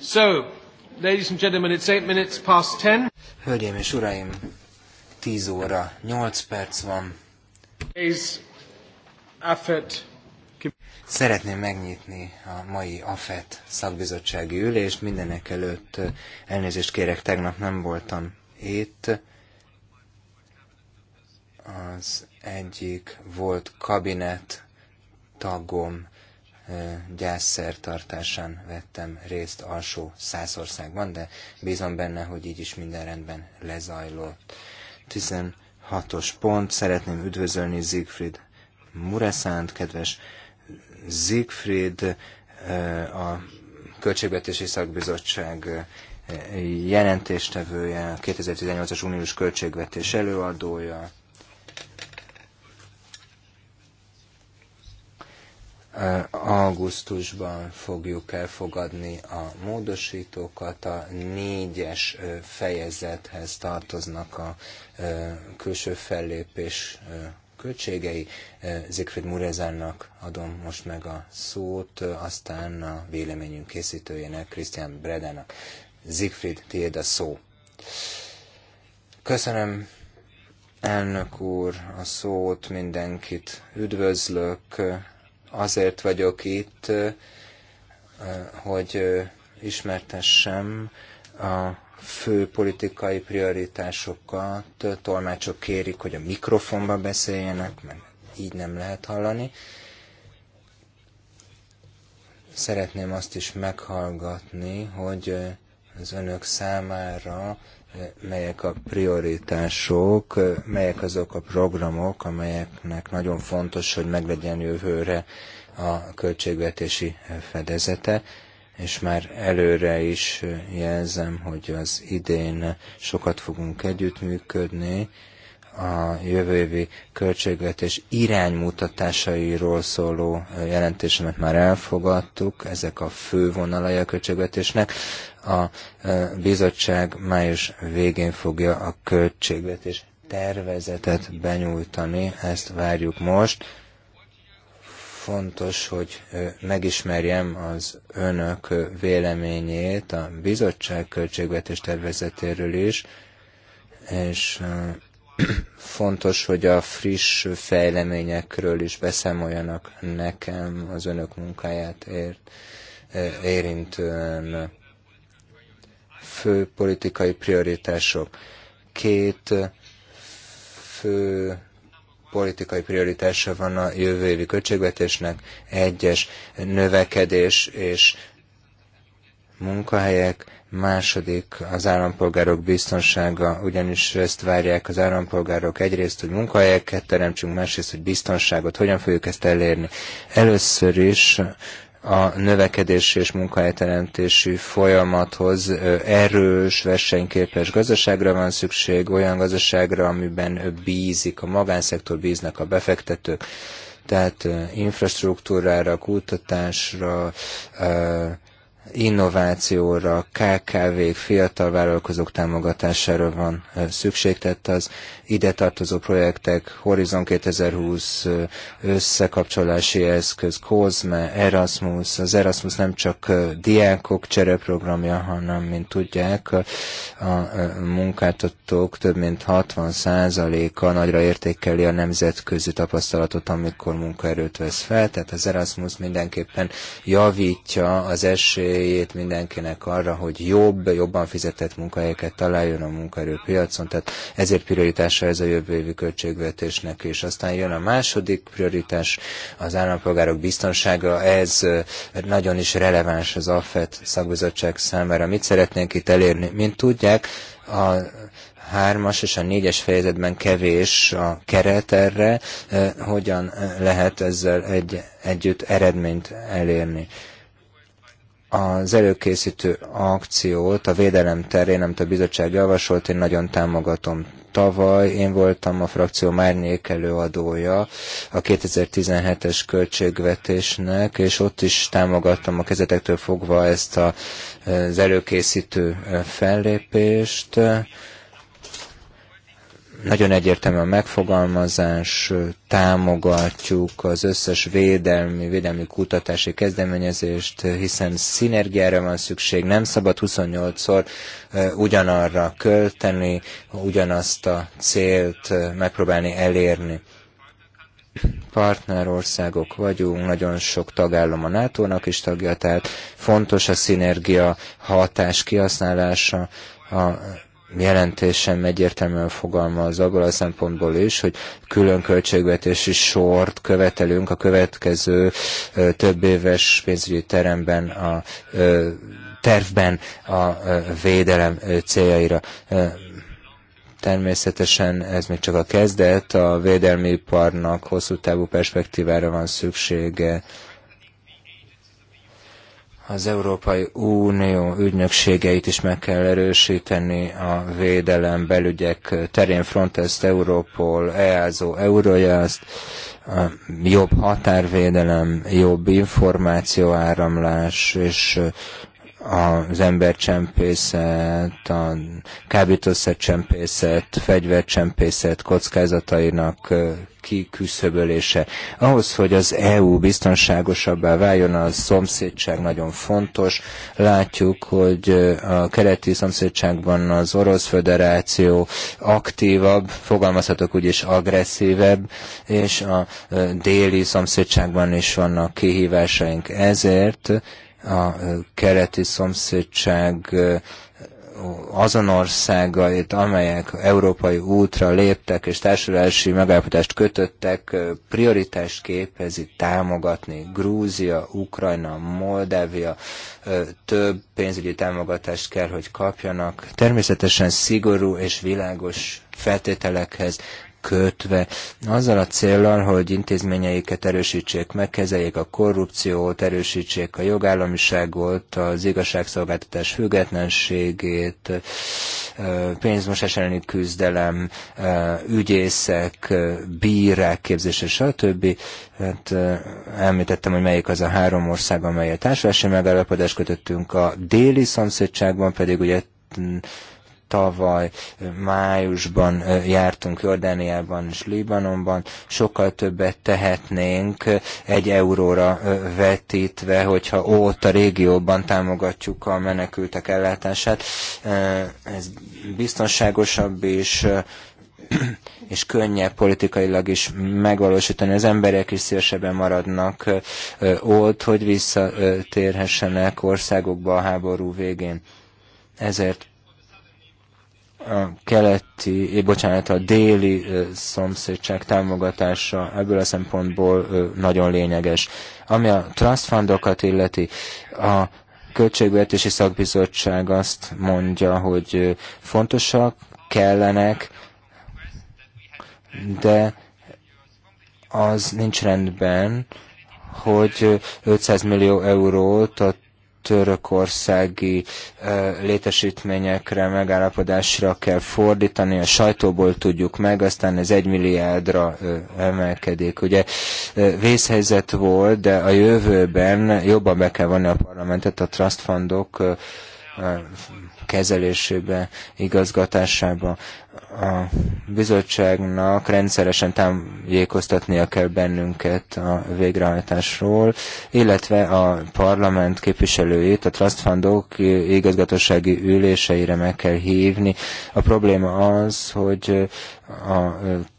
So, ladies and gentlemen, it's eight minutes past ten. Hölgyeim és uraim, 10 óra, 8 perc van. Is Szeretném megnyitni a mai AFET szakbizottsági ülést. Mindenek előtt elnézést kérek, tegnap nem voltam itt. Az egyik volt kabinet tagom gyászszertartásán vettem részt alsó Szászországban, de bízom benne, hogy így is minden rendben lezajlott. 16-os pont, szeretném üdvözölni Siegfried Muresánt, kedves Siegfried, a Költségvetési Szakbizottság jelentéstevője, 2018-as uniós költségvetés előadója, Eh, augusztusban fogjuk elfogadni a módosítókat, a négyes eh, fejezethez tartoznak a eh, külső fellépés költségei. Zikrid Murezánnak adom most meg a szót, aztán a véleményünk készítőjének, Christian Bredának. Zigfried, tiéd a szó. Köszönöm, elnök úr, a szót, mindenkit üdvözlök, Azért vagyok itt, hogy ismertessem a fő politikai prioritásokat. Tolmácsok kérik, hogy a mikrofonba beszéljenek, mert így nem lehet hallani. Szeretném azt is meghallgatni, hogy az önök számára melyek a prioritások, melyek azok a programok, amelyeknek nagyon fontos, hogy meglegyen jövőre a költségvetési fedezete, és már előre is jelzem, hogy az idén sokat fogunk együttműködni, a jövő évi költségvetés iránymutatásairól szóló jelentésemet már elfogadtuk, ezek a fő vonalai a költségvetésnek. A e, bizottság május végén fogja a költségvetés tervezetet benyújtani, ezt várjuk most. Fontos, hogy e, megismerjem az önök véleményét a bizottság költségvetés tervezetéről is, és e, Fontos, hogy a friss fejleményekről is beszámoljanak nekem az önök munkáját ért, eh, érintően fő politikai prioritások. Két fő politikai prioritása van a jövő évi költségvetésnek. Egyes növekedés és munkahelyek, Második az állampolgárok biztonsága, ugyanis ezt várják az állampolgárok egyrészt, hogy munkahelyeket teremtsünk, másrészt, hogy biztonságot, hogyan fogjuk ezt elérni. Először is a növekedési és munkahelyteremtési folyamathoz erős, versenyképes gazdaságra van szükség, olyan gazdaságra, amiben bízik a magánszektor, bíznak a befektetők, tehát infrastruktúrára, kutatásra, innovációra, kkv fiatal vállalkozók támogatására van szükség, tehát az ide tartozó projektek, Horizon 2020, összekapcsolási eszköz, COSME, Erasmus, az Erasmus nem csak diákok csereprogramja, hanem, mint tudják, a munkáltatók több mint 60%-a nagyra értékeli a nemzetközi tapasztalatot, amikor munkaerőt vesz fel, tehát az Erasmus mindenképpen javítja az esély esélyét mindenkinek arra, hogy jobb, jobban fizetett munkahelyeket találjon a munkaerőpiacon, tehát ezért prioritása ez a jövő évi költségvetésnek, és aztán jön a második prioritás, az állampolgárok biztonsága, ez nagyon is releváns az AFET szakbizottság számára. Mit szeretnénk itt elérni? Mint tudják, a hármas és a négyes fejezetben kevés a keret erre, hogyan lehet ezzel egy, együtt eredményt elérni az előkészítő akciót a védelem terén, amit a bizottság javasolt, én nagyon támogatom. Tavaly én voltam a frakció Márnyék előadója a 2017-es költségvetésnek, és ott is támogattam a kezetektől fogva ezt a, az előkészítő fellépést. Nagyon egyértelmű a megfogalmazás, támogatjuk az összes védelmi, védelmi kutatási kezdeményezést, hiszen szinergiára van szükség, nem szabad 28-szor ugyanarra költeni, ugyanazt a célt megpróbálni elérni partnerországok vagyunk, nagyon sok tagállam a NATO-nak is tagja, tehát fontos a szinergia hatás kihasználása, a jelentésem egyértelműen fogalmaz abból a szempontból is, hogy külön költségvetési sort követelünk a következő több éves pénzügyi teremben a tervben a védelem céljaira. Természetesen ez még csak a kezdet, a védelmi iparnak hosszú távú perspektívára van szüksége az Európai Unió ügynökségeit is meg kell erősíteni a védelem belügyek terén Frontex, Europol, EASO, Eurojust, jobb határvédelem, jobb információáramlás és az embercsempészet, a kábítószercsempészet, fegyvercsempészet kockázatainak kiküszöbölése. Ahhoz, hogy az EU biztonságosabbá váljon, a szomszédság nagyon fontos. Látjuk, hogy a keleti szomszédságban az Orosz Föderáció aktívabb, fogalmazhatok úgy is agresszívebb, és a déli szomszédságban is vannak kihívásaink. Ezért a keleti szomszédság azon országait, amelyek európai útra léptek és társulási megállapodást kötöttek, prioritást képezi támogatni. Grúzia, Ukrajna, Moldávia több pénzügyi támogatást kell, hogy kapjanak. Természetesen szigorú és világos feltételekhez kötve, azzal a célral, hogy intézményeiket erősítsék, megkezeljék a korrupciót, erősítsék a jogállamiságot, az igazságszolgáltatás függetlenségét, pénzmosás elleni küzdelem, ügyészek, bírák képzése, stb. Hát, említettem, hogy melyik az a három ország, amelyet társadalmi megállapodást kötöttünk, a déli szomszédságban pedig ugye Tavaly májusban jártunk Jordániában és Libanonban, sokkal többet tehetnénk egy euróra vetítve, hogyha ott a régióban támogatjuk a menekültek ellátását. Ez biztonságosabb is és könnyebb politikailag is megvalósítani. Az emberek is szívesebben maradnak ott, hogy visszatérhessenek országokba a háború végén. Ezért a keleti, eh, bocsánat, a déli eh, szomszédság támogatása ebből a szempontból eh, nagyon lényeges. Ami a trust fundokat illeti, a Költségvetési Szakbizottság azt mondja, hogy fontosak, kellenek, de az nincs rendben, hogy 500 millió eurót a törökországi létesítményekre, megállapodásra kell fordítani, a sajtóból tudjuk meg, aztán ez egy milliárdra emelkedik. Ugye vészhelyzet volt, de a jövőben jobban be kell vonni a parlamentet a trust fundok kezelésébe, igazgatásába a bizottságnak rendszeresen támékoztatnia kell bennünket a végrehajtásról, illetve a parlament képviselőit, a trust fundok igazgatósági üléseire meg kell hívni. A probléma az, hogy a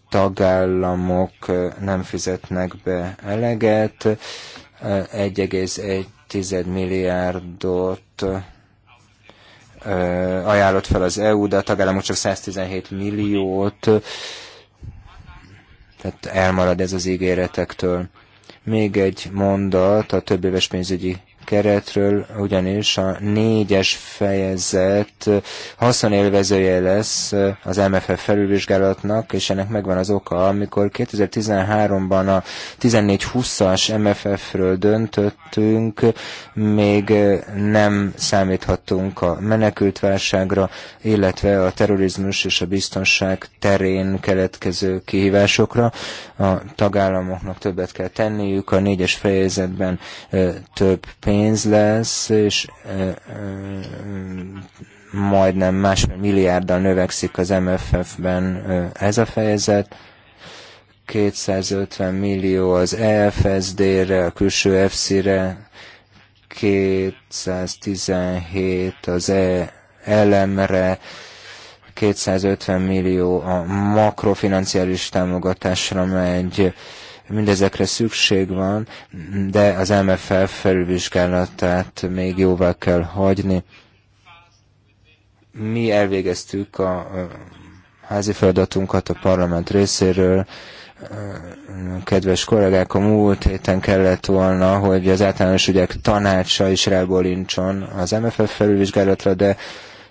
tagállamok nem fizetnek be eleget, 1,1 milliárdot ajánlott fel az EU, de a tagállamok csak 117 milliót, tehát elmarad ez az ígéretektől. Még egy mondat a több éves pénzügyi keretről, ugyanis a négyes fejezet haszonélvezője lesz eh, az MFF felülvizsgálatnak, és ennek megvan az oka, amikor 2013-ban a 14-20-as MFF-ről döntöttünk, még eh, nem számíthatunk a menekültválságra, illetve a terrorizmus és a biztonság terén keletkező kihívásokra. A tagállamoknak többet kell tenniük, a négyes fejezetben eh, több pénz pénz lesz, és majdnem másfél milliárddal növekszik az MFF-ben ez a fejezet. 250 millió az EFSD-re, a külső efsz re 217 az ELM-re, 250 millió a makrofinanciális támogatásra megy, Mindezekre szükség van, de az MFF felülvizsgálatát még jóvá kell hagyni. Mi elvégeztük a házi feladatunkat a parlament részéről, kedves kollégák, a múlt héten kellett volna, hogy az általános ügyek tanácsa is rábólincson az MFF felülvizsgálatra, de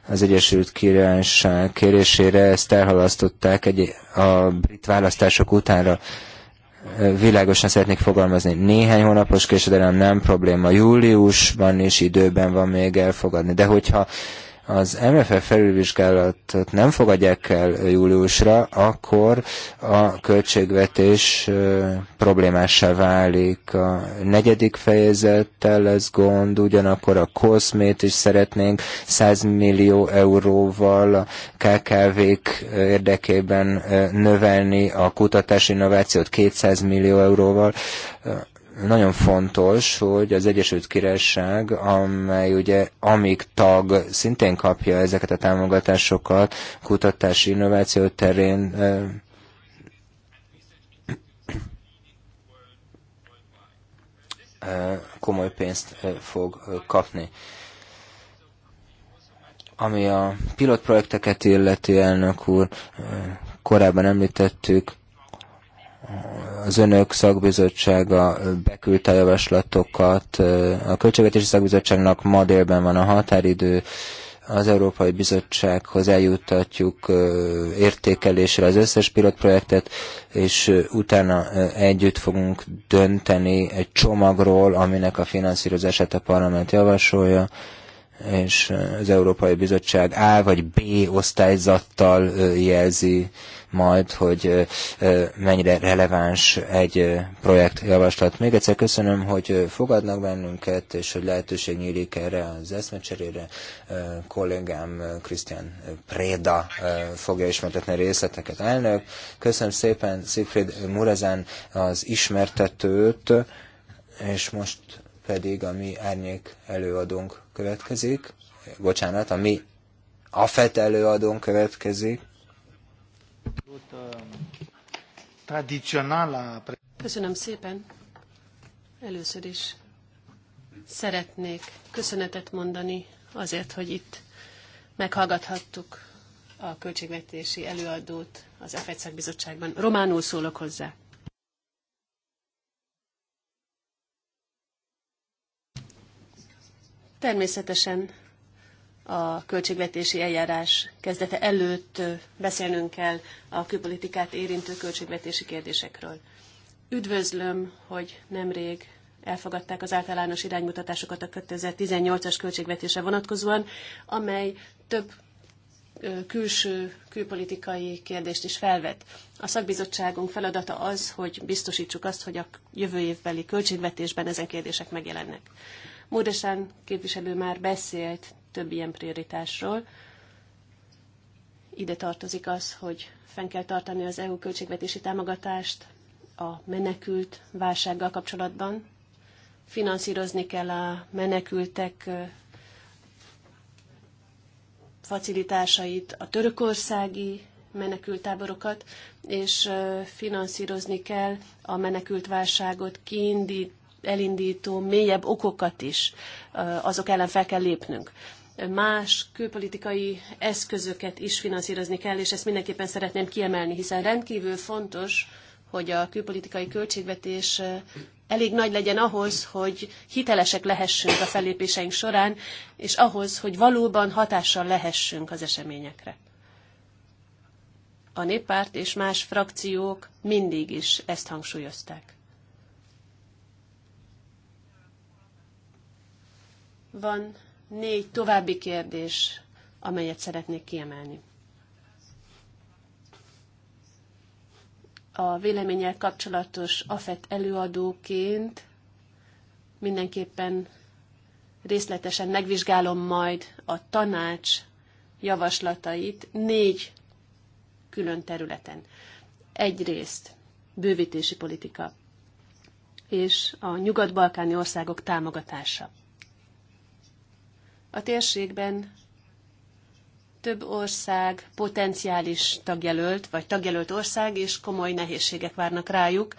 az Egyesült Királyság kérésére ezt elhalasztották egy, a brit választások utánra világosan szeretnék fogalmazni, néhány hónapos késedelem nem probléma, júliusban is időben van még elfogadni, de hogyha az MFF felülvizsgálatot nem fogadják el júliusra, akkor a költségvetés problémássá válik. A negyedik fejezettel lesz gond, ugyanakkor a koszmét is szeretnénk 100 millió euróval a KKV-k érdekében növelni, a kutatási innovációt 200 millió euróval nagyon fontos, hogy az Egyesült Királyság, amely ugye amíg tag szintén kapja ezeket a támogatásokat kutatási innováció terén, komoly pénzt fog kapni. Ami a pilotprojekteket illeti elnök úr, korábban említettük, az önök szakbizottsága beküldte a javaslatokat. A Költségvetési Szakbizottságnak ma délben van a határidő, az Európai Bizottsághoz eljuttatjuk értékelésre az összes pilotprojektet, és utána együtt fogunk dönteni egy csomagról, aminek a finanszírozását a parlament javasolja, és az Európai Bizottság A vagy B osztályzattal jelzi majd, hogy mennyire releváns egy projektjavaslat. Még egyszer köszönöm, hogy fogadnak bennünket, és hogy lehetőség nyílik erre az eszmecserére. Kollégám Krisztián Préda fogja ismertetni a részleteket. Elnök, köszönöm szépen Siegfried Murezen az ismertetőt, és most pedig a mi árnyék előadónk következik. Bocsánat, a mi AFET előadónk következik. Köszönöm szépen. Először is szeretnék köszönetet mondani azért, hogy itt meghallgathattuk a költségvetési előadót az EFECEK bizottságban. Románul szólok hozzá. Természetesen a költségvetési eljárás kezdete előtt beszélnünk kell a külpolitikát érintő költségvetési kérdésekről. Üdvözlöm, hogy nemrég elfogadták az általános iránymutatásokat a 2018-as költségvetésre vonatkozóan, amely több külső külpolitikai kérdést is felvet. A szakbizottságunk feladata az, hogy biztosítsuk azt, hogy a jövő évbeli költségvetésben ezen kérdések megjelennek. Módesán képviselő már beszélt több ilyen prioritásról. Ide tartozik az, hogy fenn kell tartani az EU költségvetési támogatást a menekült válsággal kapcsolatban. Finanszírozni kell a menekültek facilitásait, a törökországi menekültáborokat, és finanszírozni kell a menekültválságot kiindít, elindító mélyebb okokat is, azok ellen fel kell lépnünk más külpolitikai eszközöket is finanszírozni kell, és ezt mindenképpen szeretném kiemelni, hiszen rendkívül fontos, hogy a külpolitikai költségvetés elég nagy legyen ahhoz, hogy hitelesek lehessünk a fellépéseink során, és ahhoz, hogy valóban hatással lehessünk az eseményekre. A néppárt és más frakciók mindig is ezt hangsúlyozták. Van négy további kérdés, amelyet szeretnék kiemelni. A véleménnyel kapcsolatos AFET előadóként mindenképpen részletesen megvizsgálom majd a tanács javaslatait négy külön területen. Egyrészt bővítési politika és a nyugat-balkáni országok támogatása. A térségben több ország potenciális tagjelölt, vagy tagjelölt ország, és komoly nehézségek várnak rájuk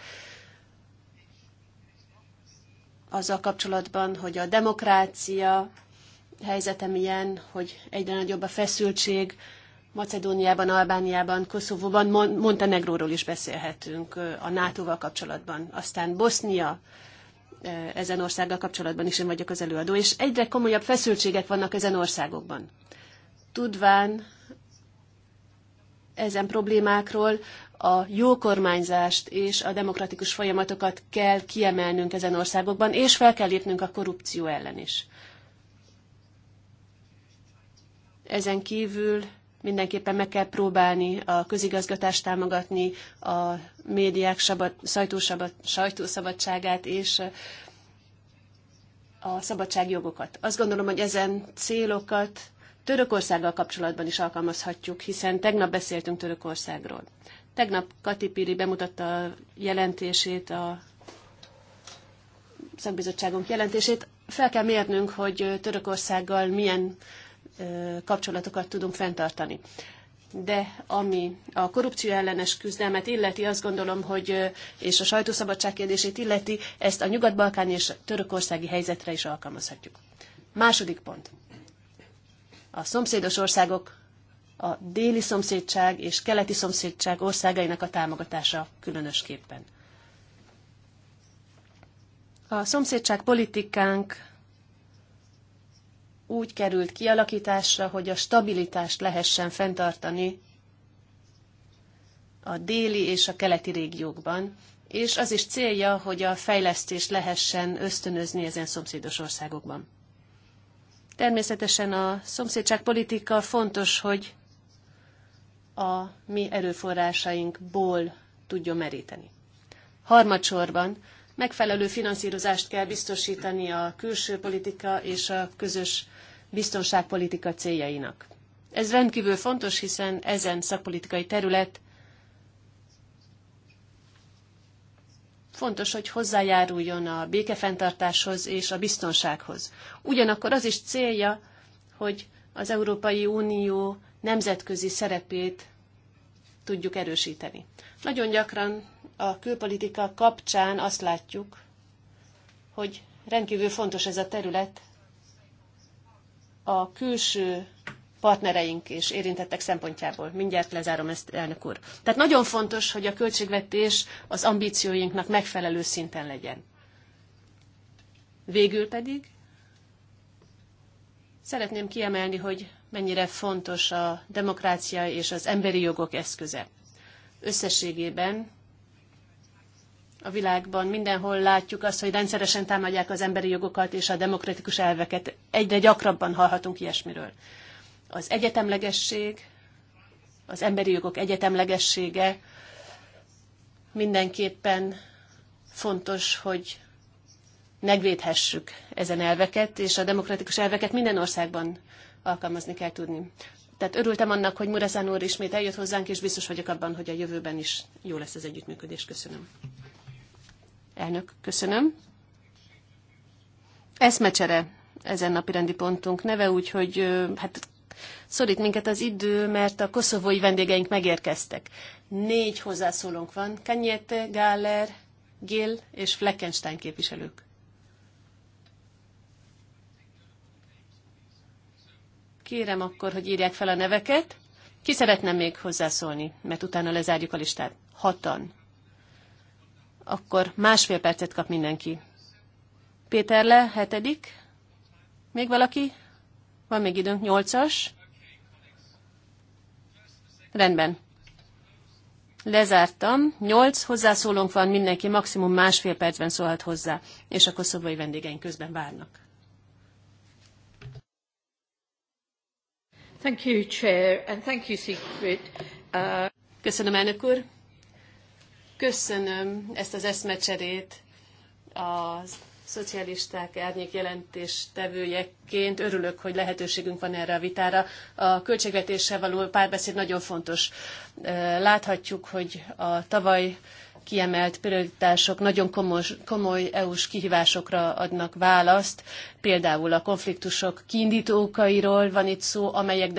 azzal kapcsolatban, hogy a demokrácia helyzete milyen, hogy egyre nagyobb a feszültség, Macedóniában, Albániában, Koszovóban, Montenegróról is beszélhetünk a NATO-val kapcsolatban. Aztán Bosznia, ezen országgal kapcsolatban is én vagyok az előadó, és egyre komolyabb feszültségek vannak ezen országokban. Tudván ezen problémákról a jó kormányzást és a demokratikus folyamatokat kell kiemelnünk ezen országokban, és fel kell lépnünk a korrupció ellen is. Ezen kívül mindenképpen meg kell próbálni a közigazgatást támogatni, a médiák sabat, sajtószabadságát és a szabadságjogokat. Azt gondolom, hogy ezen célokat Törökországgal kapcsolatban is alkalmazhatjuk, hiszen tegnap beszéltünk Törökországról. Tegnap Kati Piri bemutatta a jelentését, a szakbizottságunk jelentését. Fel kell mérnünk, hogy Törökországgal milyen kapcsolatokat tudunk fenntartani. De ami a korrupció ellenes küzdelmet illeti, azt gondolom, hogy és a sajtószabadság kérdését illeti, ezt a nyugat-balkáni és törökországi helyzetre is alkalmazhatjuk. Második pont. A szomszédos országok a déli szomszédság és keleti szomszédság országainak a támogatása különösképpen. A szomszédság politikánk úgy került kialakításra, hogy a stabilitást lehessen fenntartani a déli és a keleti régiókban, és az is célja, hogy a fejlesztést lehessen ösztönözni ezen szomszédos országokban. Természetesen a szomszédságpolitika fontos, hogy a mi erőforrásainkból tudjon meríteni. Harmadsorban megfelelő finanszírozást kell biztosítani a külső politika és a közös biztonságpolitika céljainak. Ez rendkívül fontos, hiszen ezen szakpolitikai terület fontos, hogy hozzájáruljon a békefenntartáshoz és a biztonsághoz. Ugyanakkor az is célja, hogy az Európai Unió nemzetközi szerepét tudjuk erősíteni. Nagyon gyakran a külpolitika kapcsán azt látjuk, hogy rendkívül fontos ez a terület, a külső partnereink és érintettek szempontjából. Mindjárt lezárom ezt, elnök úr. Tehát nagyon fontos, hogy a költségvetés az ambícióinknak megfelelő szinten legyen. Végül pedig szeretném kiemelni, hogy mennyire fontos a demokrácia és az emberi jogok eszköze. Összességében a világban mindenhol látjuk azt, hogy rendszeresen támadják az emberi jogokat és a demokratikus elveket. Egyre gyakrabban hallhatunk ilyesmiről. Az egyetemlegesség, az emberi jogok egyetemlegessége mindenképpen fontos, hogy megvédhessük ezen elveket, és a demokratikus elveket minden országban alkalmazni kell tudni. Tehát örültem annak, hogy Murazán úr ismét eljött hozzánk, és biztos vagyok abban, hogy a jövőben is jó lesz az együttműködés. Köszönöm. Elnök, köszönöm. Eszmecsere ezen napi rendi pontunk neve, úgyhogy hát szorít minket az idő, mert a koszovói vendégeink megérkeztek. Négy hozzászólónk van, Kanyete, Gáler, Gil és Fleckenstein képviselők. Kérem akkor, hogy írják fel a neveket. Ki szeretne még hozzászólni, mert utána lezárjuk a listát. Hatan. Akkor másfél percet kap mindenki. Péter le, hetedik. Még valaki? Van még időnk, nyolcas. Rendben. Lezártam. Nyolc hozzászólónk van, mindenki maximum másfél percben szólhat hozzá, és a koszovói vendégeink közben várnak. Thank you, Chair, and thank you, Siegfried. Uh... Köszönöm, elnök úr. Köszönöm ezt az eszmecserét a szocialisták árnyék jelentés tevőjeként. Örülök, hogy lehetőségünk van erre a vitára. A költségvetéssel való párbeszéd nagyon fontos. Láthatjuk, hogy a tavaly kiemelt prioritások nagyon komoly, komoly EU-s kihívásokra adnak választ. Például a konfliktusok kiindítókairól van itt szó, amelyek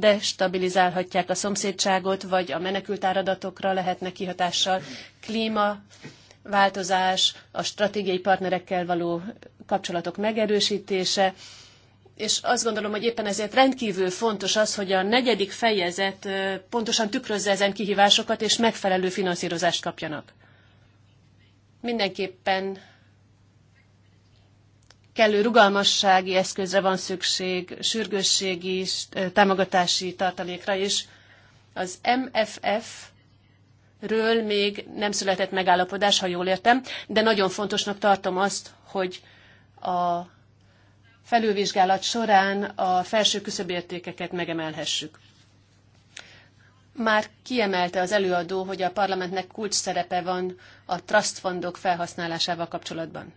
destabilizálhatják a szomszédságot, vagy a menekültáradatokra lehetnek kihatással. Klíma, változás, a stratégiai partnerekkel való kapcsolatok megerősítése, és azt gondolom, hogy éppen ezért rendkívül fontos az, hogy a negyedik fejezet pontosan tükrözze ezen kihívásokat, és megfelelő finanszírozást kapjanak. Mindenképpen kellő rugalmassági eszközre van szükség, sürgősségi támogatási tartalékra is. Az MFF ről még nem született megállapodás, ha jól értem, de nagyon fontosnak tartom azt, hogy a felülvizsgálat során a felső küszöbértékeket megemelhessük. Már kiemelte az előadó, hogy a parlamentnek kulcs szerepe van a trust fundok felhasználásával kapcsolatban.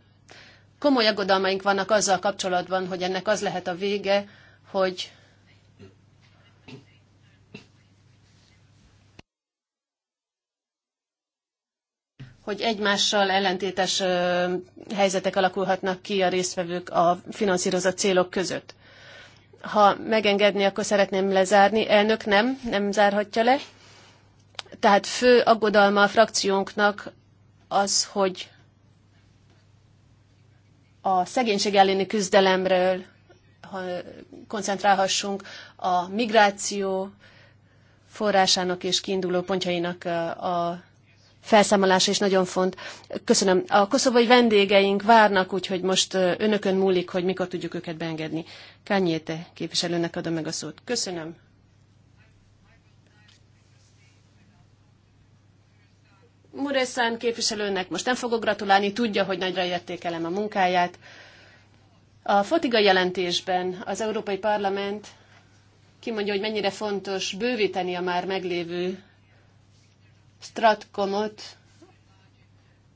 Komoly aggodalmaink vannak azzal kapcsolatban, hogy ennek az lehet a vége, hogy hogy egymással ellentétes helyzetek alakulhatnak ki a résztvevők a finanszírozott célok között. Ha megengedni, akkor szeretném lezárni. Elnök nem, nem zárhatja le. Tehát fő aggodalma a frakciónknak az, hogy a szegénység elleni küzdelemről ha koncentrálhassunk a migráció forrásának és kiinduló pontjainak a Felszámolás is nagyon font. Köszönöm. A koszovai vendégeink várnak, úgyhogy most önökön múlik, hogy mikor tudjuk őket beengedni. Kányéte képviselőnek adom meg a szót. Köszönöm. Muresan képviselőnek most nem fogok gratulálni, tudja, hogy nagyra értékelem a munkáját. A Fotiga jelentésben az Európai Parlament kimondja, hogy mennyire fontos bővíteni a már meglévő Stratcomot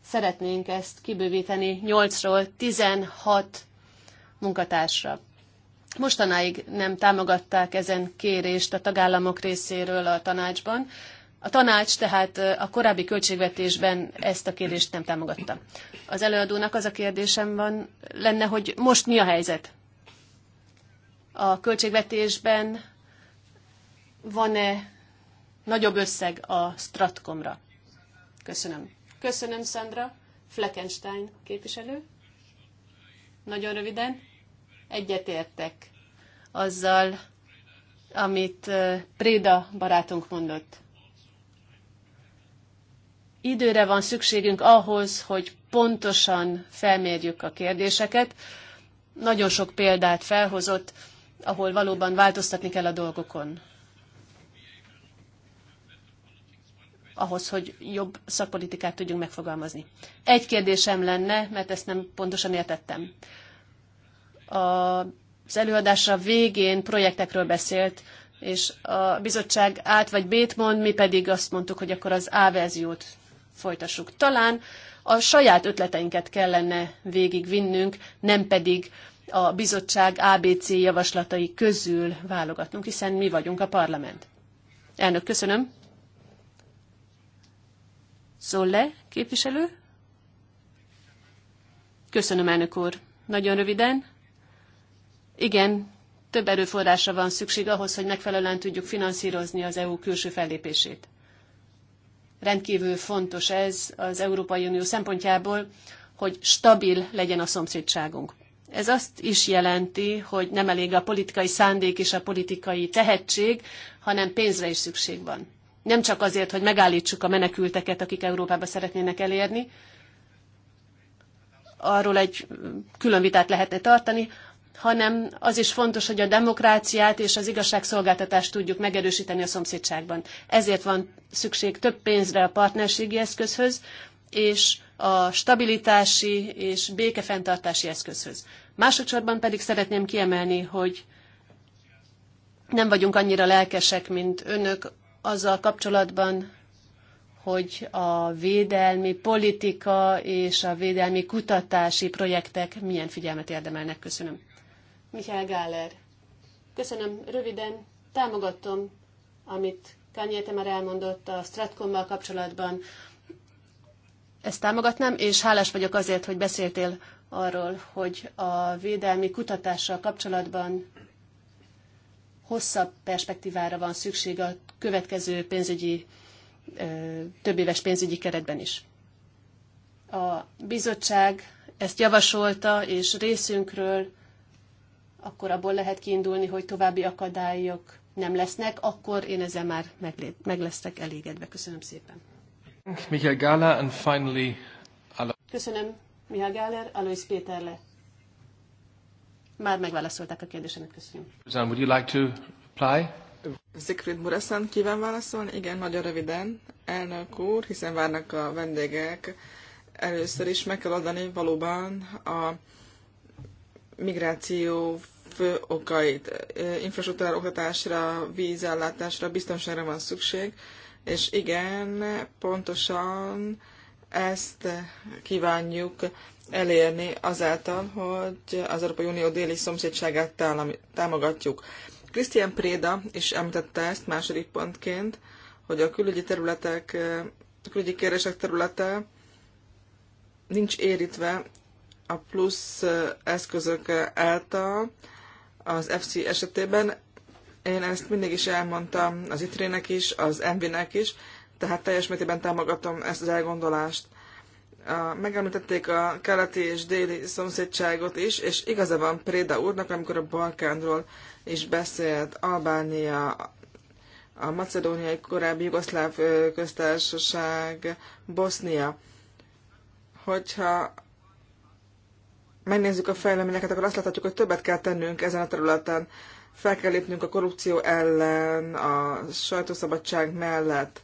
szeretnénk ezt kibővíteni 8-ról 16 munkatársra. Mostanáig nem támogatták ezen kérést a tagállamok részéről a tanácsban. A tanács tehát a korábbi költségvetésben ezt a kérést nem támogatta. Az előadónak az a kérdésem van, lenne, hogy most mi a helyzet? A költségvetésben van-e nagyobb összeg a Stratcomra. Köszönöm. Köszönöm, Sandra. Fleckenstein képviselő. Nagyon röviden. Egyetértek azzal, amit Préda barátunk mondott. Időre van szükségünk ahhoz, hogy pontosan felmérjük a kérdéseket. Nagyon sok példát felhozott, ahol valóban változtatni kell a dolgokon. ahhoz, hogy jobb szakpolitikát tudjunk megfogalmazni. Egy kérdésem lenne, mert ezt nem pontosan értettem. Az előadásra végén projektekről beszélt, és a bizottság át vagy bét mond, mi pedig azt mondtuk, hogy akkor az A verziót folytassuk. Talán a saját ötleteinket kellene végigvinnünk, nem pedig a bizottság ABC javaslatai közül válogatnunk, hiszen mi vagyunk a parlament. Elnök, köszönöm. Zolle képviselő. Köszönöm, elnök úr. Nagyon röviden. Igen, több erőforrásra van szükség ahhoz, hogy megfelelően tudjuk finanszírozni az EU külső fellépését. Rendkívül fontos ez az Európai Unió szempontjából, hogy stabil legyen a szomszédságunk. Ez azt is jelenti, hogy nem elég a politikai szándék és a politikai tehetség, hanem pénzre is szükség van. Nem csak azért, hogy megállítsuk a menekülteket, akik Európába szeretnének elérni, arról egy külön vitát lehetne tartani, hanem az is fontos, hogy a demokráciát és az igazságszolgáltatást tudjuk megerősíteni a szomszédságban. Ezért van szükség több pénzre a partnerségi eszközhöz, és a stabilitási és békefenntartási eszközhöz. Másodszorban pedig szeretném kiemelni, hogy nem vagyunk annyira lelkesek, mint önök azzal kapcsolatban, hogy a védelmi politika és a védelmi kutatási projektek milyen figyelmet érdemelnek. Köszönöm. Mihály Gáler. Köszönöm. Röviden támogatom, amit Kanye már elmondott a Stratcommal kapcsolatban. Ezt támogatnám, és hálás vagyok azért, hogy beszéltél arról, hogy a védelmi kutatással kapcsolatban hosszabb perspektívára van szükség a következő pénzügyi, éves pénzügyi keretben is. A bizottság ezt javasolta, és részünkről akkor abból lehet kiindulni, hogy további akadályok nem lesznek, akkor én ezzel már meg lesztek elégedve. Köszönöm szépen. Köszönöm, Mihály Gáler, Alois Péterle. Már megválaszolták a kérdésemet, köszönöm. Zan, would you like to reply? Zikrid Muresan kíván válaszolni? Igen, nagyon röviden. Elnök úr, hiszen várnak a vendégek. Először is meg kell adani valóban a migráció fő okait. Infrastruktúra oktatásra, vízellátásra, biztonságra van szükség, és igen, pontosan ezt kívánjuk elérni azáltal, hogy az Európai Unió déli szomszédságát támogatjuk. Christian Préda is említette ezt második pontként, hogy a külügyi területek, a külügyi kérdések területe nincs érítve a plusz eszközök által az FC esetében. Én ezt mindig is elmondtam az ITRE-nek is, az MV-nek is, tehát teljes mértékben támogatom ezt az elgondolást a, megemlítették a keleti és déli szomszédságot is, és igaza van Préda úrnak, amikor a Balkánról is beszélt, Albánia, a macedóniai korábbi jugoszláv köztársaság, Bosznia. Hogyha megnézzük a fejleményeket, akkor azt láthatjuk, hogy többet kell tennünk ezen a területen. Fel kell lépnünk a korrupció ellen, a sajtószabadság mellett.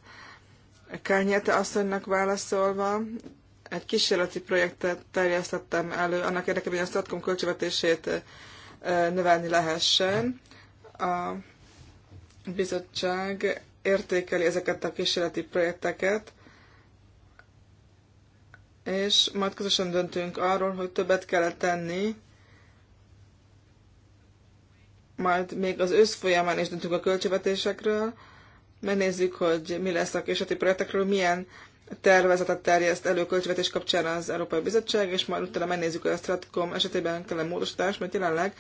Kányete asszonynak válaszolva, egy kísérleti projektet terjesztettem elő annak érdekében, hogy a SZATKOM költségvetését növelni lehessen. A bizottság értékeli ezeket a kísérleti projekteket, és majd közösen döntünk arról, hogy többet kell -e tenni, majd még az ősz folyamán is döntünk a költségvetésekről, megnézzük, hogy mi lesz a kísérleti projektekről, milyen tervezetet terjeszt elő költségvetés kapcsán az Európai Bizottság, és majd utána megnézzük, hogy a Stratcom esetében kell-e módosítás, mert jelenleg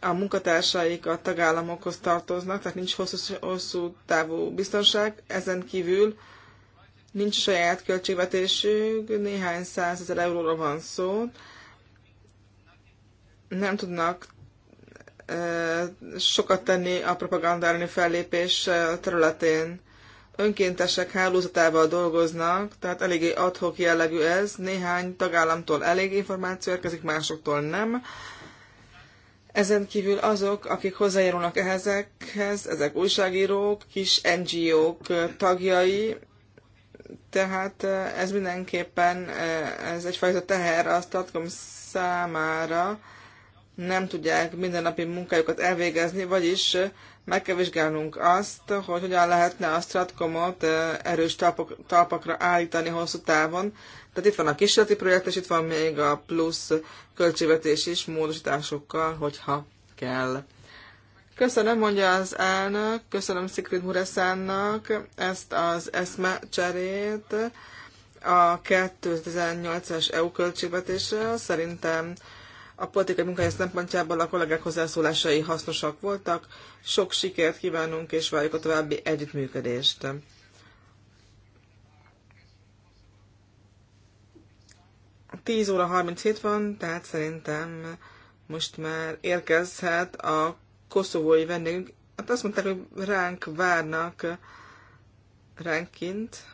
a munkatársaik a tagállamokhoz tartoznak, tehát nincs hosszú, hosszú távú biztonság, ezen kívül nincs saját költségvetésük, néhány százezer euróra van szó, nem tudnak e, sokat tenni a propagandálni fellépés területén önkéntesek hálózatával dolgoznak, tehát eléggé adhok jellegű ez. Néhány tagállamtól elég információ érkezik, másoktól nem. Ezen kívül azok, akik hozzájárulnak ehhez, ezek újságírók, kis NGO-k tagjai, tehát eh, ez mindenképpen eh, ez egyfajta teher a Statcom számára, nem tudják mindennapi munkájukat elvégezni, vagyis eh, meg kell vizsgálnunk azt, hogy hogyan lehetne a stratkomot erős talpok, talpakra állítani hosszú távon. Tehát itt van a kísérleti projekt, és itt van még a plusz költségvetés is módosításokkal, hogyha kell. Köszönöm, mondja az elnök, köszönöm Szikrid Mureszának ezt az eszme cserét a 2018-as EU költségvetésről. Szerintem a politikai munkája szempontjából a kollégák hozzászólásai hasznosak voltak. Sok sikert kívánunk, és várjuk a további együttműködést. Tíz óra 37 van, tehát szerintem most már érkezhet a koszovói vendégünk. Hát azt mondták, hogy ránk várnak ránk kint.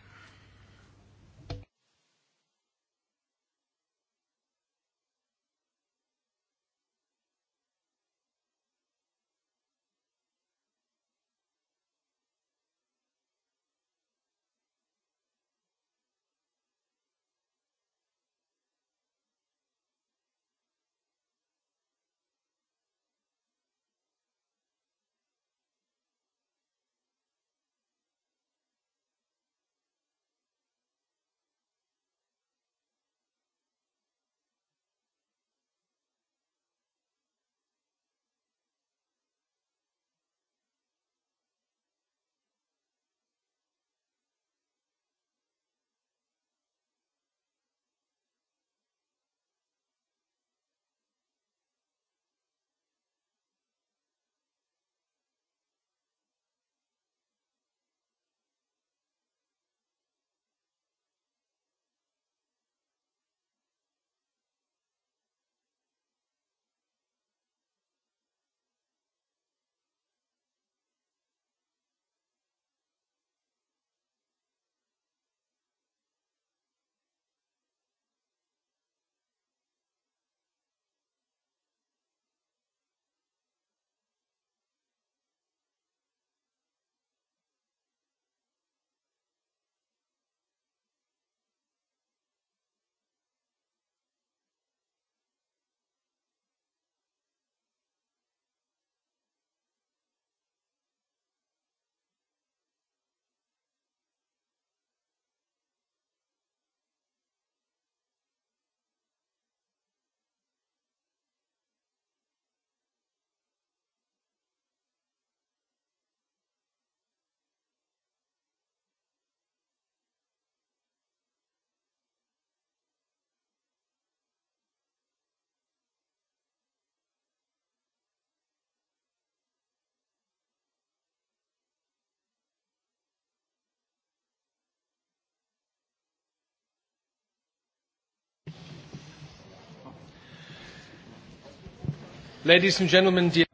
Ladies and gentlemen, dear...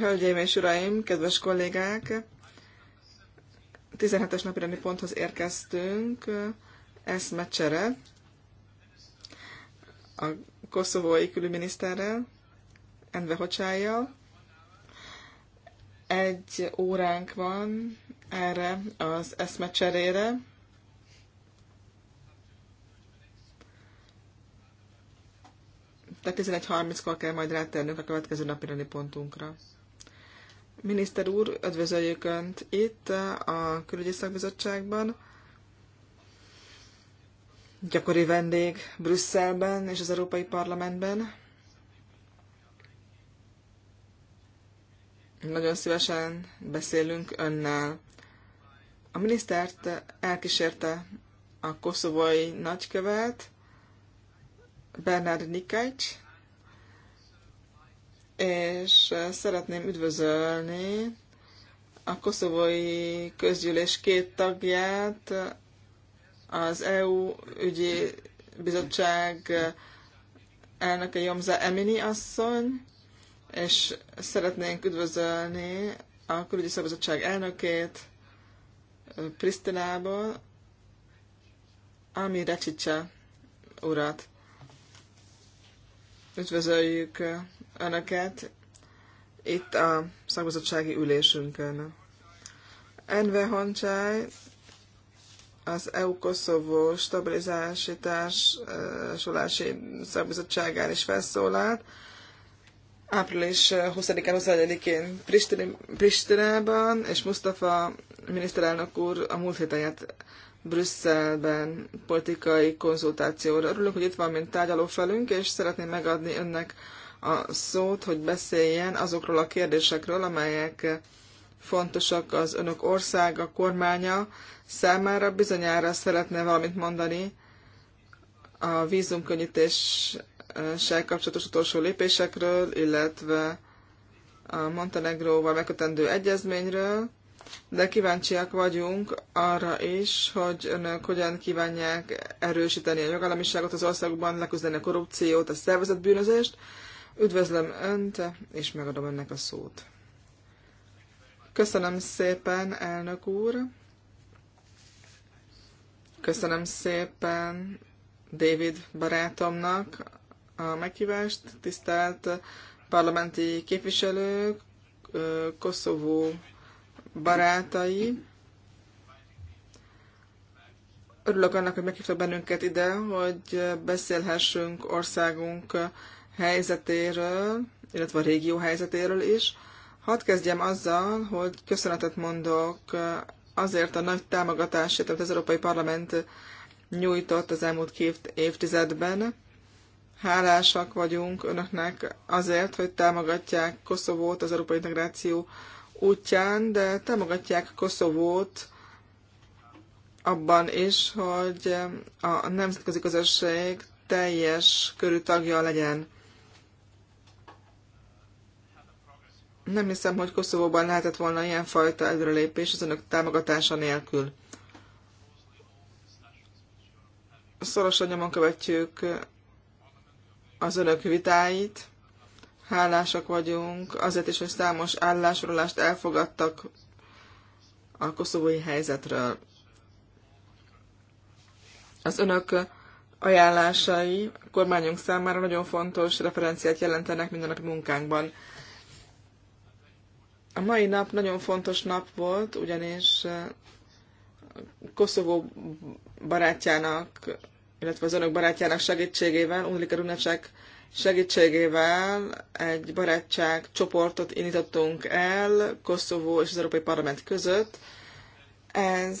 Hölgyeim és uraim, kedves kollégák! 17-es napirendi ponthoz érkeztünk, eszmecsere a koszovói külügyminiszterrel, Enve Hocsájjal. Egy óránk van erre az eszmecserére, de 11.30-kor kell majd rátennünk a következő napi rendi pontunkra. Miniszter úr, üdvözöljük Önt itt a Külügyi Szakbizottságban. Gyakori vendég Brüsszelben és az Európai Parlamentben. Nagyon szívesen beszélünk Önnel. A minisztert elkísérte a koszovai nagykövet, Bernard Nikajcs, és szeretném üdvözölni a koszovói közgyűlés két tagját, az EU ügyi bizottság elnöke Jomza Emini asszony, és szeretnénk üdvözölni a külügyi szabadság elnökét Prisztinából, Ami Recsicsa urat. Üdvözöljük Önöket itt a szakbizottsági ülésünkön. Enve Honcsáj, az EU-Koszovó stabilizálási társulási szakbizottságán is felszólalt. Április 20-án, 21-én Pristinában, és Mustafa miniszterelnök úr a múlt héten járt Brüsszelben politikai konzultációra. Örülök, hogy itt van, mint tárgyalófelünk, és szeretném megadni önnek a szót, hogy beszéljen azokról a kérdésekről, amelyek fontosak az önök országa, kormánya számára. Bizonyára szeretne valamit mondani a vízumkönnyítéssel kapcsolatos utolsó lépésekről, illetve a Montenegróval megkötendő egyezményről de kíváncsiak vagyunk arra is, hogy önök hogyan kívánják erősíteni a jogállamiságot az országban, leküzdeni a korrupciót, a szervezett bűnözést. Üdvözlöm Önt, és megadom Önnek a szót. Köszönöm szépen, elnök úr. Köszönöm szépen David barátomnak a meghívást, tisztelt parlamenti képviselők, Koszovó barátai. Örülök annak, hogy meghívta bennünket ide, hogy beszélhessünk országunk helyzetéről, illetve a régió helyzetéről is. Hadd kezdjem azzal, hogy köszönetet mondok azért a nagy támogatásért, amit az Európai Parlament nyújtott az elmúlt két évtizedben. Hálásak vagyunk önöknek azért, hogy támogatják Koszovót az európai integráció útján, de támogatják Koszovót abban is, hogy a nemzetközi közösség teljes körű tagja legyen. Nem hiszem, hogy Koszovóban lehetett volna ilyenfajta előrelépés az önök támogatása nélkül. Szorosan nyomon követjük az önök vitáit, Hálásak vagyunk azért is, hogy számos állásrólást elfogadtak a koszovói helyzetről. Az önök ajánlásai a kormányunk számára nagyon fontos referenciát jelentenek mindennapi munkánkban. A mai nap nagyon fontos nap volt, ugyanis Koszovó barátjának, illetve az önök barátjának segítségével, Unlika Runacek segítségével egy barátság csoportot indítottunk el Koszovó és az Európai Parlament között. Ez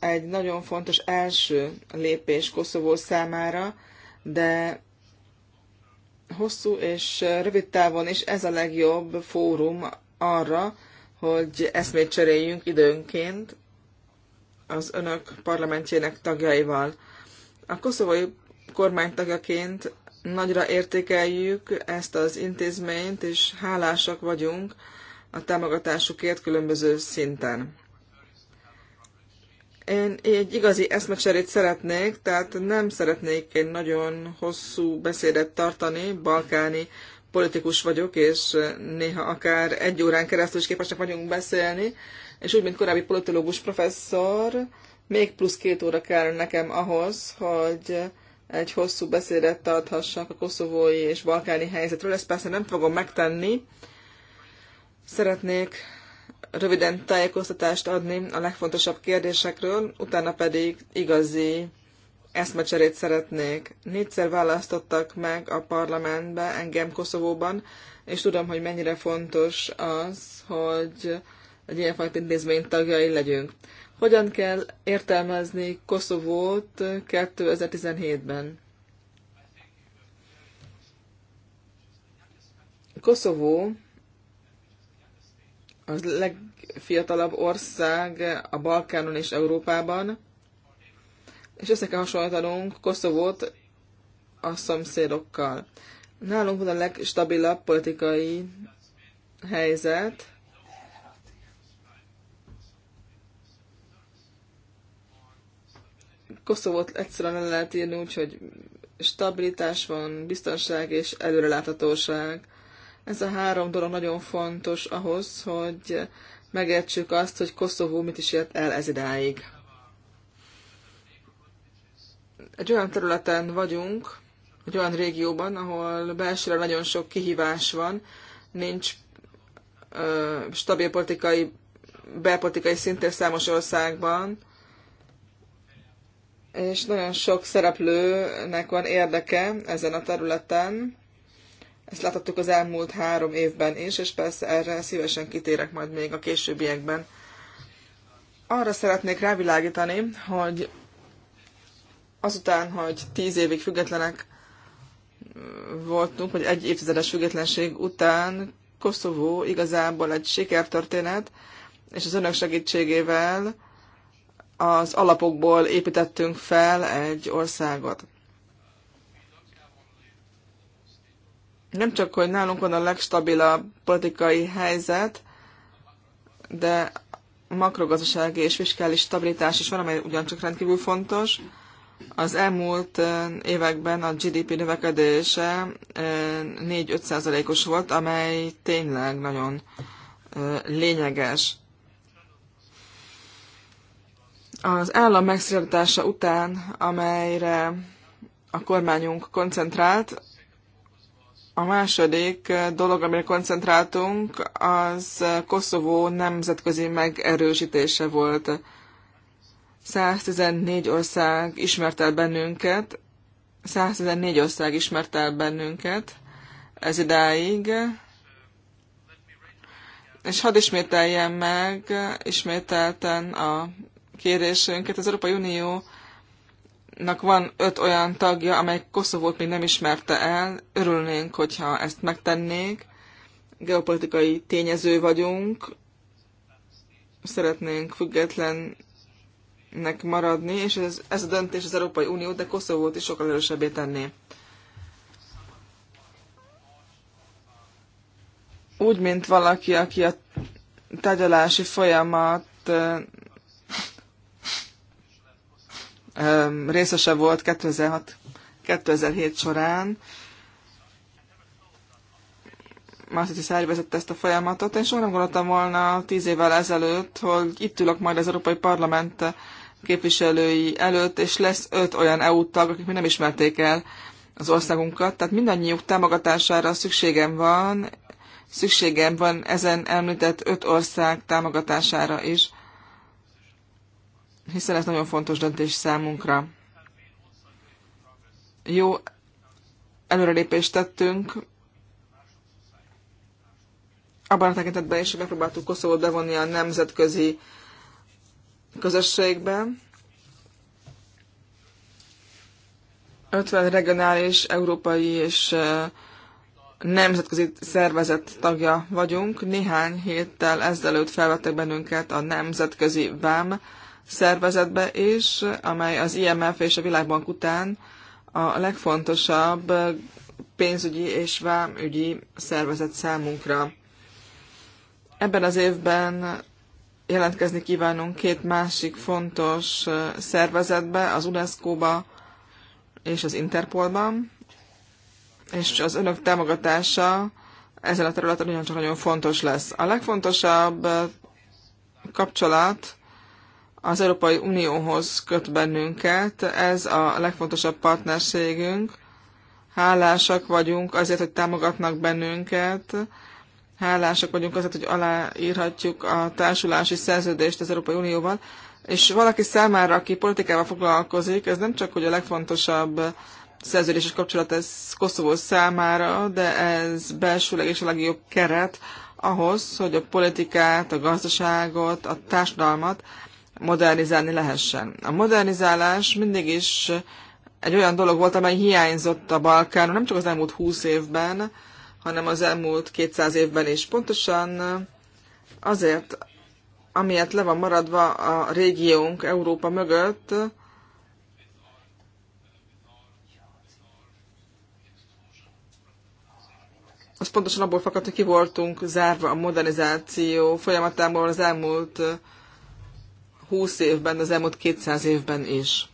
egy nagyon fontos első lépés Koszovó számára, de hosszú és rövid távon is ez a legjobb fórum arra, hogy eszmét cseréljünk időnként az önök parlamentjének tagjaival. A koszovói kormány Nagyra értékeljük ezt az intézményt, és hálásak vagyunk a támogatásukért különböző szinten. Én egy igazi eszmecserét szeretnék, tehát nem szeretnék egy nagyon hosszú beszédet tartani, balkáni politikus vagyok, és néha akár egy órán keresztül is képesek vagyunk beszélni, és úgy, mint korábbi politológus professzor, még plusz két óra kell nekem ahhoz, hogy egy hosszú beszédet tarthassak a koszovói és balkáni helyzetről. Ezt persze nem fogom megtenni. Szeretnék röviden tájékoztatást adni a legfontosabb kérdésekről, utána pedig igazi eszmecserét szeretnék. Négyszer választottak meg a parlamentbe engem Koszovóban, és tudom, hogy mennyire fontos az, hogy egy ilyenfajta intézmény tagjai legyünk. Hogyan kell értelmezni Koszovót 2017-ben? Koszovó az legfiatalabb ország a Balkánon és Európában, és össze kell hasonlítanunk Koszovót a szomszédokkal. Nálunk van a legstabilabb politikai helyzet, Koszovót egyszerűen el lehet írni úgy, hogy stabilitás van, biztonság és előreláthatóság. Ez a három dolog nagyon fontos ahhoz, hogy megértsük azt, hogy Koszovó mit is ért el ez idáig. Egy olyan területen vagyunk, egy olyan régióban, ahol belsőre nagyon sok kihívás van, nincs ö, stabil politikai, belpolitikai szintér számos országban, és nagyon sok szereplőnek van érdeke ezen a területen. Ezt láthattuk az elmúlt három évben is, és persze erre szívesen kitérek majd még a későbbiekben. Arra szeretnék rávilágítani, hogy azután, hogy tíz évig függetlenek voltunk, vagy egy évtizedes függetlenség után Koszovó igazából egy sikertörténet, és az önök segítségével az alapokból építettünk fel egy országot. Nem csak, hogy nálunk van a legstabilabb politikai helyzet, de makrogazdasági és fiskális stabilitás is van, amely ugyancsak rendkívül fontos. Az elmúlt években a GDP növekedése 4-5 százalékos volt, amely tényleg nagyon lényeges. Az állam megszületése után, amelyre a kormányunk koncentrált, a második dolog, amire koncentráltunk, az Koszovó nemzetközi megerősítése volt. 114 ország ismert el bennünket, 114 ország ismert el bennünket ez idáig, és hadd ismételjem meg ismételten a kérésünket. Az Európai Uniónak van öt olyan tagja, amely Koszovót még nem ismerte el. Örülnénk, hogyha ezt megtennék. Geopolitikai tényező vagyunk. Szeretnénk függetlennek maradni, és ez, ez a döntés az Európai Unió, de Koszovót is sokkal erősebbé tenné. Úgy, mint valaki, aki a tárgyalási folyamat részese volt 2006-2007 során. Maastrichti szervezett ezt a folyamatot. Én soha nem gondoltam volna tíz évvel ezelőtt, hogy itt ülök majd az Európai Parlament képviselői előtt, és lesz öt olyan EU tag, akik még nem ismerték el az országunkat. Tehát mindannyiuk támogatására szükségem van, szükségem van ezen említett öt ország támogatására is hiszen ez nagyon fontos döntés számunkra. Jó előrelépést tettünk, abban a tekintetben is megpróbáltuk Koszovót bevonni a nemzetközi közösségbe. 50 regionális, európai és eh, nemzetközi szervezet tagja vagyunk. Néhány héttel ezelőtt felvettek bennünket a nemzetközi VÁM szervezetbe is, amely az IMF és a Világbank után a legfontosabb pénzügyi és vámügyi szervezet számunkra. Ebben az évben jelentkezni kívánunk két másik fontos szervezetbe, az UNESCO-ba és az Interpolban, és az önök támogatása ezen a területen csak nagyon fontos lesz. A legfontosabb kapcsolat az Európai Unióhoz köt bennünket. Ez a legfontosabb partnerségünk. Hálásak vagyunk azért, hogy támogatnak bennünket. Hálásak vagyunk azért, hogy aláírhatjuk a társulási szerződést az Európai Unióval. És valaki számára, aki politikával foglalkozik, ez nem csak hogy a legfontosabb szerződéses kapcsolat ez Koszovó számára, de ez belsőleg és a legjobb keret ahhoz, hogy a politikát, a gazdaságot, a társadalmat modernizálni lehessen. A modernizálás mindig is egy olyan dolog volt, amely hiányzott a Balkánon, nem csak az elmúlt 20 évben, hanem az elmúlt 200 évben is. Pontosan azért, amiért le van maradva a régiónk Európa mögött, az pontosan abból fakadt, hogy ki voltunk zárva a modernizáció folyamatából az elmúlt 20 évben, az elmúlt 200 évben is.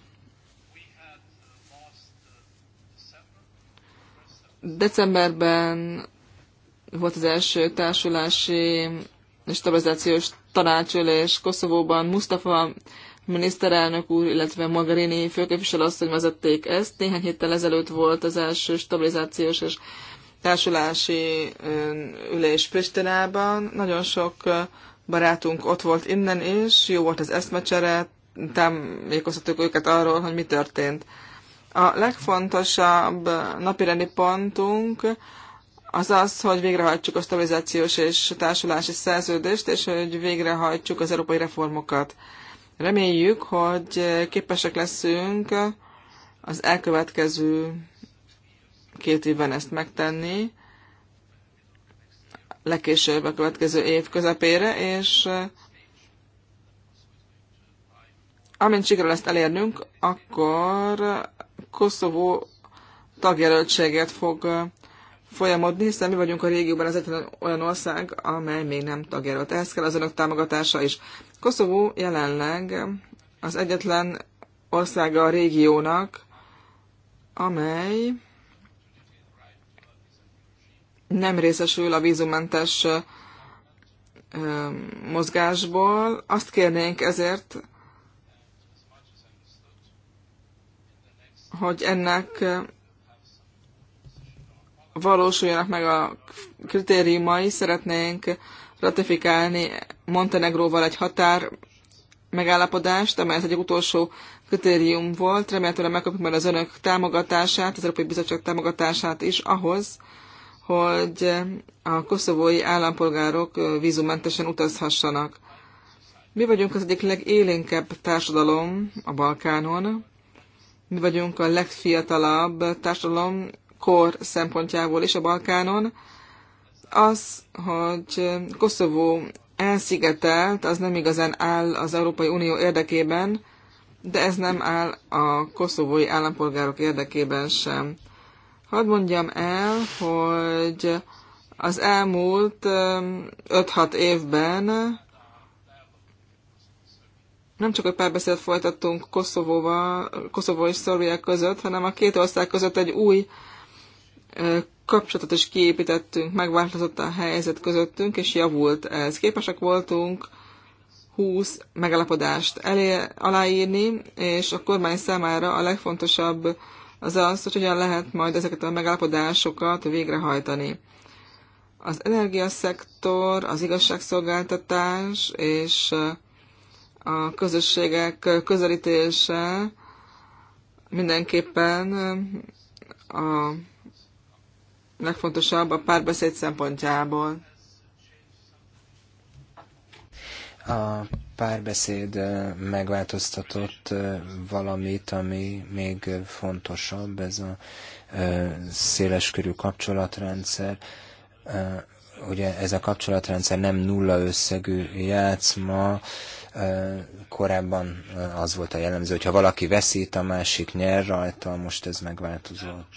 Decemberben volt az első társulási és stabilizációs tanácsülés Koszovóban. Mustafa miniszterelnök úr, illetve Magarini főképviselő asszony vezették ezt. Néhány héttel ezelőtt volt az első stabilizációs és társulási ülés Pristinában. Nagyon sok barátunk ott volt innen is, jó volt az eszmecsere, támékoztattuk őket arról, hogy mi történt. A legfontosabb napirendi pontunk az az, hogy végrehajtsuk a stabilizációs és társulási szerződést, és hogy végrehajtsuk az európai reformokat. Reméljük, hogy képesek leszünk az elkövetkező két évben ezt megtenni, legkésőbb a következő év közepére, és eh, amint sikerül ezt elérnünk, akkor Koszovó tagjelöltséget fog eh, folyamodni, hiszen mi vagyunk a régióban az egyetlen olyan ország, amely még nem tagjelölt. Ehhez kell az önök támogatása is. Koszovó jelenleg az egyetlen országa a régiónak, amely nem részesül a vízumentes mozgásból. Azt kérnénk ezért, hogy ennek valósuljanak meg a kritériumai, szeretnénk ratifikálni Montenegróval egy határ megállapodást, amely ez egy utolsó kritérium volt. Remélhetőleg megkapjuk már az önök támogatását, az Európai Bizottság támogatását is ahhoz, hogy a koszovói állampolgárok vízumentesen utazhassanak. Mi vagyunk az egyik legélénkebb társadalom a Balkánon, mi vagyunk a legfiatalabb társadalom kor szempontjából is a Balkánon. Az, hogy Koszovó elszigetelt, az nem igazán áll az Európai Unió érdekében, de ez nem áll a koszovói állampolgárok érdekében sem. Hadd mondjam el, hogy az elmúlt 5-6 évben nem csak egy párbeszédet folytattunk Koszovóval, Koszovó és Szorvia között, hanem a két ország között egy új kapcsolatot is kiépítettünk, megváltozott a helyzet közöttünk, és javult ez. Képesek voltunk 20 megalapodást elé, aláírni, és a kormány számára a legfontosabb az az, hogy hogyan lehet majd ezeket a megállapodásokat végrehajtani. Az energiaszektor, az igazságszolgáltatás és a közösségek közelítése mindenképpen a legfontosabb a párbeszéd szempontjából. A párbeszéd megváltoztatott valamit, ami még fontosabb, ez a széleskörű kapcsolatrendszer. Ugye ez a kapcsolatrendszer nem nulla összegű játszma, korábban az volt a jellemző, hogyha valaki veszít, a másik nyer rajta, most ez megváltozott.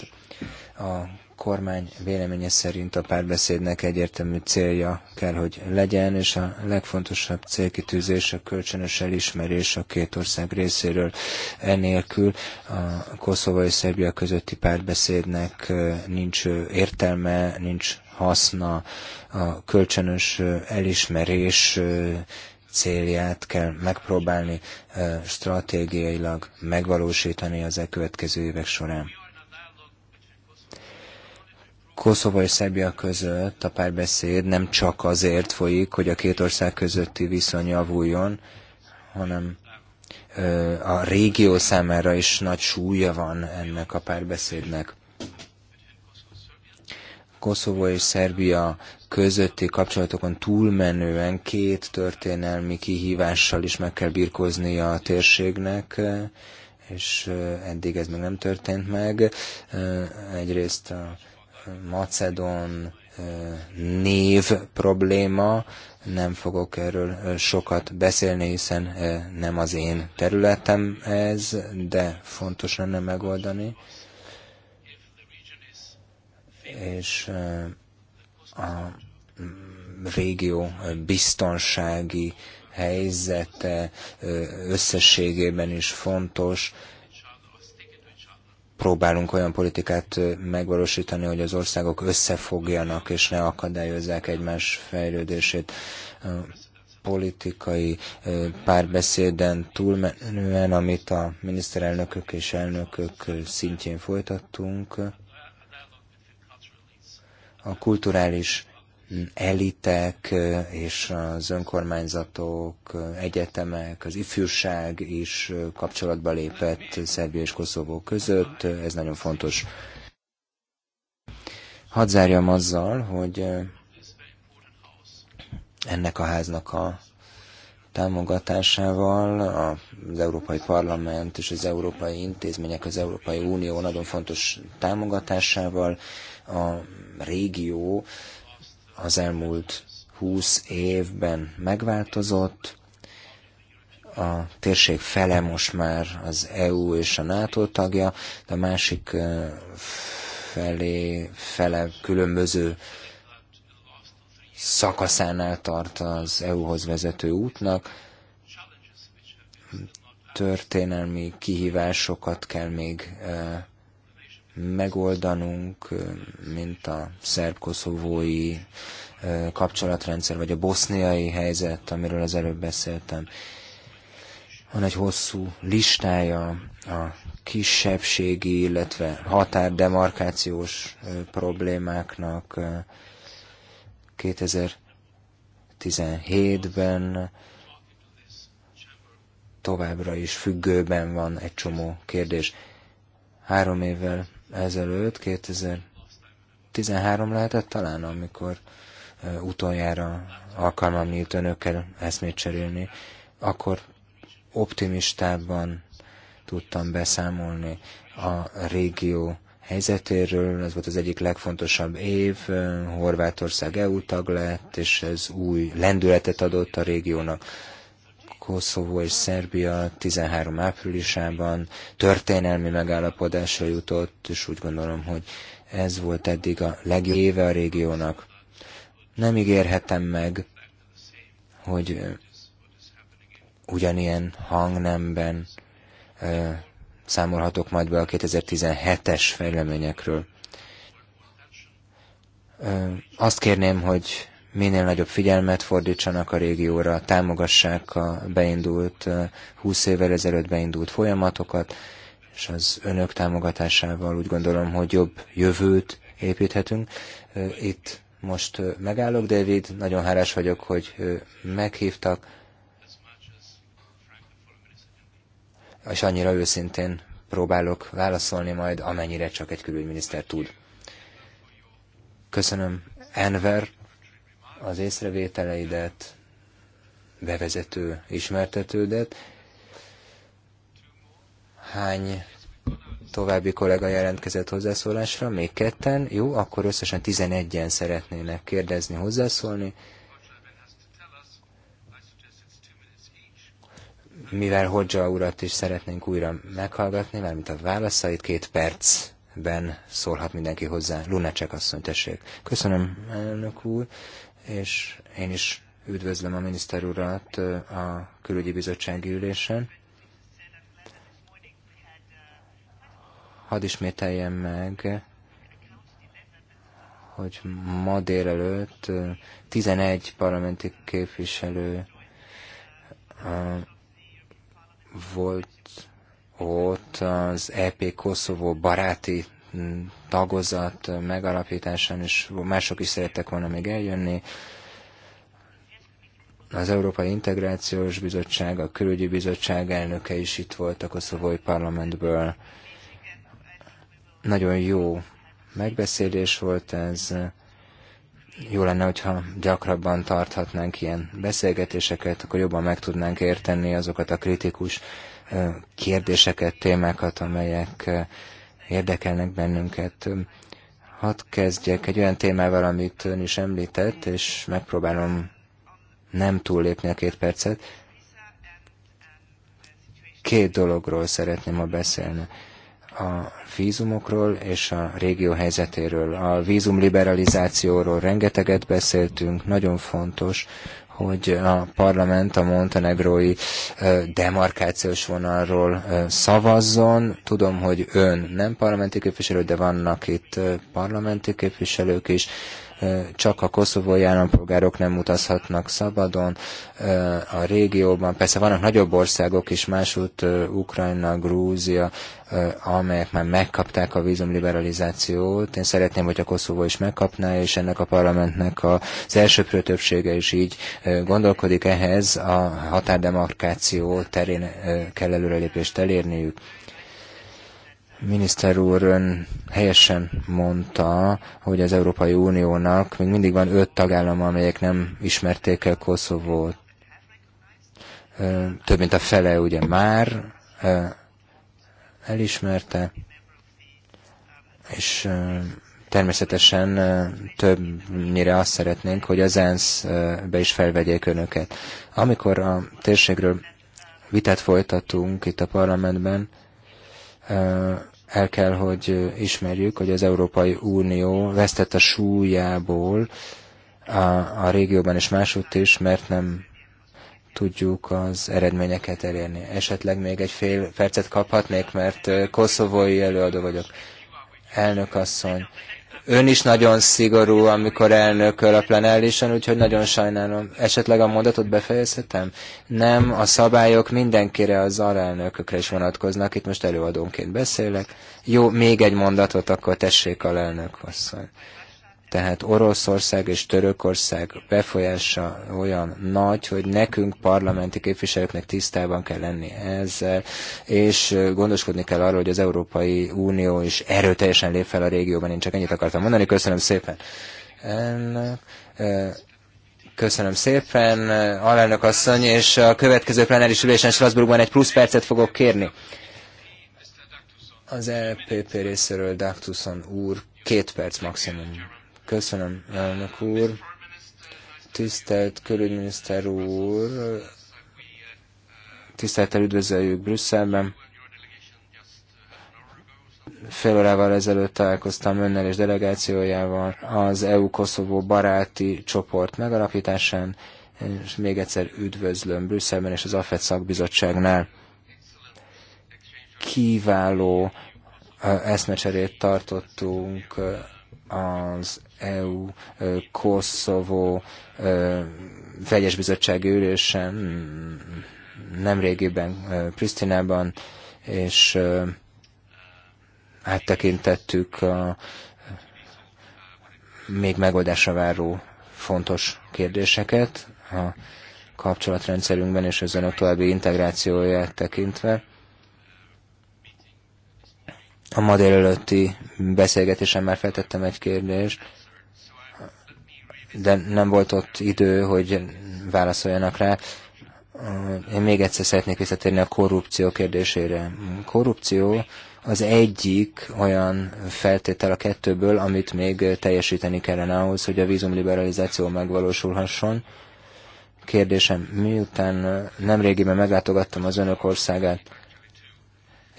A kormány véleménye szerint a párbeszédnek egyértelmű célja kell, hogy legyen, és a legfontosabb célkitűzés a kölcsönös elismerés a két ország részéről. Enélkül a koszovai és Szerbia közötti párbeszédnek nincs értelme, nincs haszna, a kölcsönös elismerés célját kell megpróbálni stratégiailag megvalósítani az elkövetkező évek során. Koszova és Szerbia között a párbeszéd nem csak azért folyik, hogy a két ország közötti viszony javuljon, hanem a régió számára is nagy súlya van ennek a párbeszédnek. Koszovó és Szerbia közötti kapcsolatokon túlmenően két történelmi kihívással is meg kell birkóznia a térségnek, és eddig ez még nem történt meg. Egyrészt a macedón név probléma, nem fogok erről sokat beszélni, hiszen nem az én területem ez, de fontos lenne megoldani. És a mm, régió biztonsági helyzete összességében is fontos, próbálunk olyan politikát megvalósítani, hogy az országok összefogjanak és ne akadályozzák egymás fejlődését. politikai párbeszéden túlmenően, amit a miniszterelnökök és elnökök szintjén folytattunk, a kulturális elitek és az önkormányzatok, egyetemek, az ifjúság is kapcsolatba lépett Szerbia és Koszovó között. Ez nagyon fontos. Hadd zárjam azzal, hogy ennek a háznak a támogatásával az Európai Parlament és az európai intézmények, az Európai Unió nagyon fontos támogatásával a régió az elmúlt 20 évben megváltozott, a térség fele most már az EU és a NATO tagja, de a másik felé, fele különböző szakaszánál tart az EU-hoz vezető útnak. Történelmi kihívásokat kell még megoldanunk, mint a szerb-koszovói kapcsolatrendszer, vagy a boszniai helyzet, amiről az előbb beszéltem. Van egy hosszú listája a kisebbségi, illetve határdemarkációs problémáknak 2017-ben továbbra is függőben van egy csomó kérdés. Három évvel ezelőtt, 2013 lehetett talán, amikor utoljára alkalmam nyílt önökkel eszmét cserélni, akkor optimistában tudtam beszámolni a régió helyzetéről. Ez volt az egyik legfontosabb év. Horvátország EU tag lett, és ez új lendületet adott a régiónak. Koszovó és Szerbia 13 áprilisában történelmi megállapodásra jutott, és úgy gondolom, hogy ez volt eddig a legjobb éve a régiónak. Nem ígérhetem meg, hogy ugyanilyen hangnemben számolhatok majd be a 2017-es fejleményekről. Azt kérném, hogy minél nagyobb figyelmet fordítsanak a régióra, támogassák a beindult, 20 évvel ezelőtt beindult folyamatokat, és az önök támogatásával úgy gondolom, hogy jobb jövőt építhetünk. Itt most megállok, David, nagyon hálás vagyok, hogy meghívtak, és annyira őszintén próbálok válaszolni majd, amennyire csak egy külügyminiszter tud. Köszönöm, Enver, az észrevételeidet, bevezető ismertetődet. Hány további kollega jelentkezett hozzászólásra? Még ketten? Jó, akkor összesen 11-en szeretnének kérdezni, hozzászólni. Mivel Hodzsa urat is szeretnénk újra meghallgatni, mármint a válaszait, két perc ben szólhat mindenki hozzá. Lunacek asszony, tessék. Köszönöm, elnök úr és én is üdvözlöm a miniszter urat a külügyi bizottsági ülésen. Hadd ismételjem meg, hogy ma délelőtt 11 parlamenti képviselő volt ott az EP Koszovó baráti tagozat megalapításán, és mások is szerettek volna még eljönni. Az Európai Integrációs Bizottság, a Külügyi Bizottság elnöke is itt volt a koszovói parlamentből. Nagyon jó megbeszélés volt ez. Jó lenne, hogyha gyakrabban tarthatnánk ilyen beszélgetéseket, akkor jobban meg tudnánk érteni azokat a kritikus kérdéseket, témákat, amelyek érdekelnek bennünket. Hadd kezdjek egy olyan témával, amit ön is említett, és megpróbálom nem túllépni a két percet. Két dologról szeretném ma beszélni. A vízumokról és a régió helyzetéről. A vízumliberalizációról rengeteget beszéltünk, nagyon fontos, hogy a parlament a montenegrói demarkációs vonalról szavazzon. Tudom, hogy ön nem parlamenti képviselő, de vannak itt parlamenti képviselők is csak a koszovói állampolgárok nem utazhatnak szabadon a régióban. Persze vannak nagyobb országok is, másút Ukrajna, Grúzia, amelyek már megkapták a vízumliberalizációt. Én szeretném, hogy a Koszovó is megkapná, és ennek a parlamentnek az elsőprő többsége is így gondolkodik ehhez. A határdemarkáció terén kell előrelépést elérniük. Miniszter úr ön helyesen mondta, hogy az Európai Uniónak még mindig van öt tagállam, amelyek nem ismerték el Koszovót. Több mint a fele ugye már elismerte, és természetesen többnyire azt szeretnénk, hogy az ENSZ-be is felvegyék önöket. Amikor a térségről vitát folytatunk itt a parlamentben, el kell, hogy ismerjük, hogy az Európai Unió vesztett a súlyából a, a régióban és másutt is, mert nem tudjuk az eredményeket elérni. Esetleg még egy fél percet kaphatnék, mert koszovói előadó vagyok. Elnök asszony, Ön is nagyon szigorú, amikor elnököl a plenárisan, úgyhogy nagyon sajnálom. Esetleg a mondatot befejezhetem? Nem, a szabályok mindenkire az alelnökökre is vonatkoznak. Itt most előadónként beszélek. Jó, még egy mondatot, akkor tessék alelnök hosszan. Tehát Oroszország és Törökország befolyása olyan nagy, hogy nekünk parlamenti képviselőknek tisztában kell lenni ezzel, és gondoskodni kell arról, hogy az Európai Unió is erőteljesen lép fel a régióban. Én csak ennyit akartam mondani. Köszönöm szépen. Köszönöm szépen, alelnök asszony, és a következő plenáris ülésen Strasbourgban egy plusz percet fogok kérni. Az LPP részéről Daktuson úr, két perc maximum. Köszönöm, elnök úr. Tisztelt külügyminiszter úr, tisztelettel üdvözöljük Brüsszelben. Fél órával ezelőtt találkoztam önnel és delegációjával az EU-Koszovó baráti csoport megalapításán, és még egyszer üdvözlöm Brüsszelben és az AFET szakbizottságnál. Kiváló eszmecserét tartottunk az EU Koszovó vegyes bizottság ülésen mm, nemrégiben Pristinában, és áttekintettük a még megoldásra váró fontos kérdéseket a kapcsolatrendszerünkben és az önök további integrációját tekintve a ma délelőtti beszélgetésen már feltettem egy kérdést, de nem volt ott idő, hogy válaszoljanak rá. Én még egyszer szeretnék visszatérni a korrupció kérdésére. Korrupció az egyik olyan feltétel a kettőből, amit még teljesíteni kellene ahhoz, hogy a vízumliberalizáció megvalósulhasson. Kérdésem, miután nemrégiben meglátogattam az önök országát,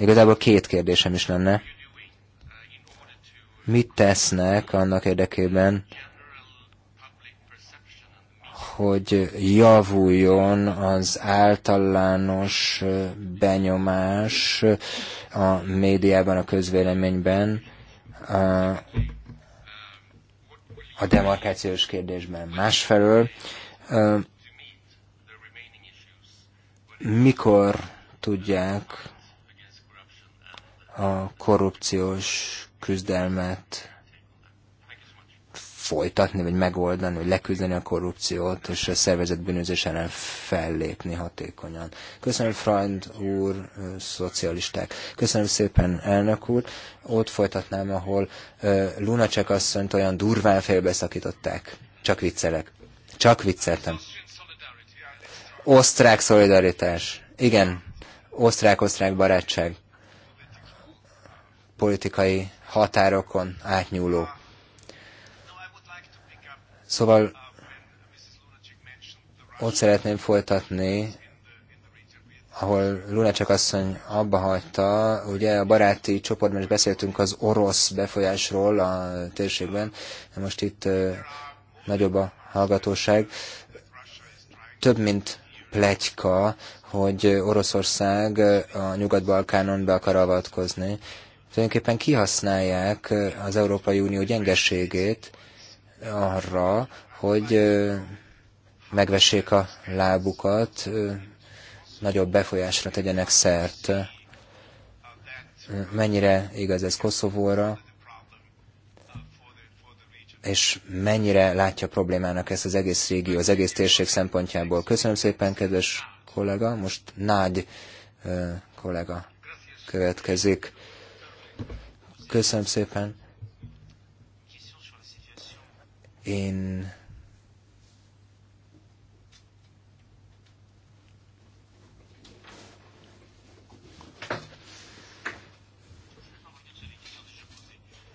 Igazából két kérdésem is lenne. Mit tesznek annak érdekében, hogy javuljon az általános benyomás a médiában, a közvéleményben, a, a demarkációs kérdésben. Másfelől, mikor tudják a korrupciós küzdelmet folytatni, vagy megoldani, vagy leküzdeni a korrupciót, és a szervezet bűnözés ellen fellépni hatékonyan. Köszönöm Freund úr, szocialisták. Köszönöm szépen elnök úr. Ott folytatnám, ahol uh, Lunacek asszonyt olyan durván félbeszakították. Csak viccelek. Csak vicceltem. Osztrák szolidaritás. Igen, osztrák-osztrák barátság politikai határokon átnyúló. Szóval ott szeretném folytatni, ahol Lunacek asszony abba hagyta, ugye a baráti csoportban is beszéltünk az orosz befolyásról a térségben, de most itt nagyobb a hallgatóság. Több mint pletyka, hogy Oroszország a Nyugat-Balkánon be akar avatkozni, tulajdonképpen kihasználják az Európai Unió gyengeségét arra, hogy megvessék a lábukat, nagyobb befolyásra tegyenek szert. Mennyire igaz ez Koszovóra, és mennyire látja problémának ezt az egész régió, az egész térség szempontjából. Köszönöm szépen, kedves kollega, most nagy kollega következik. Köszönöm szépen. Én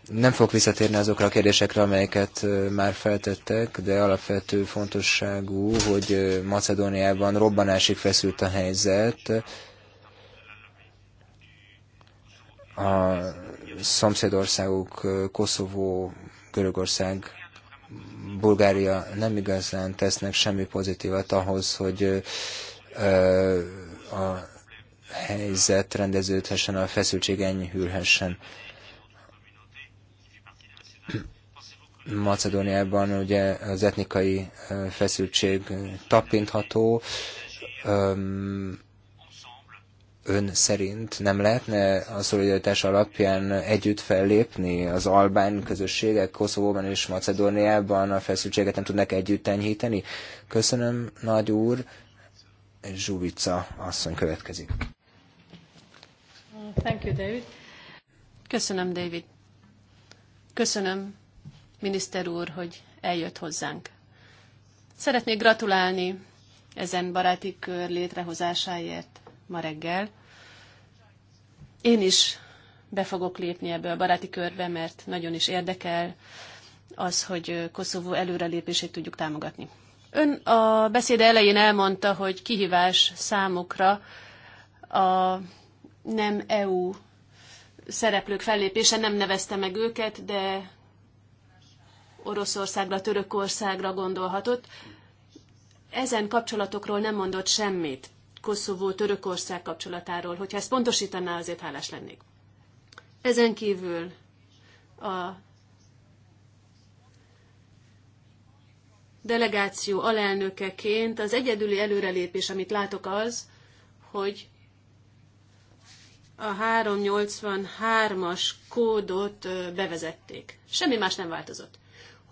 nem fogok visszatérni azokra a kérdésekre, amelyeket már feltettek, de alapvető fontosságú, hogy Macedóniában robbanásig feszült a helyzet. A szomszédországok, Koszovó, Görögország, Bulgária nem igazán tesznek semmi pozitívat ahhoz, hogy a helyzet rendeződhessen, a feszültség enyhülhessen. Macedóniában ugye az etnikai feszültség tapintható, ön szerint nem lehetne a szolidaritás alapján együtt fellépni az albán közösségek Koszovóban és Macedóniában a feszültséget nem tudnak együtt enyhíteni? Köszönöm, nagy úr. Zsuvica asszony következik. Thank you, David. Köszönöm, David. Köszönöm, miniszter úr, hogy eljött hozzánk. Szeretnék gratulálni ezen baráti kör létrehozásáért ma reggel. Én is be fogok lépni ebbe a baráti körbe, mert nagyon is érdekel az, hogy Koszovó előrelépését tudjuk támogatni. Ön a beszéde elején elmondta, hogy kihívás számukra a nem EU szereplők fellépése, nem nevezte meg őket, de Oroszországra, Törökországra gondolhatott. Ezen kapcsolatokról nem mondott semmit. Koszovó-Törökország kapcsolatáról. Hogyha ezt pontosítaná, azért hálás lennék. Ezen kívül a delegáció alelnökeként az egyedüli előrelépés, amit látok az, hogy a 383-as kódot bevezették. Semmi más nem változott.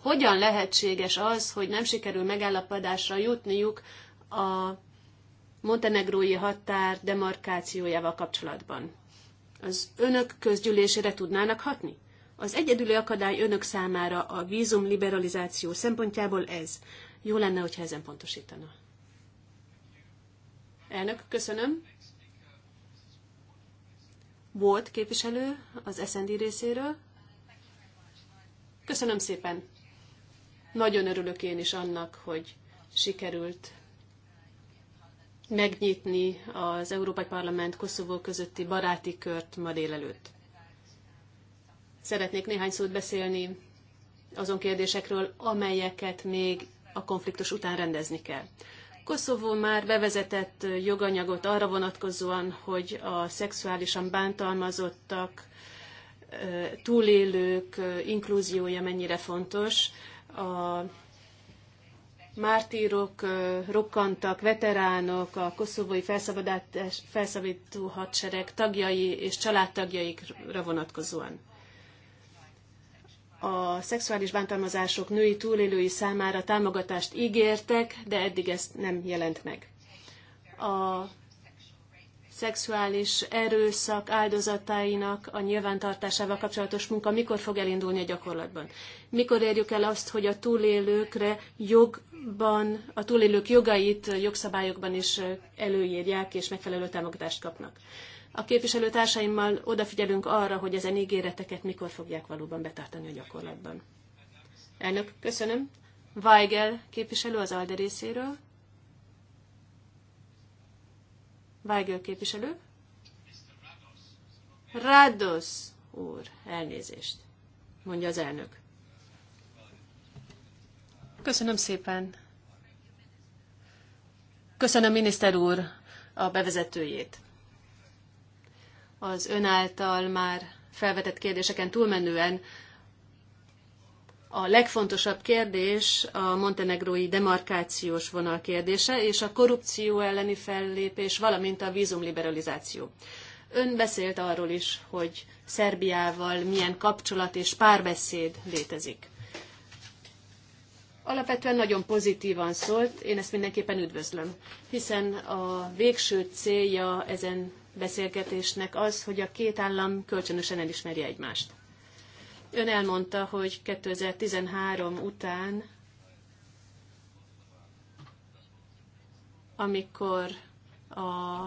Hogyan lehetséges az, hogy nem sikerül megállapodásra jutniuk a montenegrói határ demarkációjával kapcsolatban. Az önök közgyűlésére tudnának hatni? Az egyedüli akadály önök számára a vízum liberalizáció szempontjából ez. Jó lenne, hogyha ezen pontosítana. Elnök, köszönöm. Volt képviselő az SND részéről. Köszönöm szépen. Nagyon örülök én is annak, hogy sikerült megnyitni az Európai Parlament Koszovó közötti baráti kört ma délelőtt. Szeretnék néhány szót beszélni azon kérdésekről, amelyeket még a konfliktus után rendezni kell. Koszovó már bevezetett joganyagot arra vonatkozóan, hogy a szexuálisan bántalmazottak, túlélők inkluziója mennyire fontos. A mártírok, rokkantak, veteránok, a koszovói felszabadító hadsereg tagjai és családtagjaikra vonatkozóan. A szexuális bántalmazások női túlélői számára támogatást ígértek, de eddig ezt nem jelent meg. A szexuális erőszak áldozatainak a nyilvántartásával kapcsolatos munka mikor fog elindulni a gyakorlatban? Mikor érjük el azt, hogy a túlélőkre jogban, a túlélők jogait jogszabályokban is előírják és megfelelő támogatást kapnak? A képviselőtársaimmal odafigyelünk arra, hogy ezen ígéreteket mikor fogják valóban betartani a gyakorlatban. Elnök, köszönöm. Weigel képviselő az ALDE részéről. Weigel képviselő. Rados úr, elnézést, mondja az elnök. Köszönöm szépen. Köszönöm, miniszter úr, a bevezetőjét. Az ön által már felvetett kérdéseken túlmenően a legfontosabb kérdés a montenegrói demarkációs vonal kérdése és a korrupció elleni fellépés, valamint a vízumliberalizáció. Ön beszélt arról is, hogy Szerbiával milyen kapcsolat és párbeszéd létezik. Alapvetően nagyon pozitívan szólt, én ezt mindenképpen üdvözlöm, hiszen a végső célja ezen beszélgetésnek az, hogy a két állam kölcsönösen elismerje egymást. Ön elmondta, hogy 2013 után, amikor a,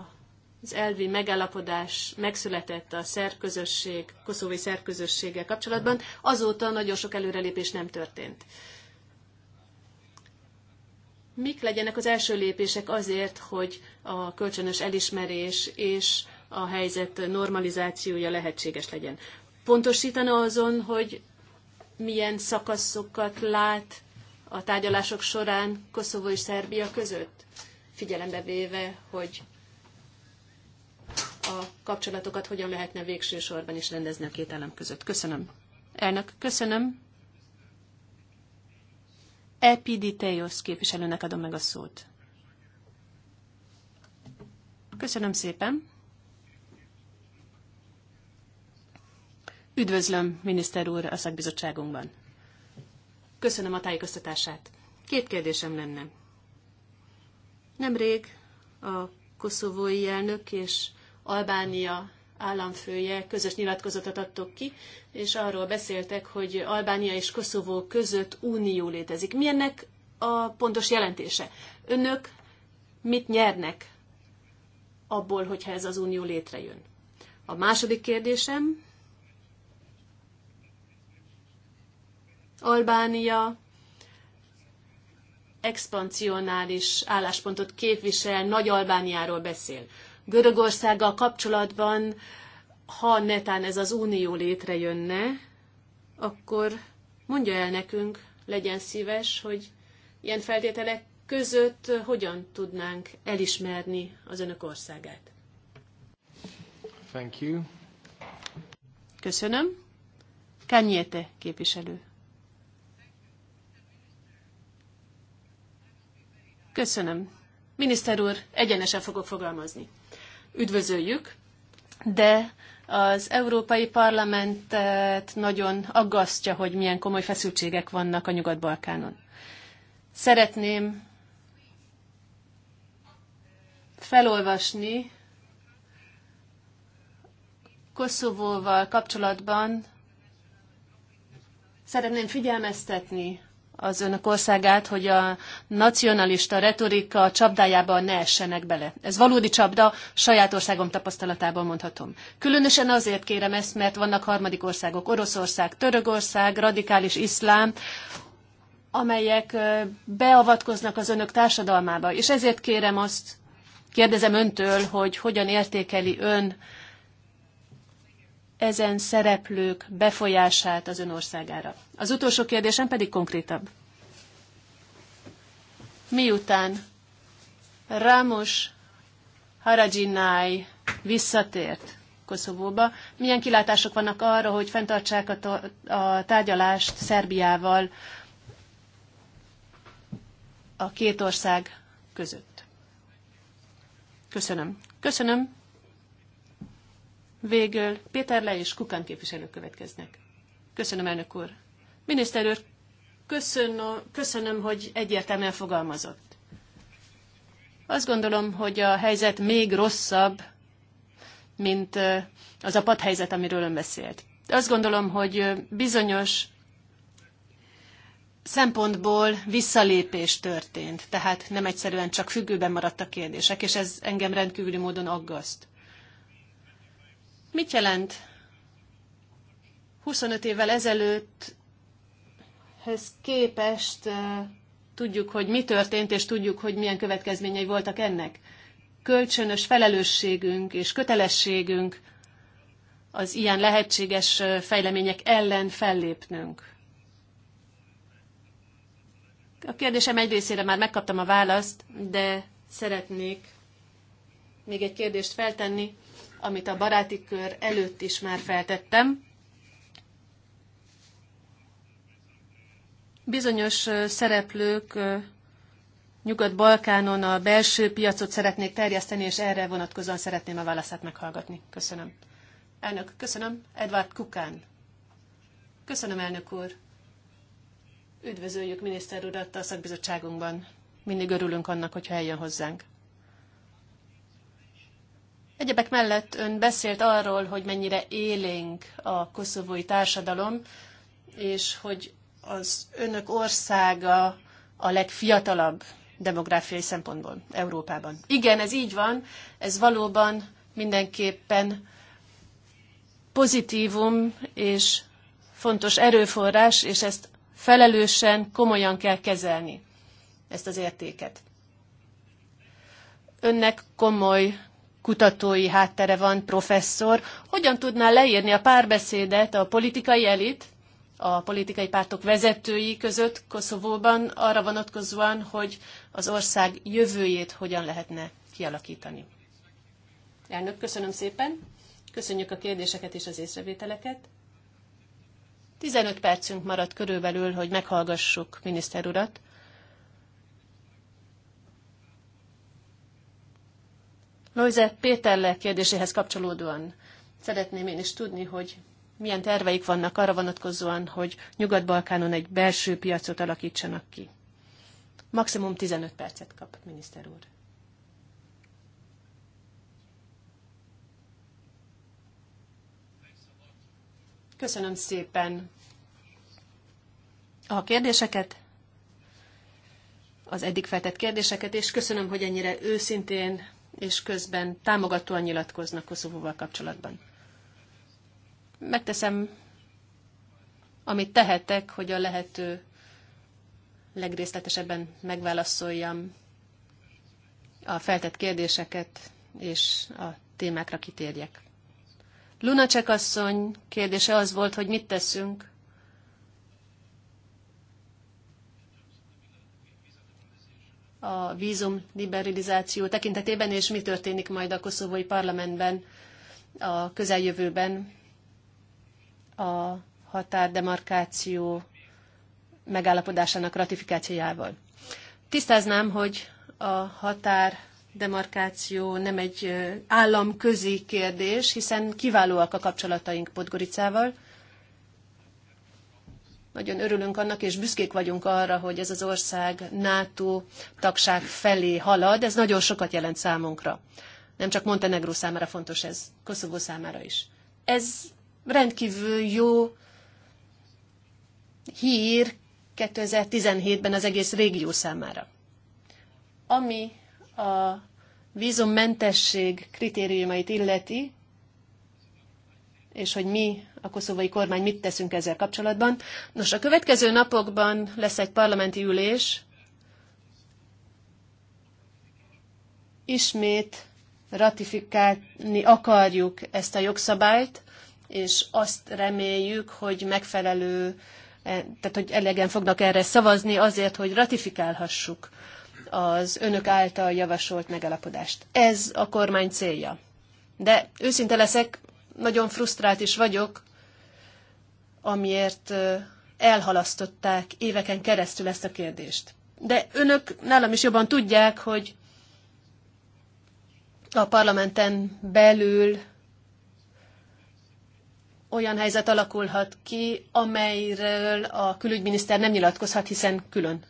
az elvi megállapodás megszületett a szerközösség, koszovói szerközösséggel kapcsolatban, azóta nagyon sok előrelépés nem történt. Mik legyenek az első lépések azért, hogy a kölcsönös elismerés és a helyzet normalizációja lehetséges legyen pontosítana azon, hogy milyen szakaszokat lát a tárgyalások során Koszovó és Szerbia között, figyelembe véve, hogy a kapcsolatokat hogyan lehetne végső sorban is rendezni a két állam között. Köszönöm. Elnök, köszönöm. Epiditeios képviselőnek adom meg a szót. Köszönöm szépen. Üdvözlöm, miniszter úr, a szakbizottságunkban. Köszönöm a tájékoztatását. Két kérdésem lenne. Nemrég a koszovói elnök és Albánia államfője közös nyilatkozatot adtok ki, és arról beszéltek, hogy Albánia és Koszovó között unió létezik. Milyennek a pontos jelentése? Önök mit nyernek abból, hogyha ez az unió létrejön? A második kérdésem Albánia expansionális álláspontot képvisel, Nagy Albániáról beszél. Görögországgal kapcsolatban, ha netán ez az unió létrejönne, akkor mondja el nekünk, legyen szíves, hogy ilyen feltételek között hogyan tudnánk elismerni az önök országát. Thank you. Köszönöm. Kanyete képviselő. Köszönöm. Miniszter úr, egyenesen fogok fogalmazni. Üdvözöljük, de az Európai Parlamentet nagyon aggasztja, hogy milyen komoly feszültségek vannak a Nyugat-Balkánon. Szeretném felolvasni Koszovóval kapcsolatban szeretném figyelmeztetni az önök országát, hogy a nacionalista retorika csapdájába ne essenek bele. Ez valódi csapda, saját országom tapasztalatából mondhatom. Különösen azért kérem ezt, mert vannak harmadik országok, Oroszország, törögország, radikális iszlám, amelyek beavatkoznak az önök társadalmába. És ezért kérem azt, kérdezem öntől, hogy hogyan értékeli ön ezen szereplők befolyását az ön országára. Az utolsó kérdésem pedig konkrétabb. Miután Ramos Harajinai visszatért Koszovóba, milyen kilátások vannak arra, hogy fenntartsák a, a tárgyalást Szerbiával a két ország között? Köszönöm. Köszönöm. Végül Péter Le és Kukán képviselők következnek. Köszönöm, elnök úr. Miniszter úr, köszönöm, köszönöm, hogy egyértelműen fogalmazott. Azt gondolom, hogy a helyzet még rosszabb, mint az a padhelyzet, amiről ön beszélt. Azt gondolom, hogy bizonyos szempontból visszalépés történt, tehát nem egyszerűen csak függőben maradtak kérdések, és ez engem rendkívüli módon aggaszt. Mit jelent 25 évvel ezelőtt ehhez képest tudjuk, hogy mi történt, és tudjuk, hogy milyen következményei voltak ennek. Kölcsönös felelősségünk és kötelességünk az ilyen lehetséges fejlemények ellen fellépnünk. A kérdésem egy részére már megkaptam a választ, de szeretnék még egy kérdést feltenni, amit a baráti kör előtt is már feltettem. Bizonyos szereplők Nyugat-Balkánon a belső piacot szeretnék terjeszteni, és erre vonatkozóan szeretném a válaszát meghallgatni. Köszönöm. Elnök, köszönöm. Edward Kukán. Köszönöm, elnök úr. Üdvözöljük miniszter urat a szakbizottságunkban. Mindig örülünk annak, hogyha eljön hozzánk. Egyebek mellett ön beszélt arról, hogy mennyire élénk a koszovói társadalom, és hogy az önök országa a legfiatalabb demográfiai szempontból Európában. Igen, ez így van, ez valóban mindenképpen pozitívum és fontos erőforrás, és ezt felelősen, komolyan kell kezelni, ezt az értéket. Önnek komoly kutatói háttere van, professzor. Hogyan tudná leírni a párbeszédet a politikai elit a politikai pártok vezetői között Koszovóban arra vonatkozóan, hogy az ország jövőjét hogyan lehetne kialakítani. Elnök, köszönöm szépen. Köszönjük a kérdéseket és az észrevételeket. 15 percünk maradt körülbelül, hogy meghallgassuk miniszter urat. Lojze Péterle kérdéséhez kapcsolódóan szeretném én is tudni, hogy milyen terveik vannak arra vonatkozóan, hogy Nyugat-Balkánon egy belső piacot alakítsanak ki. Maximum 15 percet kap, miniszter úr. Köszönöm szépen a kérdéseket, az eddig feltett kérdéseket, és köszönöm, hogy ennyire őszintén és közben támogatóan nyilatkoznak Koszovóval kapcsolatban. Megteszem, amit tehetek, hogy a lehető legrészletesebben megválaszoljam a feltett kérdéseket, és a témákra kitérjek. Lunacek asszony kérdése az volt, hogy mit teszünk, a vízum liberalizáció tekintetében, és mi történik majd a koszovói parlamentben a közeljövőben a határdemarkáció megállapodásának ratifikációjával. Tisztáznám, hogy a határ demarkáció nem egy államközi kérdés, hiszen kiválóak a kapcsolataink Podgoricával. Nagyon örülünk annak, és büszkék vagyunk arra, hogy ez az ország NATO tagság felé halad. Ez nagyon sokat jelent számunkra. Nem csak Montenegró számára fontos ez, Koszovó számára is. Ez rendkívül jó hír 2017-ben az egész régió számára. Ami a vízummentesség kritériumait illeti, és hogy mi, a koszovai kormány mit teszünk ezzel kapcsolatban. Nos, a következő napokban lesz egy parlamenti ülés, ismét ratifikálni akarjuk ezt a jogszabályt, és azt reméljük, hogy megfelelő, e, tehát hogy elegen fognak erre szavazni azért, hogy ratifikálhassuk az önök által javasolt megalapodást. Ez a kormány célja. De őszinte leszek, nagyon frusztrált is vagyok, amiért elhalasztották éveken keresztül ezt a kérdést. De önök nálam is jobban tudják, hogy a parlamenten belül olyan helyzet alakulhat ki, amelyről a külügyminiszter nem nyilatkozhat, hiszen külön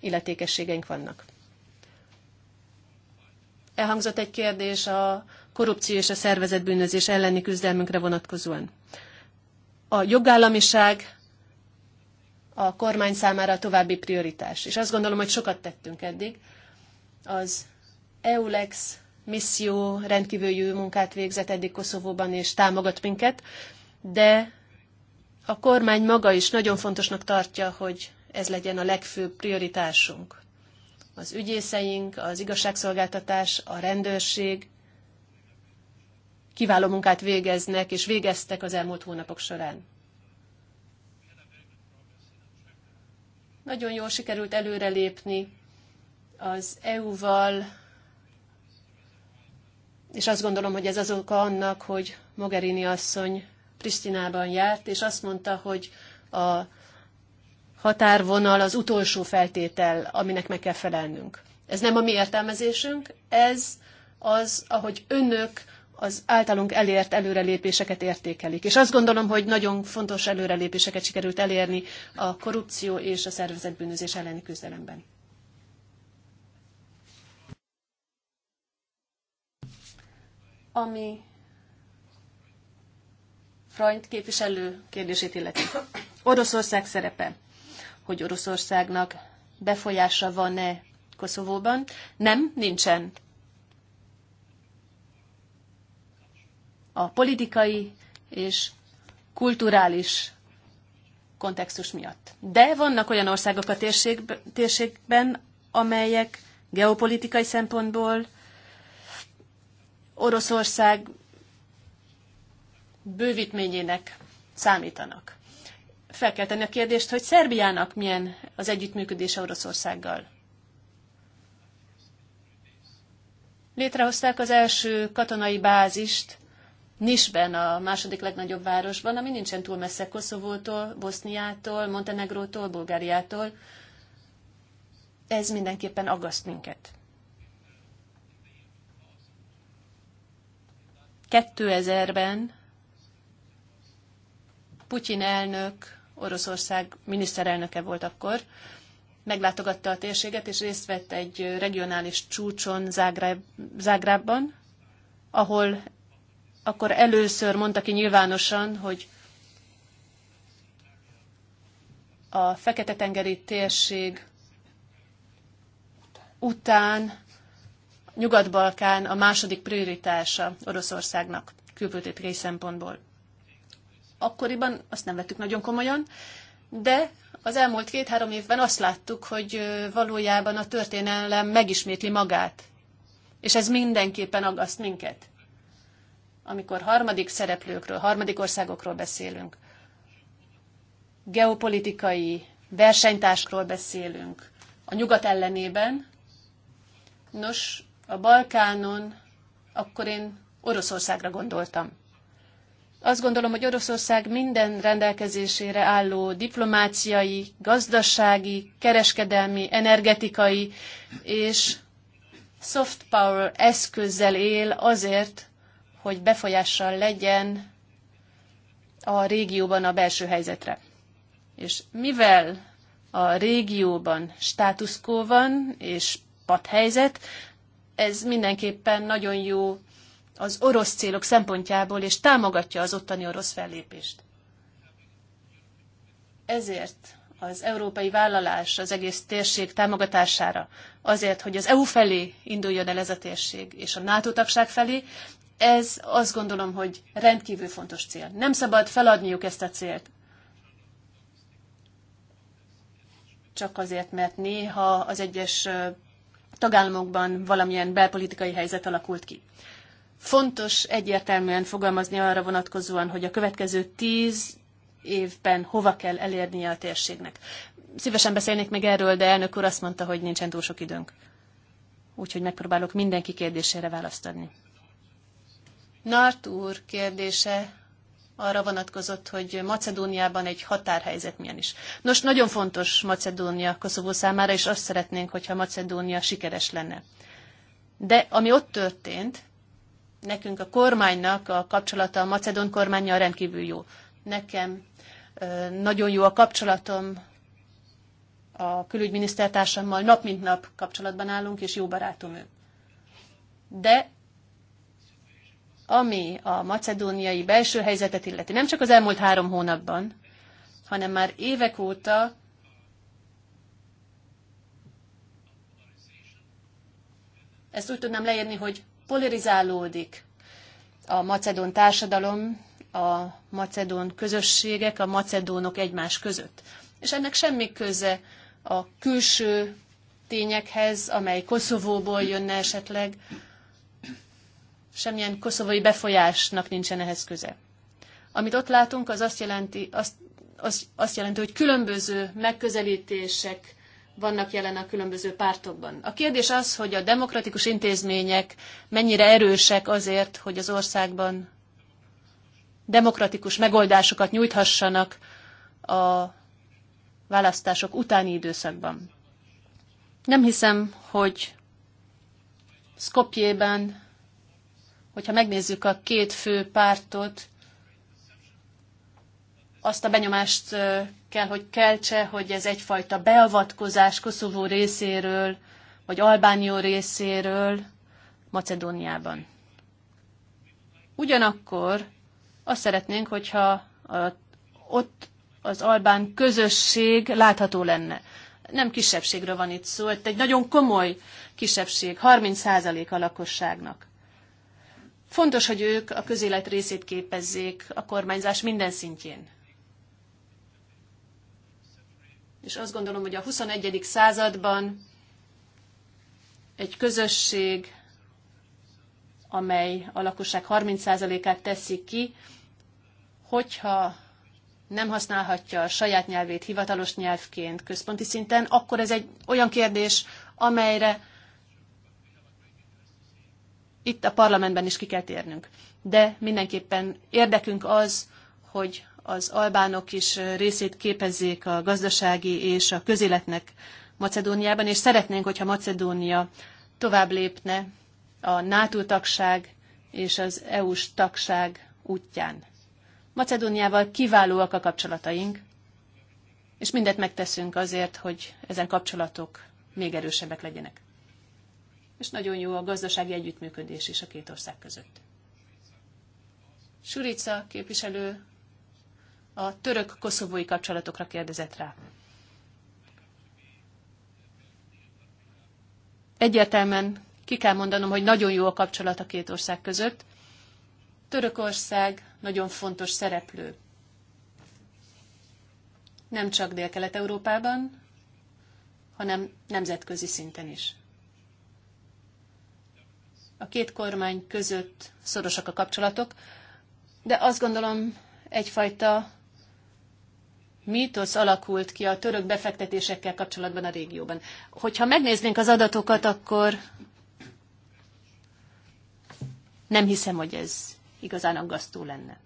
illetékességeink vannak. Elhangzott egy kérdés a korrupció és a szervezetbűnözés elleni küzdelmünkre vonatkozóan. A jogállamiság a kormány számára a további prioritás. És azt gondolom, hogy sokat tettünk eddig. Az EULEX misszió jó munkát végzett eddig Koszovóban, és támogat minket de a kormány maga is nagyon fontosnak tartja, hogy ez legyen a legfőbb prioritásunk. Az ügyészeink, az igazságszolgáltatás, a rendőrség kiváló munkát végeznek és végeztek az elmúlt hónapok során. Nagyon jól sikerült előrelépni az EU-val, és azt gondolom, hogy ez az oka annak, hogy Mogherini asszony Pristinában járt, és azt mondta, hogy a határvonal az utolsó feltétel, aminek meg kell felelnünk. Ez nem a mi értelmezésünk, ez az, ahogy önök az általunk elért előrelépéseket értékelik. És azt gondolom, hogy nagyon fontos előrelépéseket sikerült elérni a korrupció és a szervezetbűnözés elleni küzdelemben. Ami Freund képviselő kérdését illeti. Oroszország szerepe, hogy Oroszországnak befolyása van-e Koszovóban? Nem, nincsen. A politikai és kulturális kontextus miatt. De vannak olyan országok a térség, térségben, amelyek geopolitikai szempontból Oroszország bővítményének számítanak. Fel kell tenni a kérdést, hogy Szerbiának milyen az együttműködése Oroszországgal. Létrehozták az első katonai bázist Nisben, a második legnagyobb városban, ami nincsen túl messze Koszovótól, Boszniától, Montenegrótól, Bulgáriától. Ez mindenképpen aggaszt minket. 2000-ben Putyin elnök, Oroszország miniszterelnöke volt akkor, meglátogatta a térséget, és részt vett egy regionális csúcson Zágrábban, ahol akkor először mondta ki nyilvánosan, hogy a Fekete-tengeri térség után Nyugat-Balkán a második prioritása Oroszországnak külpolitikai szempontból akkoriban azt nem vettük nagyon komolyan, de az elmúlt két-három évben azt láttuk, hogy valójában a történelem megismétli magát. És ez mindenképpen aggaszt minket. Amikor harmadik szereplőkről, harmadik országokról beszélünk, geopolitikai versenytársról beszélünk, a nyugat ellenében, nos, a Balkánon akkor én Oroszországra gondoltam. Azt gondolom, hogy Oroszország minden rendelkezésére álló diplomáciai, gazdasági, kereskedelmi, energetikai és soft power eszközzel él azért, hogy befolyással legyen a régióban a belső helyzetre. És mivel a régióban státuszkó van és padhelyzet, ez mindenképpen nagyon jó az orosz célok szempontjából, és támogatja az ottani orosz fellépést. Ezért az európai vállalás az egész térség támogatására, azért, hogy az EU felé induljon el ez a térség, és a NATO tagság felé, ez azt gondolom, hogy rendkívül fontos cél. Nem szabad feladniuk ezt a célt. Csak azért, mert néha az egyes tagállamokban valamilyen belpolitikai helyzet alakult ki. Fontos egyértelműen fogalmazni arra vonatkozóan, hogy a következő tíz évben hova kell elérnie a térségnek. Szívesen beszélnék még erről, de elnök úr azt mondta, hogy nincsen túl sok időnk. Úgyhogy megpróbálok mindenki kérdésére választ adni. Nart úr kérdése arra vonatkozott, hogy Macedóniában egy határhelyzet milyen is. Nos, nagyon fontos Macedónia Koszovó számára, és azt szeretnénk, hogyha Macedónia sikeres lenne. De ami ott történt, nekünk a kormánynak a kapcsolata a macedón kormányjal rendkívül jó. Nekem nagyon jó a kapcsolatom a külügyminisztertársammal, nap mint nap kapcsolatban állunk, és jó barátom ő. De ami a macedóniai belső helyzetet illeti, nem csak az elmúlt három hónapban, hanem már évek óta ezt úgy tudnám leírni, hogy polarizálódik a macedón társadalom, a macedón közösségek, a macedónok egymás között. És ennek semmi köze a külső tényekhez, amely Koszovóból jönne esetleg, semmilyen koszovói befolyásnak nincsen ehhez köze. Amit ott látunk, az azt jelenti, azt, az, azt jelenti hogy különböző megközelítések vannak jelen a különböző pártokban. A kérdés az, hogy a demokratikus intézmények mennyire erősek azért, hogy az országban demokratikus megoldásokat nyújthassanak a választások utáni időszakban. Nem hiszem, hogy Skopjében, hogyha megnézzük a két fő pártot, azt a benyomást kell, hogy keltse, hogy ez egyfajta beavatkozás Koszovó részéről, vagy Albánió részéről Macedóniában. Ugyanakkor azt szeretnénk, hogyha a, ott az albán közösség látható lenne. Nem kisebbségről van itt szó, itt egy nagyon komoly kisebbség, 30% a lakosságnak. Fontos, hogy ők a közélet részét képezzék a kormányzás minden szintjén és azt gondolom, hogy a 21. században egy közösség, amely a lakosság 30%-át teszi ki, hogyha nem használhatja a saját nyelvét hivatalos nyelvként központi szinten, akkor ez egy olyan kérdés, amelyre itt a parlamentben is ki kell térnünk. De mindenképpen érdekünk az, hogy az albánok is részét képezzék a gazdasági és a közéletnek Macedóniában, és szeretnénk, hogyha Macedónia tovább lépne a NATO tagság és az EU-s tagság útján. Macedóniával kiválóak a kapcsolataink, és mindet megteszünk azért, hogy ezen kapcsolatok még erősebbek legyenek. És nagyon jó a gazdasági együttműködés is a két ország között. Surica képviselő a török-koszovói kapcsolatokra kérdezett rá. Egyértelműen ki kell mondanom, hogy nagyon jó a kapcsolat a két ország között. Törökország nagyon fontos szereplő. Nem csak Dél-Kelet-Európában, hanem nemzetközi szinten is. A két kormány között szorosak a kapcsolatok, de azt gondolom egyfajta mítosz alakult ki a török befektetésekkel kapcsolatban a régióban. Hogyha megnéznénk az adatokat, akkor nem hiszem, hogy ez igazán aggasztó lenne.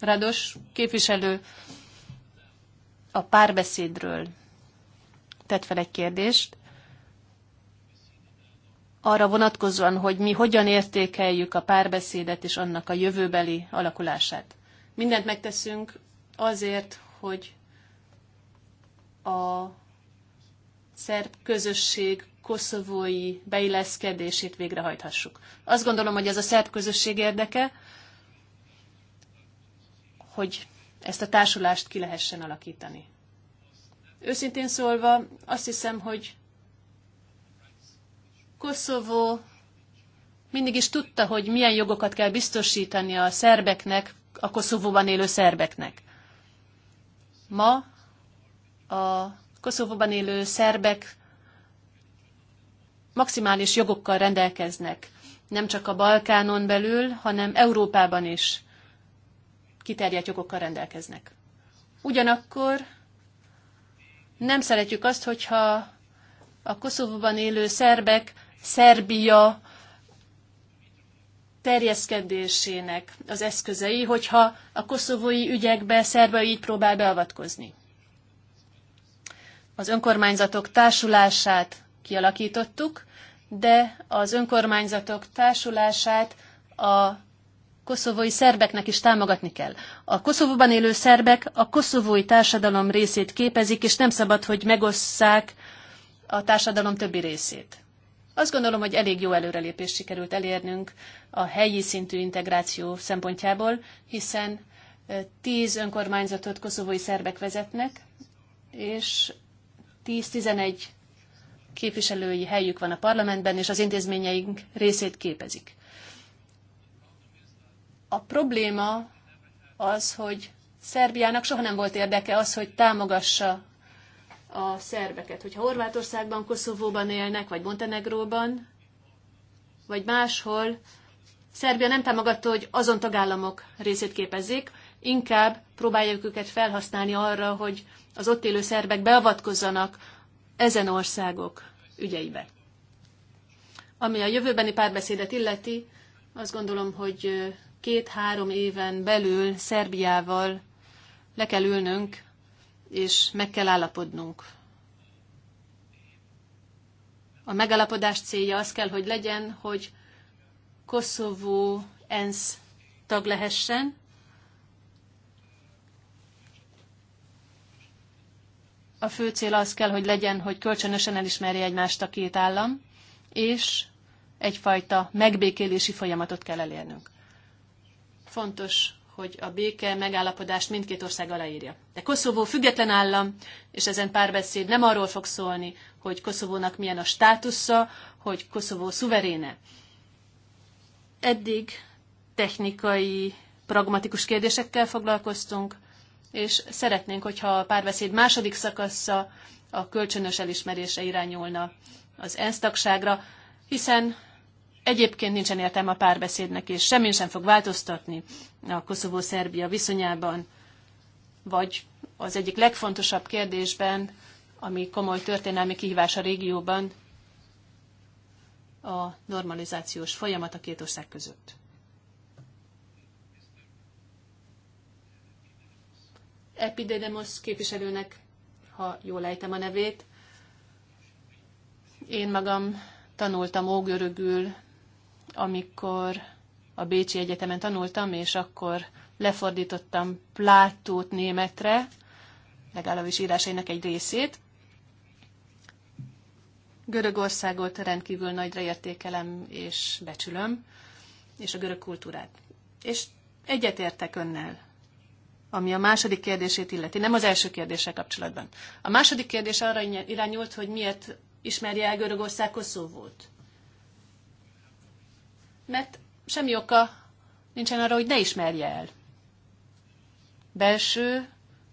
Rados képviselő a párbeszédről tett fel egy kérdést arra vonatkozóan, hogy mi hogyan értékeljük a párbeszédet és annak a jövőbeli alakulását. Mindent megteszünk azért, hogy a szerb közösség koszovói beilleszkedését végrehajthassuk. Azt gondolom, hogy ez a szerb közösség érdeke, hogy ezt a társulást ki lehessen alakítani. Őszintén szólva, azt hiszem, hogy Koszovó mindig is tudta, hogy milyen jogokat kell biztosítani a szerbeknek, a Koszovóban élő szerbeknek. Ma a Koszovóban élő szerbek maximális jogokkal rendelkeznek, nem csak a Balkánon belül, hanem Európában is kiterjedt jogokkal rendelkeznek. Ugyanakkor nem szeretjük azt, hogyha a Koszovóban élő szerbek Szerbia terjeszkedésének az eszközei, hogyha a koszovói ügyekbe Szerbia így próbál beavatkozni. Az önkormányzatok társulását kialakítottuk, de az önkormányzatok társulását a koszovói szerbeknek is támogatni kell. A Koszovóban élő szerbek a koszovói társadalom részét képezik, és nem szabad, hogy megosszák a társadalom többi részét. Azt gondolom, hogy elég jó előrelépést sikerült elérnünk a helyi szintű integráció szempontjából, hiszen tíz önkormányzatot koszovói szerbek vezetnek, és 10-11 képviselői helyük van a parlamentben, és az intézményeink részét képezik. A probléma az, hogy Szerbiának soha nem volt érdeke az, hogy támogassa a szerbeket. Hogyha Horvátországban, Koszovóban élnek, vagy Montenegróban, vagy máshol, Szerbia nem támogatta, hogy azon tagállamok részét képezzék, inkább próbáljuk őket felhasználni arra, hogy az ott élő szerbek beavatkozzanak ezen országok ügyeibe. Ami a jövőbeni párbeszédet illeti, azt gondolom, hogy két-három éven belül Szerbiával le kell ülnünk és meg kell állapodnunk. A megállapodás célja az kell, hogy legyen, hogy Koszovó ENSZ tag lehessen, a fő cél az kell, hogy legyen, hogy kölcsönösen elismerje egymást a két állam, és egyfajta megbékélési folyamatot kell elérnünk. Fontos hogy a béke megállapodást mindkét ország aláírja. De Koszovó független állam, és ezen párbeszéd nem arról fog szólni, hogy Koszovónak milyen a státusza, hogy Koszovó szuveréne. Eddig technikai, pragmatikus kérdésekkel foglalkoztunk, és szeretnénk, hogyha a párbeszéd második szakasza a kölcsönös elismerése irányulna az ENSZ tagságra, hiszen egyébként nincsen értelme a párbeszédnek, és semmi sem fog változtatni a Koszovó-Szerbia viszonyában, vagy az egyik legfontosabb kérdésben, ami komoly történelmi kihívás a régióban, a normalizációs folyamat a két ország között. Epidemos képviselőnek, ha jól ejtem a nevét, én magam tanultam ógörögül amikor a Bécsi Egyetemen tanultam, és akkor lefordítottam Plátót németre, legalábbis írásainak egy részét. Görögországot rendkívül nagyra értékelem és becsülöm, és a görög kultúrát. És egyetértek önnel, ami a második kérdését illeti, nem az első kérdése kapcsolatban. A második kérdés arra irányult, hogy miért ismerje el Görögország Koszovót mert semmi oka nincsen arra, hogy ne ismerje el. Belső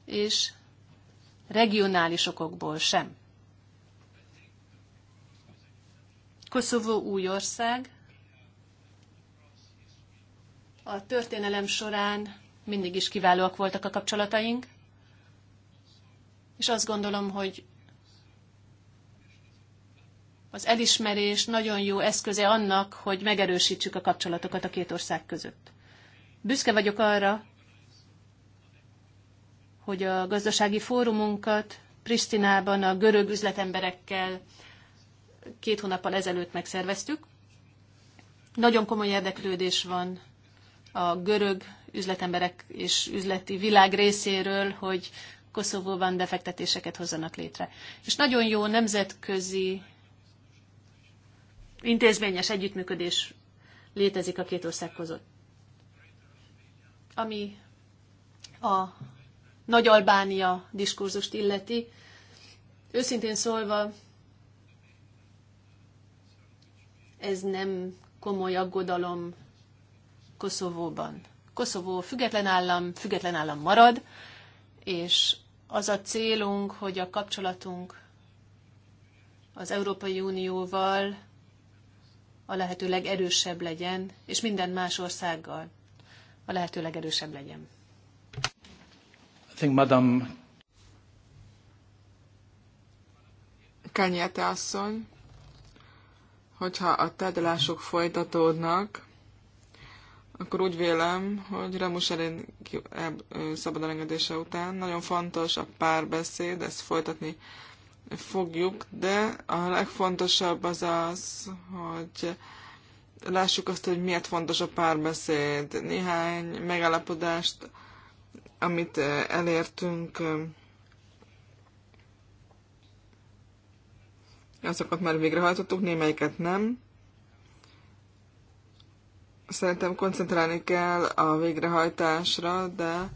és regionális okokból sem. Koszovó új ország. A történelem során mindig is kiválóak voltak a kapcsolataink, és azt gondolom, hogy az elismerés nagyon jó eszköze annak, hogy megerősítsük a kapcsolatokat a két ország között. Büszke vagyok arra, hogy a gazdasági fórumunkat Pristinában a görög üzletemberekkel két hónappal ezelőtt megszerveztük. Nagyon komoly érdeklődés van a görög üzletemberek és üzleti világ részéről, hogy Koszovóban befektetéseket hozzanak létre. És nagyon jó nemzetközi intézményes együttműködés létezik a két ország között. Ami a Nagy Albánia diskurzust illeti, őszintén szólva ez nem komoly aggodalom Koszovóban. Koszovó független állam, független állam marad, és az a célunk, hogy a kapcsolatunk az Európai Unióval a lehető legerősebb legyen, és minden más országgal a lehető legerősebb legyen. I think madam, Kányete asszony, hogyha a tárgyalások folytatódnak, akkor úgy vélem, hogy Remus Elén e- szabadalengedése után nagyon fontos a párbeszéd, ezt folytatni fogjuk, de a legfontosabb az az, hogy lássuk azt, hogy miért fontos a párbeszéd. Néhány megállapodást, amit eh, elértünk, eh, azokat már végrehajtottuk, némelyiket nem. Szerintem koncentrálni kell a végrehajtásra, de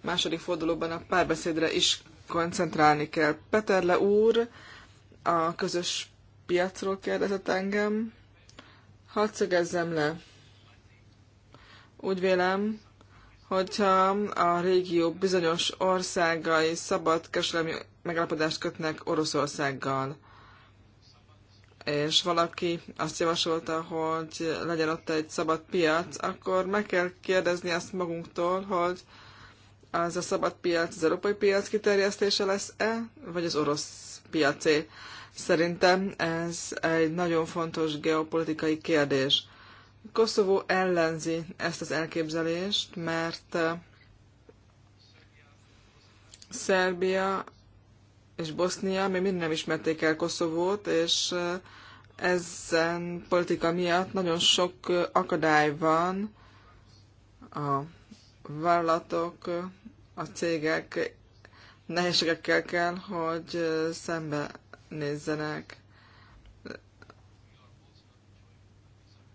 második fordulóban a párbeszédre is koncentrálni kell. Peterle úr a közös piacról kérdezett engem. Hadd szögezzem le. Úgy vélem, hogyha a régió bizonyos országai szabad kereskedelmi megállapodást kötnek Oroszországgal, és valaki azt javasolta, hogy legyen ott egy szabad piac, akkor meg kell kérdezni azt magunktól, hogy az a szabad piac, az európai piac kiterjesztése lesz-e, vagy az orosz piacé. Szerintem ez egy nagyon fontos geopolitikai kérdés. Koszovó ellenzi ezt az elképzelést, mert Szerbia és Bosznia még mind nem ismerték el Koszovót, és ezen politika miatt nagyon sok akadály van a vállalatok a cégek nehézségekkel kell, hogy szembe nézzenek.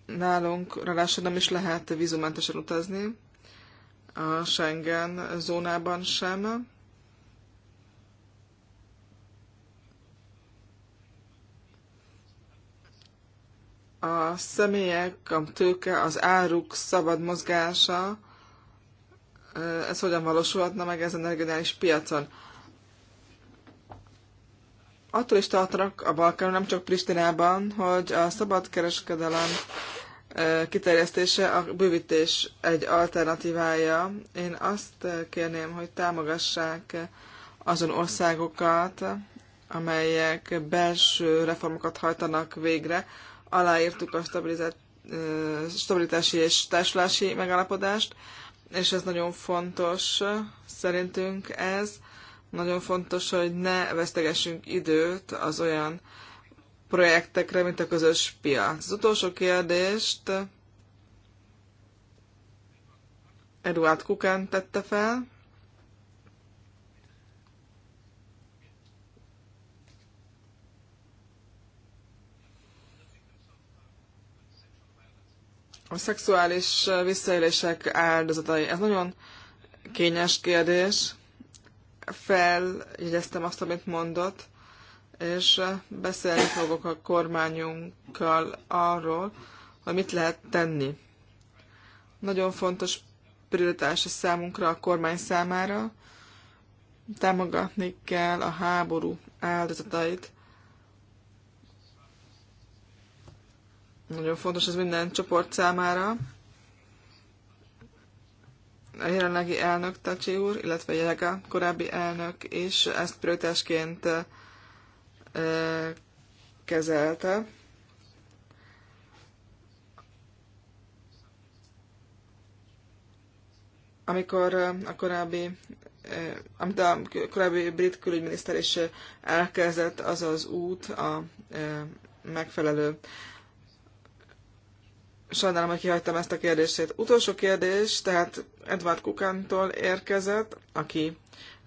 Nálunk ráadásul nem is lehet vízumentesen utazni, a Schengen zónában sem. A személyek, a tőke, az áruk szabad mozgása ez hogyan valósulhatna meg ezen a regionális piacon. Attól is tartanak a Balkánon, nem csak Pristinában, hogy a szabadkereskedelem kiterjesztése a bővítés egy alternatívája. Én azt kérném, hogy támogassák azon országokat, amelyek belső reformokat hajtanak végre. Aláírtuk a stabilitási és társulási megalapodást, és ez nagyon fontos szerintünk ez. Nagyon fontos, hogy ne vesztegessünk időt az olyan projektekre, mint a közös piac. Az utolsó kérdést Eduard Kukán tette fel. a szexuális visszaélések áldozatai. Ez nagyon kényes kérdés. Feljegyeztem azt, amit mondott, és beszélni fogok a kormányunkkal arról, hogy mit lehet tenni. Nagyon fontos prioritás a számunkra, a kormány számára. Támogatni kell a háború áldozatait. Nagyon fontos ez minden csoport számára. A jelenlegi elnök Tacsi úr, illetve Jelega korábbi elnök is ezt prioritásként kezelte. amikor a korábbi amit a korábbi brit külügyminiszter is elkezdett, az az út a megfelelő Sajnálom, hogy kihagytam ezt a kérdését. Utolsó kérdés, tehát Edward Kukantól érkezett, aki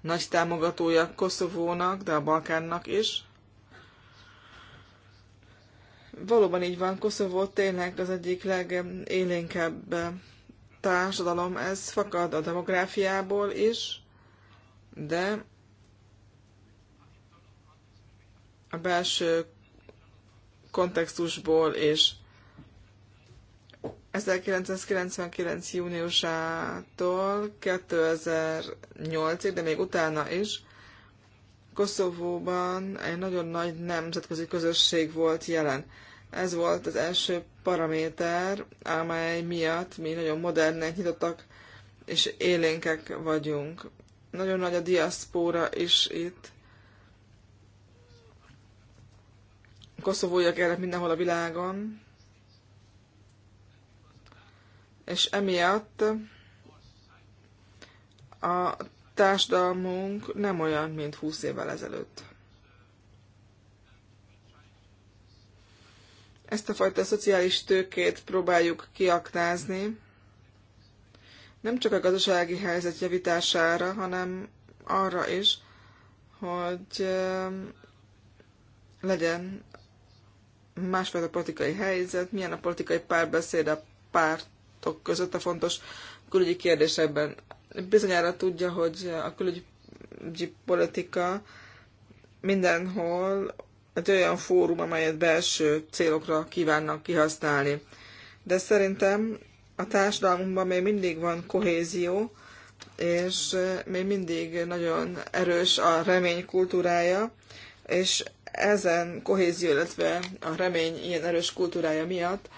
nagy támogatója Koszovónak, de a Balkánnak is. Valóban így van, Koszovó tényleg az egyik legélénkebb társadalom, ez fakad a demográfiából is, de a belső kontextusból és 1999. júniusától 2008-ig, de még utána is, Koszovóban egy nagyon nagy nemzetközi közösség volt jelen. Ez volt az első paraméter, amely miatt mi nagyon modernek, nyitottak és élénkek vagyunk. Nagyon nagy a diaszpóra is itt. Koszovóiak erre mindenhol a világon és emiatt a társadalmunk nem olyan, mint 20 évvel ezelőtt. Ezt a fajta szociális tőkét próbáljuk kiaknázni, nem csak a gazdasági helyzet javítására, hanem arra is, hogy um, legyen másfajta politikai helyzet, milyen a politikai párbeszéd a párt pártok között a fontos külügyi kérdésekben. Bizonyára tudja, hogy a külügyi politika mindenhol egy olyan fórum, amelyet belső célokra kívánnak kihasználni. De szerintem a társadalmunkban még mindig van kohézió, és még mindig nagyon erős a remény kultúrája, és ezen kohézió, illetve a remény ilyen erős kultúrája miatt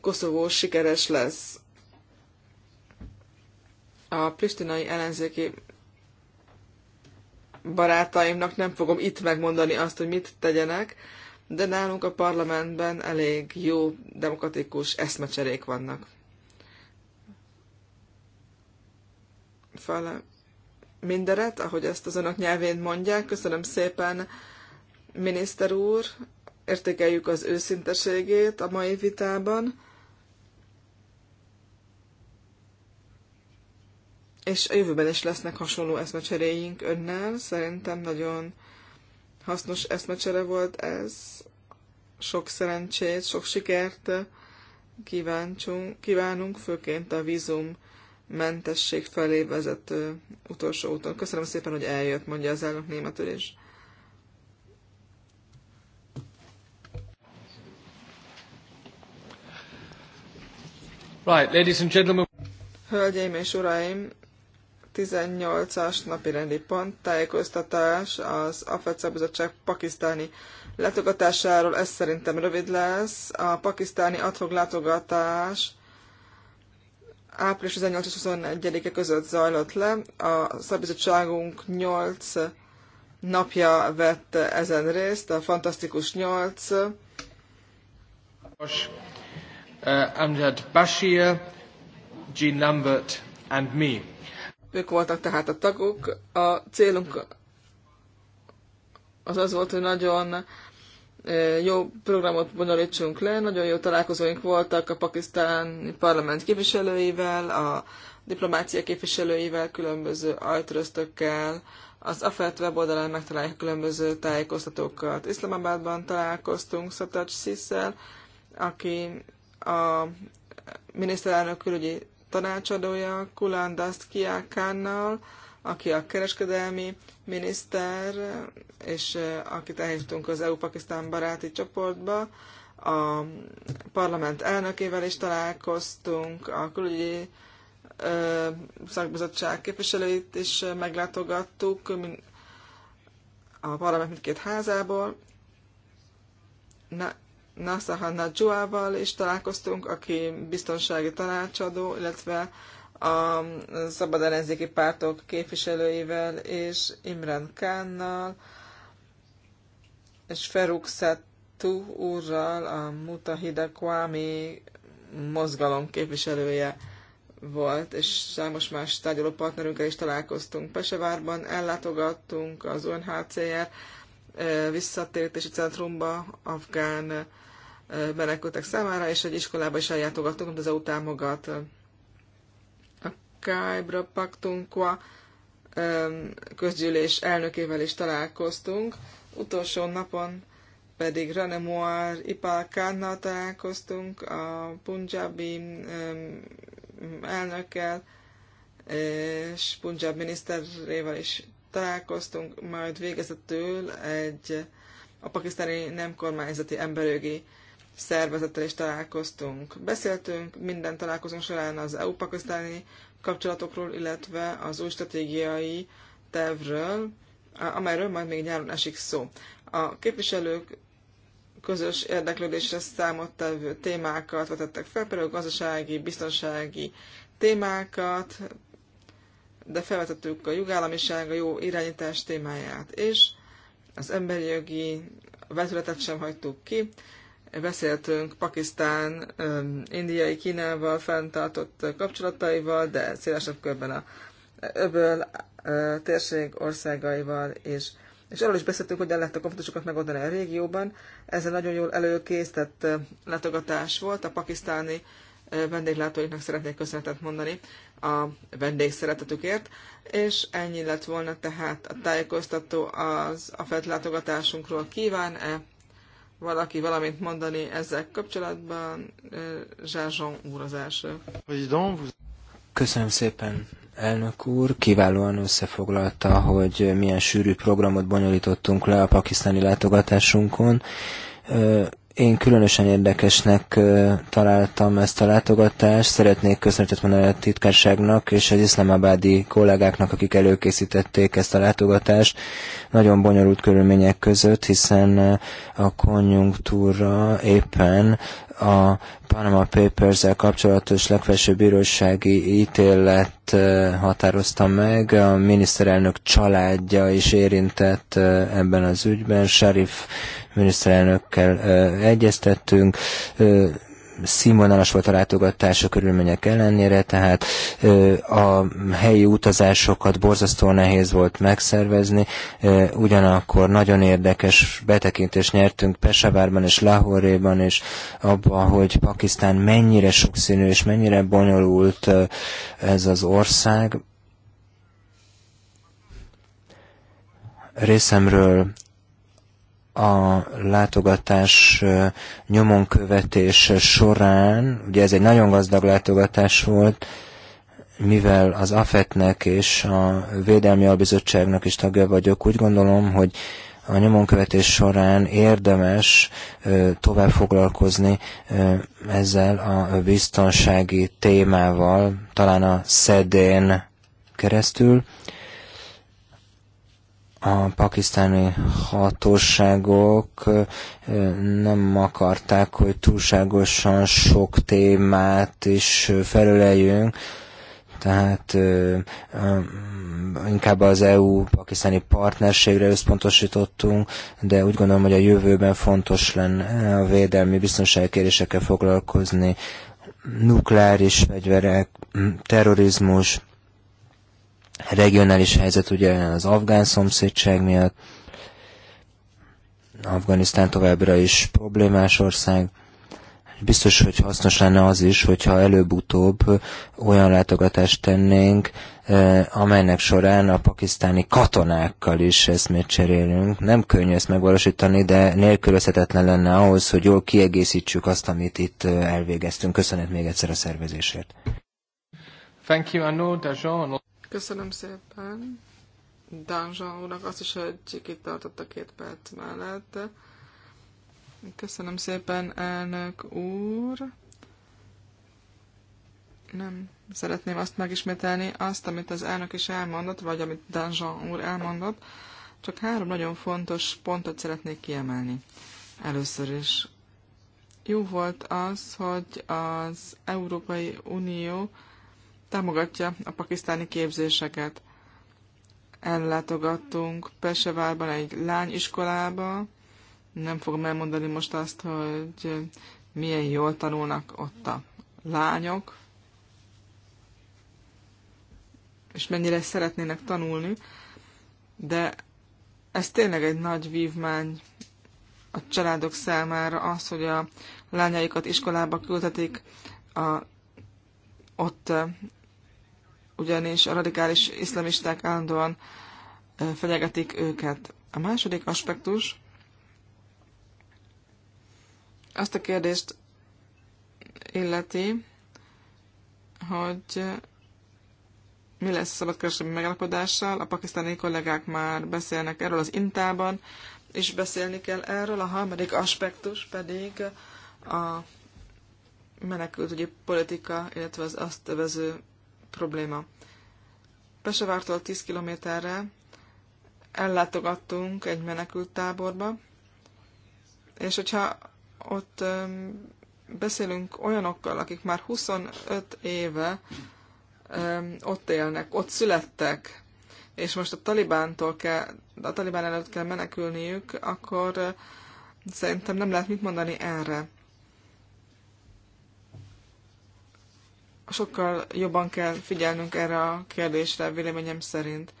Koszovó sikeres lesz. A pristinai ellenzéki barátaimnak nem fogom itt megmondani azt, hogy mit tegyenek, de nálunk a parlamentben elég jó demokratikus eszmecserék vannak. Fele mindenet, ahogy ezt az önök nyelvén mondják. Köszönöm szépen, miniszter úr, értékeljük az őszinteségét a mai vitában. és a jövőben is lesznek hasonló eszmecseréink önnel. Szerintem nagyon hasznos eszmecsere volt ez. Sok szerencsét, sok sikert kíváncsunk, kívánunk, főként a vízum mentesség felé vezető utolsó úton. Köszönöm szépen, hogy eljött, mondja az elnök németül is. Right, ladies and gentlemen. Hölgyeim és uraim, 18-as napirendi pont tájékoztatás az AFEC bizottság pakisztáni látogatásáról, ez szerintem rövid lesz. A pakisztáni adhok látogatás április 18 21-e között zajlott le. A szabizottságunk 8 napja vett ezen részt, a Fantasztikus 8. Uh, Amjad Bashir, Jean Lambert and me. Ők voltak tehát a tagok. A célunk az az volt, hogy nagyon jó programot bonyolítsunk le, nagyon jó találkozóink voltak a pakisztáni parlament képviselőivel, a diplomácia képviselőivel, különböző ajtröztökkel, az AFET weboldalán megtalálják különböző tájékoztatókat. islamabadban találkoztunk Szatacs Sziszel, aki a miniszterelnök külügyi tanácsadója Kulandaszt Kiákánnal, aki a kereskedelmi miniszter, és akit elhívtunk az EU-Pakisztán baráti csoportba. A parlament elnökével is találkoztunk, a külügyi ö, szakbizottság képviselőit is meglátogattuk a parlament mindkét házából. Na, Nasahana Joával is találkoztunk, aki biztonsági tanácsadó, illetve a szabad ellenzéki pártok képviselőivel és Imran Kánnal, és Feruk Sattu úrral, a Mutahide Kwami mozgalom képviselője volt, és számos más tárgyaló partnerünkkel is találkoztunk. Pesevárban ellátogattunk az UNHCR eh, visszatértési centrumba, afgán menekültek számára, és egy iskolába is eljátogattunk, amit az EU támogat. A Kajbra Paktunkwa közgyűlés elnökével is találkoztunk. Utolsó napon pedig Ranemoar Ipalkánnal találkoztunk, a Punjabi elnökkel, és Punjab miniszterével is találkoztunk, majd végezetül egy a pakisztáni nem kormányzati emberjogi szervezettel is találkoztunk. Beszéltünk minden találkozónk során az EU-pakisztáni kapcsolatokról, illetve az új stratégiai tervről, amelyről majd még nyáron esik szó. A képviselők közös érdeklődésre számot tevő témákat vetettek fel, például gazdasági, biztonsági témákat, de felvetettük a jogállamiság, a jó irányítás témáját, és az emberi jogi vetületet sem hagytuk ki, Beszéltünk Pakisztán, indiai Kínával fenntartott kapcsolataival, de szélesebb körben a öböl térség országaival és és arról is beszéltünk, hogy el lehet a konfliktusokat megoldani a régióban. Ez egy nagyon jól előkészített látogatás volt. A pakisztáni vendéglátóinknak szeretnék köszönetet mondani a vendégszeretetükért, és ennyi lett volna tehát a tájékoztató az a FED látogatásunkról. Kíván-e valaki valamit mondani ezzel kapcsolatban. Zsázson úr az első. Köszönöm szépen, elnök úr. Kiválóan összefoglalta, hogy milyen sűrű programot bonyolítottunk le a pakisztáni látogatásunkon én különösen érdekesnek találtam ezt a látogatást. Szeretnék köszönetet mondani a titkárságnak és az iszlamabádi kollégáknak, akik előkészítették ezt a látogatást. Nagyon bonyolult körülmények között, hiszen a konjunktúra éppen a Panama Papers-el kapcsolatos legfelsőbb bírósági ítélet határozta meg. A miniszterelnök családja is érintett ebben az ügyben. Sharif miniszterelnökkel egyeztettünk, színvonalas volt a látogatás a körülmények ellenére, tehát a helyi utazásokat borzasztóan nehéz volt megszervezni, ugyanakkor nagyon érdekes betekintést nyertünk Pesavárban és Lahoréban, és abba, hogy Pakisztán mennyire sokszínű és mennyire bonyolult ez az ország. Részemről a látogatás nyomon követés során, ugye ez egy nagyon gazdag látogatás volt, mivel az AFET-nek és a Védelmi Albizottságnak is tagja vagyok, úgy gondolom, hogy a nyomonkövetés során érdemes tovább foglalkozni ezzel a biztonsági témával, talán a szedén keresztül a pakisztáni hatóságok nem akarták, hogy túlságosan sok témát is felöleljünk, tehát inkább az EU-pakisztáni partnerségre összpontosítottunk, de úgy gondolom, hogy a jövőben fontos lenne a védelmi biztonsági kérdésekkel foglalkozni, nukleáris fegyverek, terrorizmus, Regionális helyzet ugye az afgán szomszédság miatt, Afganisztán továbbra is problémás ország, biztos, hogy hasznos lenne az is, hogyha előbb-utóbb olyan látogatást tennénk, eh, amelynek során a pakisztáni katonákkal is eszmét cserélünk. Nem könnyű ezt megvalósítani, de nélkülözhetetlen lenne ahhoz, hogy jól kiegészítsük azt, amit itt eh, elvégeztünk. Köszönet még egyszer a szervezésért. Thank you, Arnaud Köszönöm szépen Dánzsa úrnak azt is, hogy tartott a két perc mellett. Köszönöm szépen, elnök úr. Nem szeretném azt megismételni, azt, amit az elnök is elmondott, vagy amit Dánzsa úr elmondott, csak három nagyon fontos pontot szeretnék kiemelni. Először is jó volt az, hogy az Európai Unió támogatja a pakisztáni képzéseket. Ellátogattunk Pesevárban egy lányiskolába, nem fogom elmondani most azt, hogy milyen jól tanulnak ott a lányok, és mennyire szeretnének tanulni, de ez tényleg egy nagy vívmány a családok számára az, hogy a lányaikat iskolába küldhetik a, ott ugyanis a radikális iszlamisták állandóan fenyegetik őket. A második aspektus azt a kérdést illeti, hogy mi lesz a szabadkereskedelmi megállapodással. A pakisztáni kollégák már beszélnek erről az intában, és beszélni kell erről. A harmadik aspektus pedig a menekültügyi politika, illetve az azt övező probléma. Pesevártól 10 kilométerre ellátogattunk egy menekült táborba, és hogyha ott beszélünk olyanokkal, akik már 25 éve ott élnek, ott születtek, és most a talibántól kell, a talibán előtt kell menekülniük, akkor szerintem nem lehet mit mondani erre. sokkal jobban kell figyelnünk erre a kérdésre, véleményem szerint.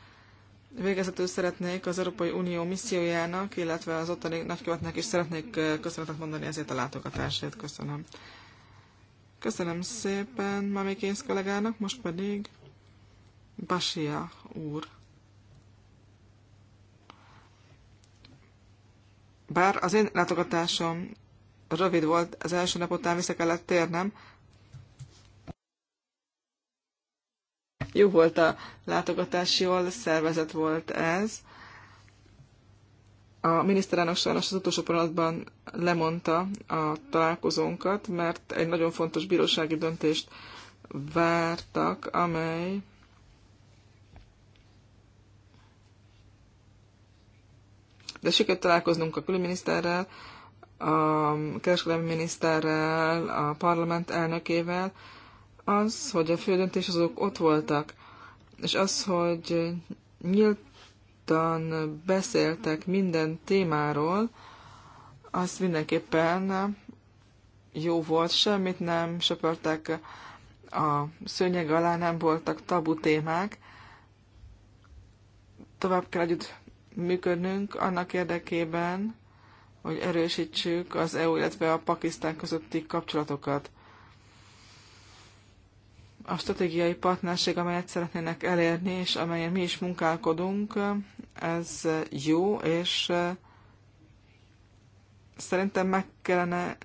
Végezetül szeretnék az Európai Unió missziójának, illetve az ottani nagykövetnek is szeretnék köszönetet mondani ezért a látogatásért. Köszönöm. Köszönöm szépen Kénz kollégának, most pedig Basia úr. Bár az én látogatásom rövid volt, az első nap után vissza kellett térnem, Jó volt a látogatás, jól szervezett volt ez. A miniszterelnök sajnos az utolsó pillanatban lemondta a találkozónkat, mert egy nagyon fontos bírósági döntést vártak, amely de sikerült találkoznunk a külügyminiszterrel, a kereskedelmi miniszterrel, a parlament elnökével, az, hogy a fő azok ott voltak, és az, hogy nyíltan beszéltek minden témáról, az mindenképpen jó volt, semmit nem söpörtek a szőnyeg alá, nem voltak tabu témák. Tovább kell együtt működnünk annak érdekében, hogy erősítsük az EU, illetve a Pakisztán közötti kapcsolatokat a stratégiai partnerség, amelyet szeretnének elérni, és amelyen mi is munkálkodunk, ez jó, és szerintem meg kellene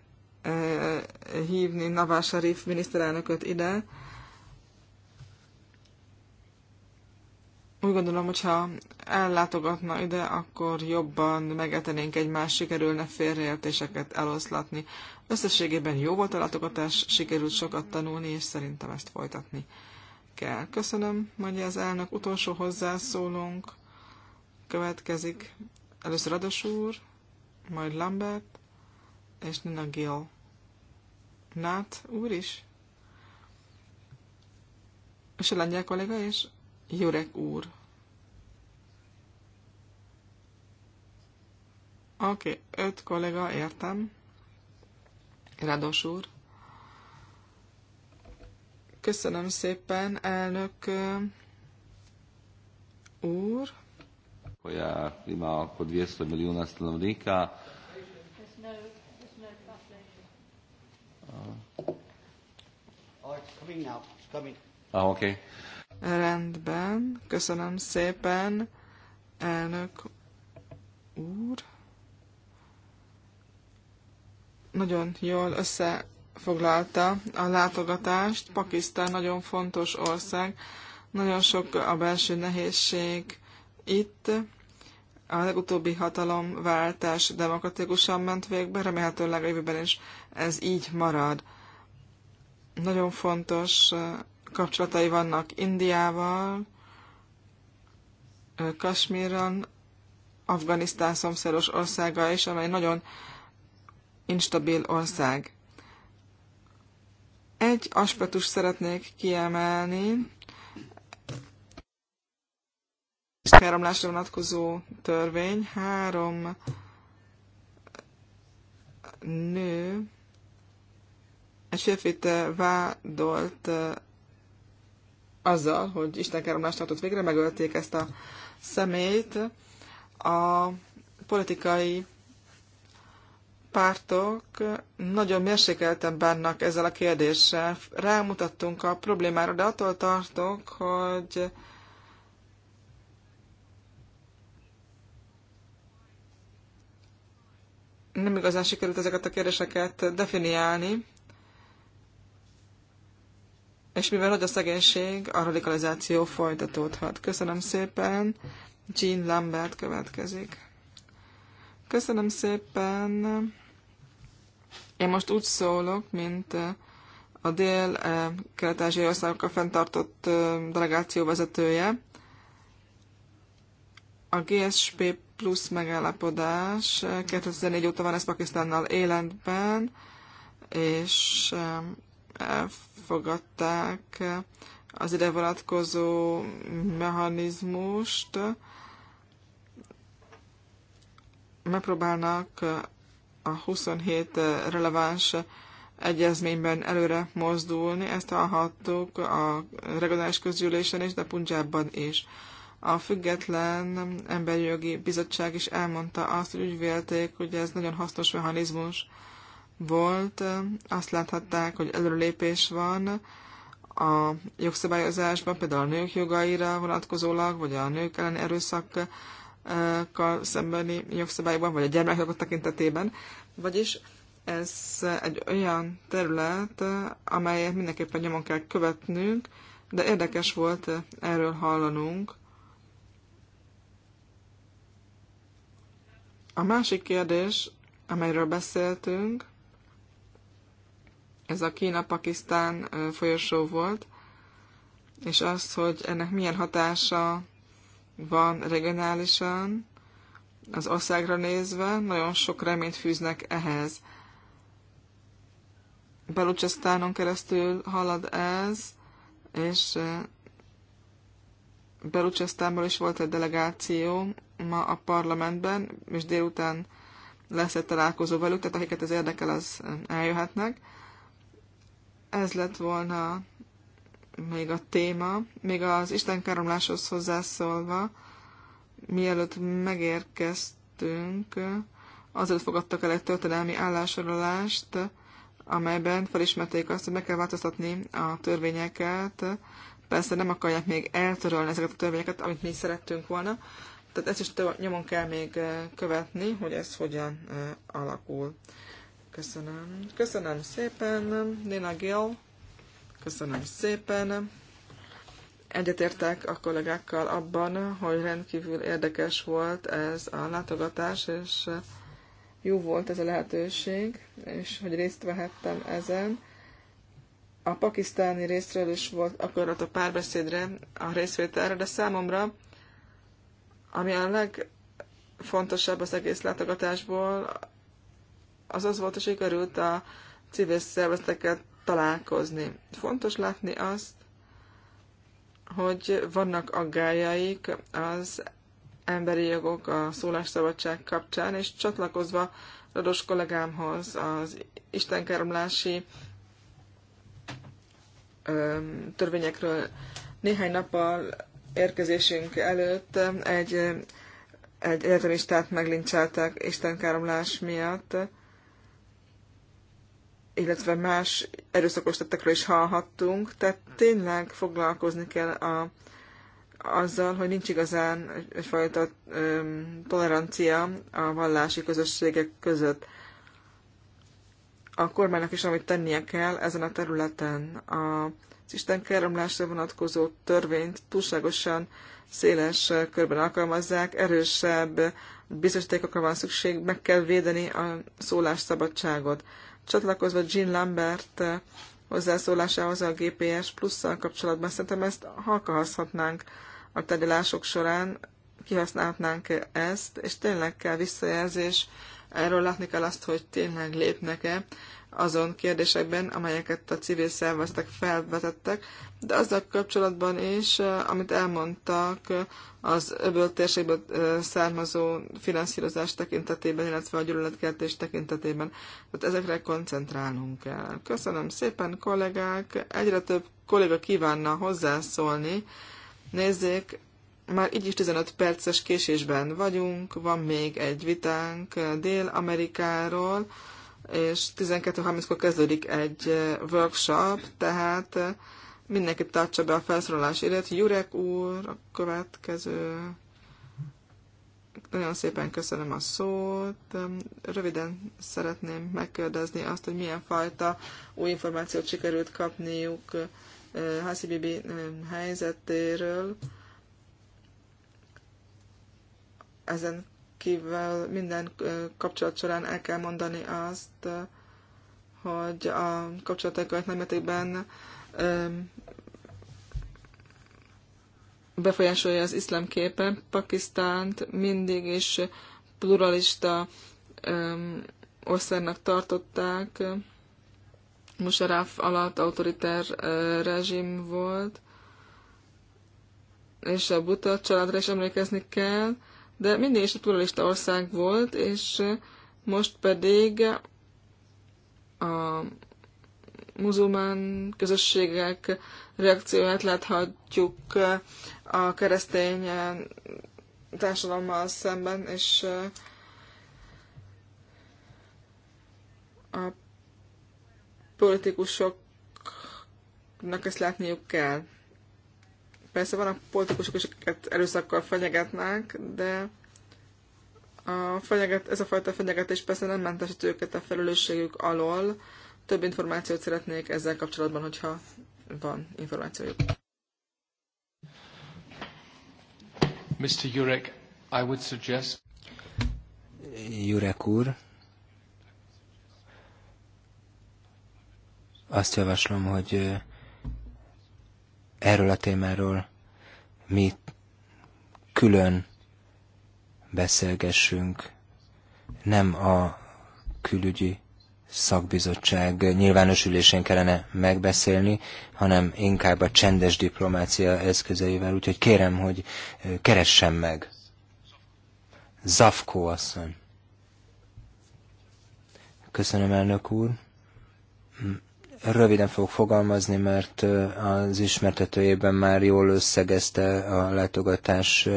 hívni Navás Arif miniszterelnököt ide. Úgy gondolom, hogyha ellátogatna ide, akkor jobban megetenénk egymást, sikerülne félreértéseket eloszlatni. Összességében jó volt a látogatás, sikerült sokat tanulni, és szerintem ezt folytatni kell. Köszönöm, mondja az elnök. Utolsó hozzászólónk következik. Először Rados úr, majd Lambert, és Nina Gill. Nát úr is? És a lengyel kolléga és Jurek úr. Oké, okay, öt kollega, értem. Rados úr. Köszönöm szépen, elnök úr. Koja ima oko 200 milijuna stanovnika. Oh, ah, okay. Rendben, köszönöm szépen, elnök úr nagyon jól összefoglalta a látogatást. Pakisztán nagyon fontos ország, nagyon sok a belső nehézség itt. A legutóbbi hatalomváltás demokratikusan ment végbe, remélhetőleg a jövőben is ez így marad. Nagyon fontos kapcsolatai vannak Indiával, Kasmíron, Afganisztán szomszédos országa is, amely nagyon instabil ország. Egy aspektus szeretnék kiemelni, káromlásra vonatkozó törvény. Három nő egy férfit vádolt azzal, hogy isten káromlást tartott végre, megölték ezt a szemét. A politikai pártok nagyon mérsékelten bánnak ezzel a kérdéssel. Rámutattunk a problémára, de attól tartok, hogy nem igazán sikerült ezeket a kérdéseket definiálni, és mivel nagy a szegénység, a radikalizáció folytatódhat. Köszönöm szépen, Jean Lambert következik. Köszönöm szépen. Én most úgy szólok, mint a dél-kelet-ázsiai országokkal fenntartott delegáció vezetője. A GSP plusz megállapodás 2004 óta van ez Pakisztánnal élentben, és elfogadták az ide vonatkozó mechanizmust, megpróbálnak a 27 eh, releváns egyezményben előre mozdulni. Ezt hallhattuk a regionális közgyűlésen is, de Punjabban is. A független emberi jogi bizottság is elmondta azt, hogy úgy vélték, hogy ez nagyon hasznos mechanizmus volt. Azt láthatták, hogy előrelépés van a jogszabályozásban, például a nők jogaira vonatkozólag, vagy a nők elleni erőszak szembeni jogszabályban, vagy a gyermekjogok tekintetében. Vagyis ez egy olyan terület, amelyet mindenképpen nyomon kell követnünk, de érdekes volt erről hallanunk. A másik kérdés, amelyről beszéltünk, ez a Kína-Pakisztán folyosó volt, és az, hogy ennek milyen hatása van regionálisan, az országra nézve, nagyon sok reményt fűznek ehhez. Belucsasztánon keresztül halad ez, és eh, Belucsasztánból is volt egy delegáció ma a parlamentben, és délután lesz egy találkozó velük, tehát akiket ez érdekel, az eh, eljöhetnek. Ez lett volna még a téma, még az Isten káromláshoz hozzászólva, mielőtt megérkeztünk, azért fogadtak el egy történelmi állásorolást, amelyben felismerték azt, hogy meg kell változtatni a törvényeket. Persze nem akarják még eltörölni ezeket a törvényeket, amit mi szerettünk volna. Tehát ezt is nyomon kell még követni, hogy ez hogyan alakul. Köszönöm. Köszönöm szépen, Nina Gill. Köszönöm szépen. Egyetértek a kollégákkal abban, hogy rendkívül érdekes volt ez a látogatás, és jó volt ez a lehetőség, és hogy részt vehettem ezen. A pakisztáni részről is volt akarat a párbeszédre, a részvételre, de számomra, ami a legfontosabb az egész látogatásból, az az volt, hogy sikerült a civil szervezeteket találkozni. Fontos látni azt, hogy vannak aggájaik az emberi jogok a szólásszabadság kapcsán, és csatlakozva Rados kollégámhoz az istenkáromlási törvényekről néhány nappal érkezésünk előtt egy, egy egyetemistát meglincseltek istenkáromlás miatt illetve más erőszakos tettekről is hallhattunk, tehát tényleg foglalkozni kell a, azzal, hogy nincs igazán egyfajta um, tolerancia a vallási közösségek között. A kormánynak is amit tennie kell ezen a területen. A, az Isten káromlásra vonatkozó törvényt túlságosan széles körben alkalmazzák, erősebb biztosítékokra van szükség, meg kell védeni a szólásszabadságot csatlakozva Jean Lambert eh, hozzászólásához a GPS plusszal kapcsolatban, szerintem ezt halkahaszhatnánk a tárgyalások során, kihasználhatnánk ezt, és tényleg kell visszajelzés, erről látni kell azt, hogy tényleg lépnek-e azon kérdésekben, amelyeket a civil szervezetek felvetettek, de azzal kapcsolatban is, amit elmondtak az öböl térségből származó finanszírozás tekintetében, illetve a gyűlöletkeltés tekintetében. Tehát ezekre koncentrálnunk kell. Köszönöm szépen, kollégák! Egyre több kolléga kívánna hozzászólni. Nézzék, már így is 15 perces késésben vagyunk, van még egy vitánk Dél-Amerikáról, és 12.30-kor kezdődik egy workshop, tehát mindenki tartsa be a felszólalás időt. Jurek úr, a következő. Nagyon szépen köszönöm a szót. Röviden szeretném megkérdezni azt, hogy milyen fajta új információt sikerült kapniuk HCBB helyzetéről. Ezen akivel minden kapcsolat során el kell mondani azt, hogy a kapcsolatokat nem mértékben befolyásolja az iszlám képe. Pakisztánt mindig is pluralista országnak tartották. Musharraf alatt autoritár rezsim volt, és a buta családra is emlékezni kell, de mindig is egy pluralista ország volt, és most pedig a muzulmán közösségek reakcióját láthatjuk a keresztény társadalommal szemben, és a politikusoknak ezt látniuk kell. Persze vannak politikusok, és akiket erőszakkal fenyegetnek, de a fenyeget, ez a fajta fenyegetés persze nem mentesít őket a felelősségük alól. Több információt szeretnék ezzel kapcsolatban, hogyha van információjuk. Mr. Jurek, I would suggest... Jurek úr, azt javaslom, hogy erről a témáról mi külön beszélgessünk, nem a külügyi szakbizottság nyilvános ülésén kellene megbeszélni, hanem inkább a csendes diplomácia eszközeivel, úgyhogy kérem, hogy keressem meg. Zafkó asszony. Köszönöm, elnök úr. Röviden fogok fogalmazni, mert az ismertetőjében már jól összegezte a látogatás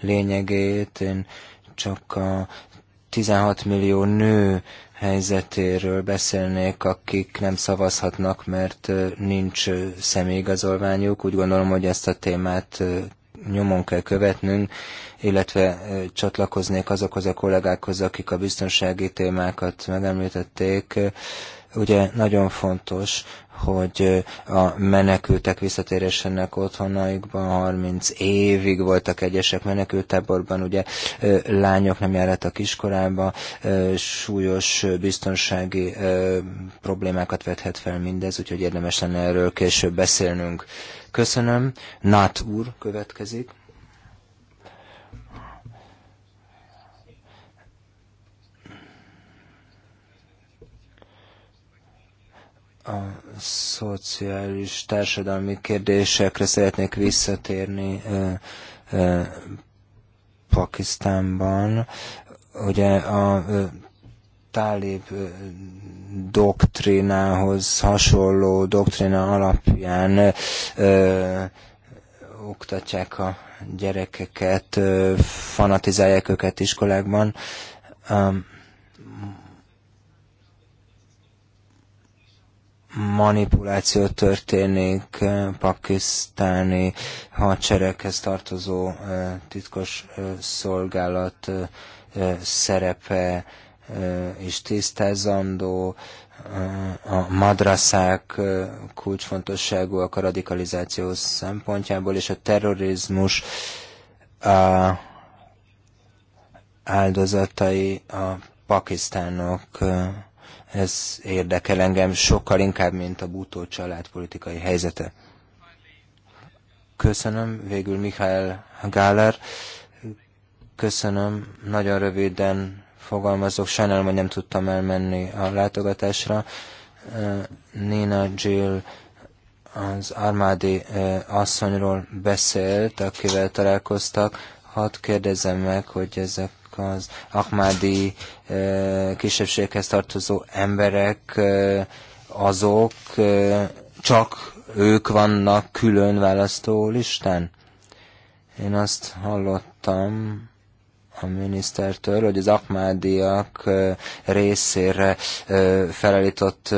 lényegét. Én csak a 16 millió nő helyzetéről beszélnék, akik nem szavazhatnak, mert nincs személyigazolványuk. Úgy gondolom, hogy ezt a témát nyomon kell követnünk, illetve csatlakoznék azokhoz a kollégákhoz, akik a biztonsági témákat megemlítették. Ugye nagyon fontos, hogy a menekültek visszatérésének otthonaikban 30 évig voltak egyesek menekültáborban, ugye lányok nem járhattak iskolába, súlyos biztonsági problémákat vethet fel mindez, úgyhogy érdemes lenne erről később beszélnünk. Köszönöm. Nát úr következik. a szociális társadalmi kérdésekre szeretnék visszatérni Pakisztánban. Ugye a tálib doktrinához hasonló doktrina alapján ö, oktatják a gyerekeket, ö, fanatizálják őket iskolákban. manipuláció történik eh, pakisztáni hadsereghez tartozó eh, titkos eh, szolgálat szerepe is tisztázandó, a madraszák kulcsfontosságúak a radikalizáció szempontjából, és a terrorizmus a áldozatai a pakisztánok ez érdekel engem sokkal inkább, mint a Bútó család politikai helyzete. Köszönöm végül Mikhail Gáler. Köszönöm, nagyon röviden fogalmazok, sajnálom, hogy nem tudtam elmenni a látogatásra. Uh, Nina Jill az Armádi uh, asszonyról beszélt, akivel találkoztak. Hadd kérdezem meg, hogy ezek az Ahmadi kisebbséghez tartozó emberek azok, csak ők vannak külön választó listán? Én azt hallottam, a minisztertől, hogy az akmádiak részére felelított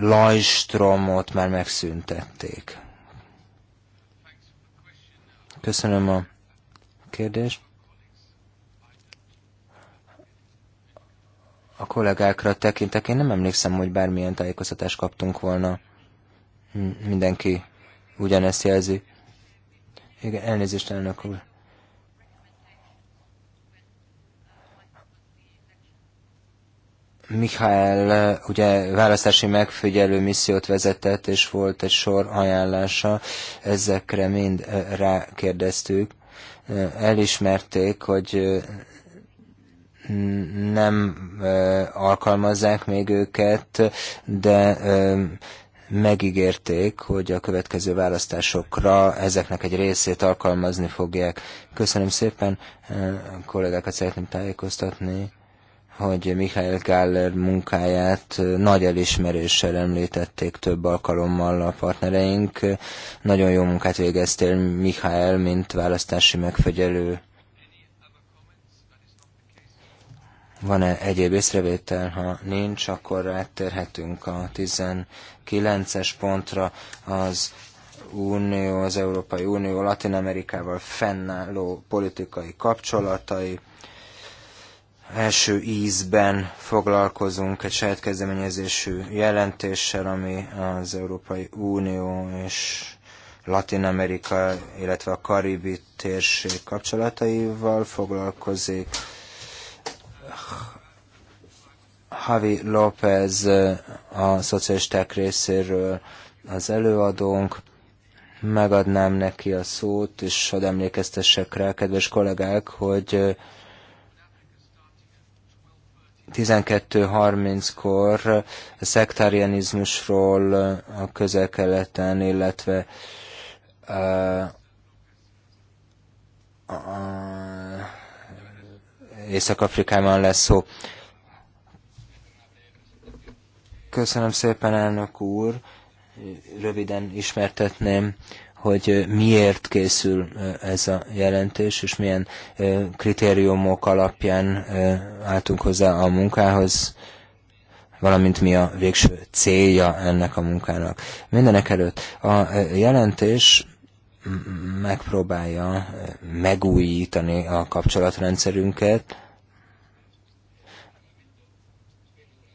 lajstromot már megszüntették. Köszönöm a kérdést. A kollégákra tekintek, én nem emlékszem, hogy bármilyen tájékoztatást kaptunk volna. Mindenki ugyanezt jelzi. Igen, elnézést, elnök úr. Mihály ugye választási megfigyelő missziót vezetett, és volt egy sor ajánlása, ezekre mind eh, rákérdeztük. Eh, elismerték, hogy eh, nem alkalmazzák még őket, de megígérték, hogy a következő választásokra ezeknek egy részét alkalmazni fogják. Köszönöm szépen, a kollégákat szeretném tájékoztatni, hogy Michael Gáller munkáját nagy elismeréssel említették több alkalommal a partnereink. Nagyon jó munkát végeztél, Michael, mint választási megfigyelő. Van-e egyéb észrevétel? Ha nincs, akkor áttérhetünk a 19-es pontra az Unió, az Európai Unió Latin Amerikával fennálló politikai kapcsolatai. Első ízben foglalkozunk egy saját kezdeményezésű jelentéssel, ami az Európai Unió és Latin Amerika, illetve a Karibi térség kapcsolataival foglalkozik Javi López eh, a szocialisták részéről az előadónk. Megadnám neki a szót, és hadd emlékeztessek rá, kedves kollégák, hogy 12.30-kor eh, a szektárianizmusról eh, a közel-keleten, illetve Észak-Afrikában lesz szó. Köszönöm szépen, elnök úr. Röviden ismertetném, hogy miért készül ez a jelentés, és milyen kritériumok alapján álltunk hozzá a munkához, valamint mi a végső célja ennek a munkának. Mindenek előtt a jelentés megpróbálja megújítani a kapcsolatrendszerünket,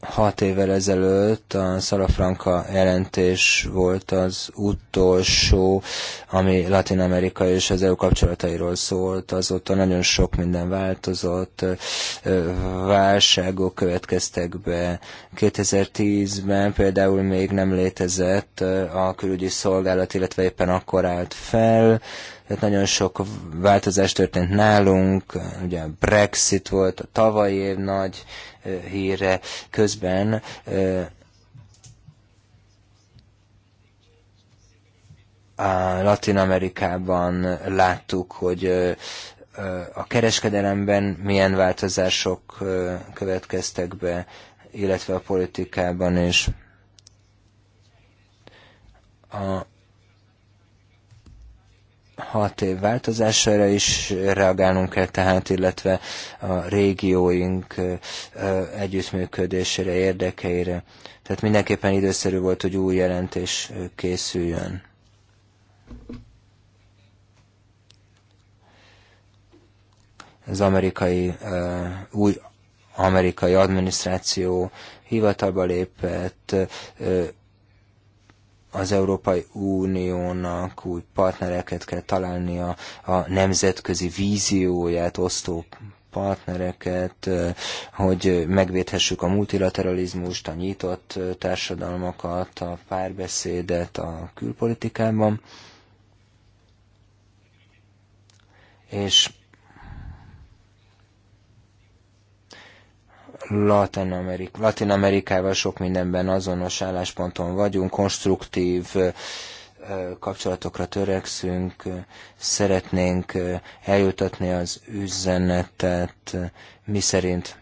hat évvel ezelőtt a Szalafranka jelentés volt az utolsó, ami Latin Amerika és az EU kapcsolatairól szólt. Azóta nagyon sok minden változott, válságok következtek be. 2010-ben például még nem létezett a külügyi szolgálat, illetve éppen akkor állt fel, tehát nagyon sok változás történt nálunk, ugye a Brexit volt a tavalyi év nagy híre. Közben a Latin Amerikában láttuk, hogy a kereskedelemben milyen változások következtek be, illetve a politikában is. A hat év változására is reagálnunk kell tehát, illetve a régióink együttműködésére, érdekeire. Tehát mindenképpen időszerű volt, hogy új jelentés készüljön. Az amerikai, új amerikai adminisztráció hivatalba lépett, az Európai Uniónak új partnereket kell találnia a nemzetközi vízióját osztó partnereket, hogy megvédhessük a multilateralizmust, a nyitott társadalmakat, a párbeszédet a külpolitikában. És Latin, Amerik- Latin Amerikával sok mindenben azonos állásponton vagyunk, konstruktív kapcsolatokra törekszünk, szeretnénk eljutatni az üzenetet, mi szerint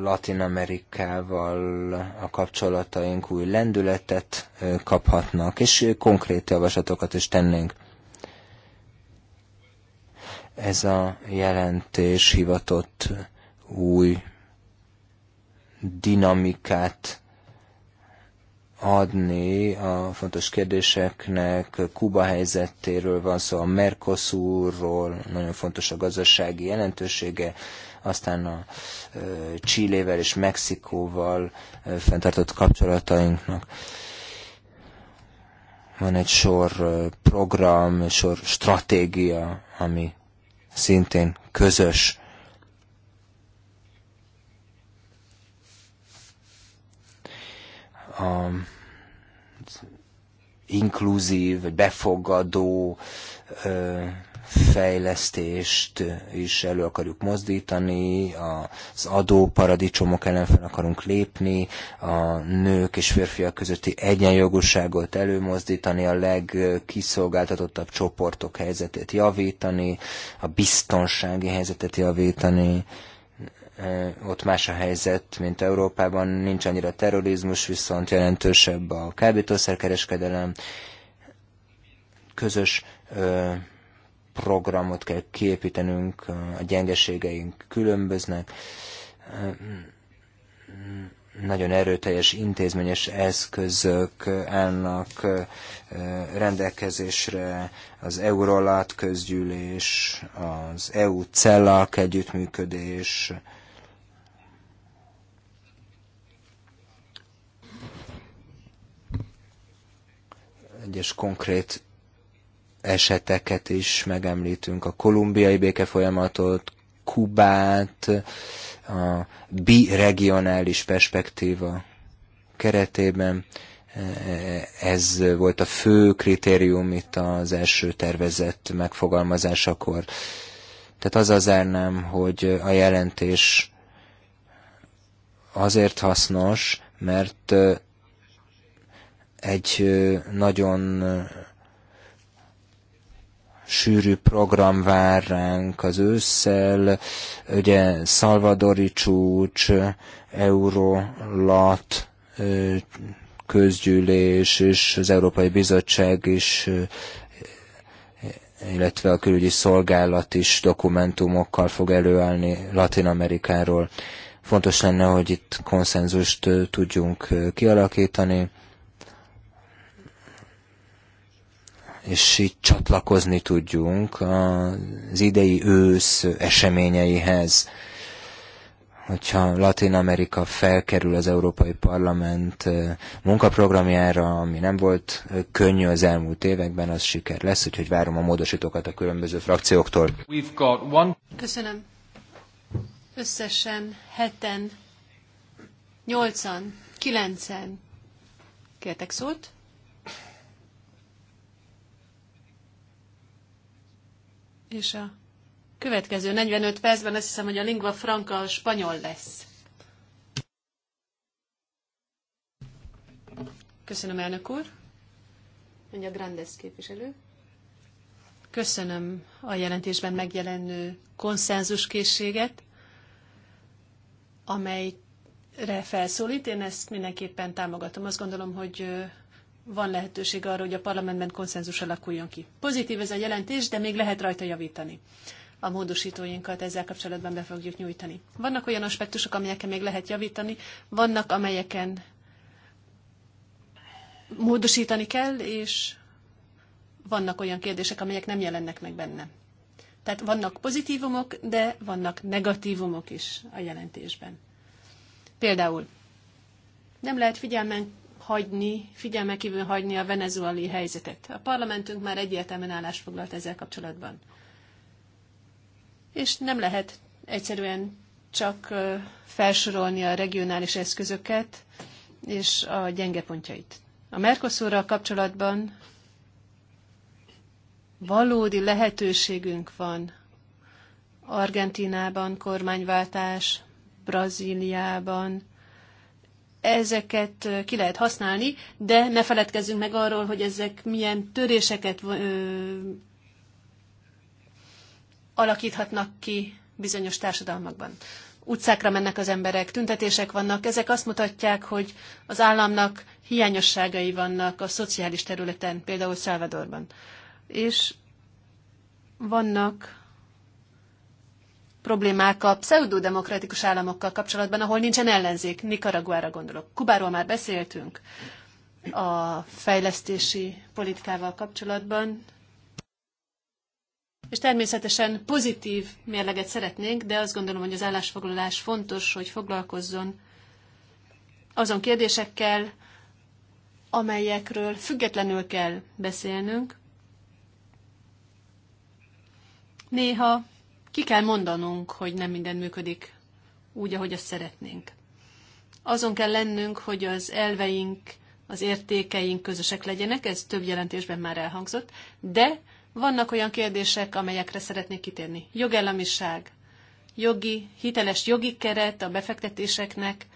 Latin Amerikával a kapcsolataink új lendületet kaphatnak, és konkrét javaslatokat is tennénk. Ez a jelentés hivatott új dinamikát adni a fontos kérdéseknek. Kuba helyzetéről van szó, a Mercosurról, nagyon fontos a gazdasági jelentősége, aztán a Csillével és Mexikóval fenntartott kapcsolatainknak. Van egy sor program, egy sor stratégia, ami szintén közös. A inkluzív, befogadó fejlesztést is elő akarjuk mozdítani, az adóparadicsomok ellen fel akarunk lépni, a nők és férfiak közötti egyenjogúságot előmozdítani, a legkiszolgáltatottabb csoportok helyzetét javítani, a biztonsági helyzetet javítani, e, ott más a helyzet, mint Európában, nincs annyira terrorizmus, viszont jelentősebb a kábítószerkereskedelem, közös programot kell kiépítenünk, a gyengeségeink különböznek. Nagyon erőteljes intézményes eszközök állnak rendelkezésre az Eurolat közgyűlés, az EU-CELAC együttműködés, egyes konkrét eseteket is megemlítünk, a kolumbiai békefolyamatot, Kubát, a biregionális perspektíva keretében. Eh, ez volt a fő kritérium itt az első tervezett megfogalmazásakor. Tehát az az nem, hogy a jelentés azért hasznos, mert eh, egy eh, nagyon sűrű program vár ránk az ősszel, ugye Szalvadori csúcs, Eurolat közgyűlés és az Európai Bizottság is illetve a külügyi szolgálat is dokumentumokkal fog előállni Latin Amerikáról. Fontos lenne, hogy itt konszenzust tudjunk kialakítani. és így csatlakozni tudjunk az idei ősz eseményeihez. Hogyha Latin Amerika felkerül az Európai Parlament munkaprogramjára, ami nem volt könnyű az elmúlt években, az siker lesz, úgyhogy várom a módosítókat a különböző frakcióktól. One... Köszönöm. Összesen heten, nyolcan, kilencen kértek szót. És a következő 45 percben azt hiszem, hogy a lingua franca a spanyol lesz. Köszönöm, elnök úr. Mondja Grandes képviselő. Köszönöm a jelentésben megjelenő konszenzuskészséget, amelyre felszólít. Én ezt mindenképpen támogatom. Azt gondolom, hogy van lehetőség arra, hogy a parlamentben konszenzus alakuljon ki. Pozitív ez a jelentés, de még lehet rajta javítani. A módosítóinkat ezzel kapcsolatban be fogjuk nyújtani. Vannak olyan aspektusok, amelyeken még lehet javítani, vannak, amelyeken módosítani kell, és vannak olyan kérdések, amelyek nem jelennek meg benne. Tehát vannak pozitívumok, de vannak negatívumok is a jelentésben. Például nem lehet figyelmen hagyni, figyelme kívül hagyni a venezuelai helyzetet. A parlamentünk már egyértelműen állást foglalt ezzel kapcsolatban. És nem lehet egyszerűen csak felsorolni a regionális eszközöket és a gyenge pontjait. A Mercosurral kapcsolatban valódi lehetőségünk van Argentinában kormányváltás, Brazíliában, ezeket ki lehet használni, de ne feledkezzünk meg arról, hogy ezek milyen töréseket ö, alakíthatnak ki bizonyos társadalmakban. Utcákra mennek az emberek, tüntetések vannak, ezek azt mutatják, hogy az államnak hiányosságai vannak a szociális területen, például Salvadorban. És vannak problémák a pseudodemokratikus államokkal kapcsolatban, ahol nincsen ellenzék. Nicaraguára gondolok. Kubáról már beszéltünk a fejlesztési politikával kapcsolatban. És természetesen pozitív mérleget szeretnénk, de azt gondolom, hogy az állásfoglalás fontos, hogy foglalkozzon azon kérdésekkel, amelyekről függetlenül kell beszélnünk. Néha ki kell mondanunk, hogy nem minden működik úgy, ahogy azt szeretnénk. Azon kell lennünk, hogy az elveink, az értékeink közösek legyenek, ez több jelentésben már elhangzott, de vannak olyan kérdések, amelyekre szeretnék kitérni. jogellamiság, jogi, hiteles jogi keret a befektetéseknek,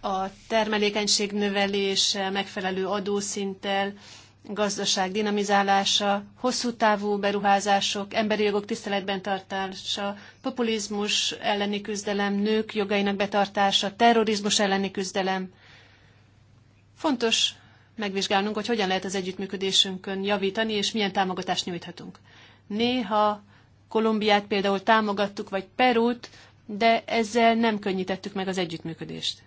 a termelékenység növelése megfelelő adószinttel, gazdaság dinamizálása, hosszú távú beruházások, emberi jogok tiszteletben tartása, populizmus elleni küzdelem, nők jogainak betartása, terrorizmus elleni küzdelem. Fontos megvizsgálnunk, hogy hogyan lehet az együttműködésünkön javítani, és milyen támogatást nyújthatunk. Néha Kolumbiát például támogattuk, vagy Perút, de ezzel nem könnyítettük meg az együttműködést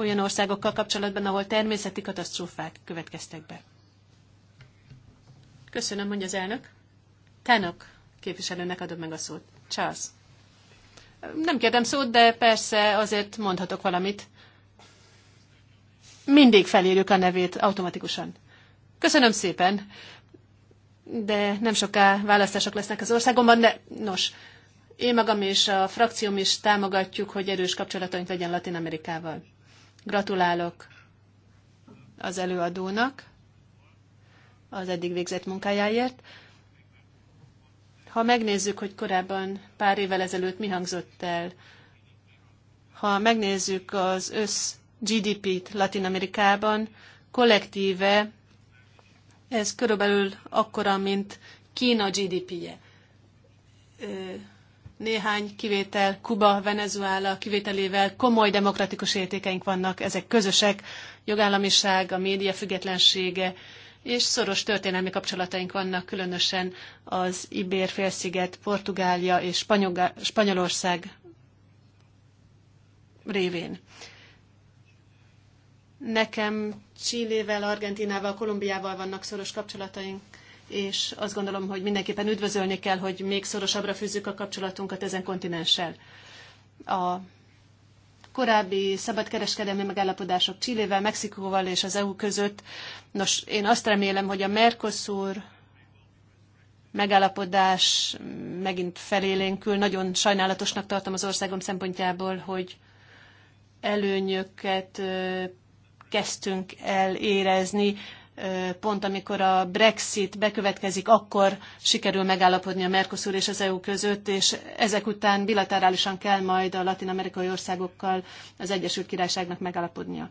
olyan országokkal kapcsolatban, ahol természeti katasztrófák következtek be. Köszönöm, mondja az elnök. Tánok képviselőnek adom meg a szót. Charles. Nem kérdem szót, de persze azért mondhatok valamit. Mindig felírjuk a nevét automatikusan. Köszönöm szépen, de nem soká választások lesznek az országomban, de nos, én magam és a frakcióm is támogatjuk, hogy erős kapcsolataink legyen Latin Amerikával. Gratulálok az előadónak az eddig végzett munkájáért. Ha megnézzük, hogy korábban pár évvel ezelőtt mi hangzott el, ha megnézzük az össz GDP-t Latin Amerikában, kollektíve ez körülbelül akkora, mint Kína GDP-je néhány kivétel, Kuba, Venezuela kivételével komoly demokratikus értékeink vannak, ezek közösek, jogállamiság, a média függetlensége, és szoros történelmi kapcsolataink vannak, különösen az Ibér-félsziget, Portugália és Spanyolország révén. Nekem Csillével, Argentinával, Kolumbiával vannak szoros kapcsolataink, és azt gondolom, hogy mindenképpen üdvözölni kell, hogy még szorosabbra fűzzük a kapcsolatunkat ezen kontinenssel. A korábbi szabadkereskedelmi megállapodások Csillével, Mexikóval és az EU között. Nos, én azt remélem, hogy a Mercosur megállapodás megint felélénkül. Nagyon sajnálatosnak tartom az országom szempontjából, hogy előnyöket kezdtünk el érezni pont amikor a Brexit bekövetkezik, akkor sikerül megállapodni a Mercosur és az EU között, és ezek után bilaterálisan kell majd a latin-amerikai országokkal az Egyesült Királyságnak megállapodnia.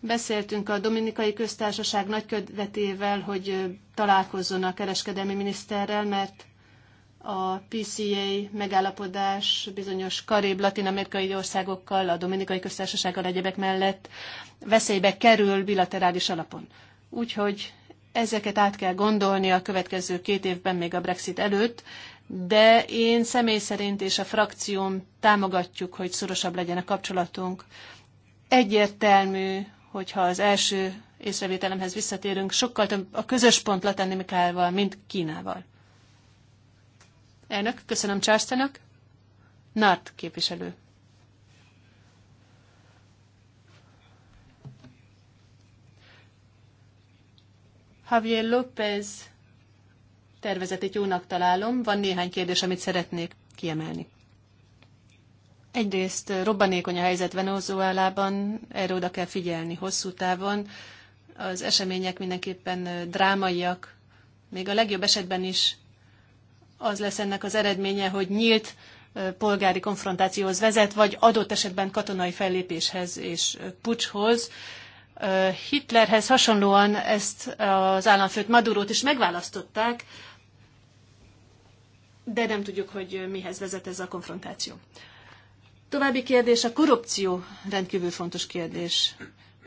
Beszéltünk a Dominikai Köztársaság nagykövetével, hogy találkozzon a kereskedelmi miniszterrel, mert a PCA megállapodás bizonyos karib latin-amerikai országokkal, a Dominikai Köztársasággal egyebek mellett veszélybe kerül bilaterális alapon. Úgyhogy ezeket át kell gondolni a következő két évben, még a Brexit előtt, de én személy szerint és a frakcióm támogatjuk, hogy szorosabb legyen a kapcsolatunk. Egyértelmű, hogyha az első észrevételemhez visszatérünk, sokkal több a közös pont Latin-Amerikával, mint Kínával. Elnök, köszönöm Császtának. nárt képviselő. Javier López tervezetét jónak találom. Van néhány kérdés, amit szeretnék kiemelni. Egyrészt eh, robbanékony a helyzet Venezuelában, erre oda kell figyelni hosszú távon. Az események mindenképpen eh, drámaiak, még a legjobb esetben is az lesz ennek az eredménye, hogy nyílt polgári konfrontációhoz vezet, vagy adott esetben katonai fellépéshez és pucshoz. Hitlerhez hasonlóan ezt az államfőt Madurót is megválasztották, de nem tudjuk, hogy mihez vezet ez a konfrontáció. További kérdés, a korrupció rendkívül fontos kérdés.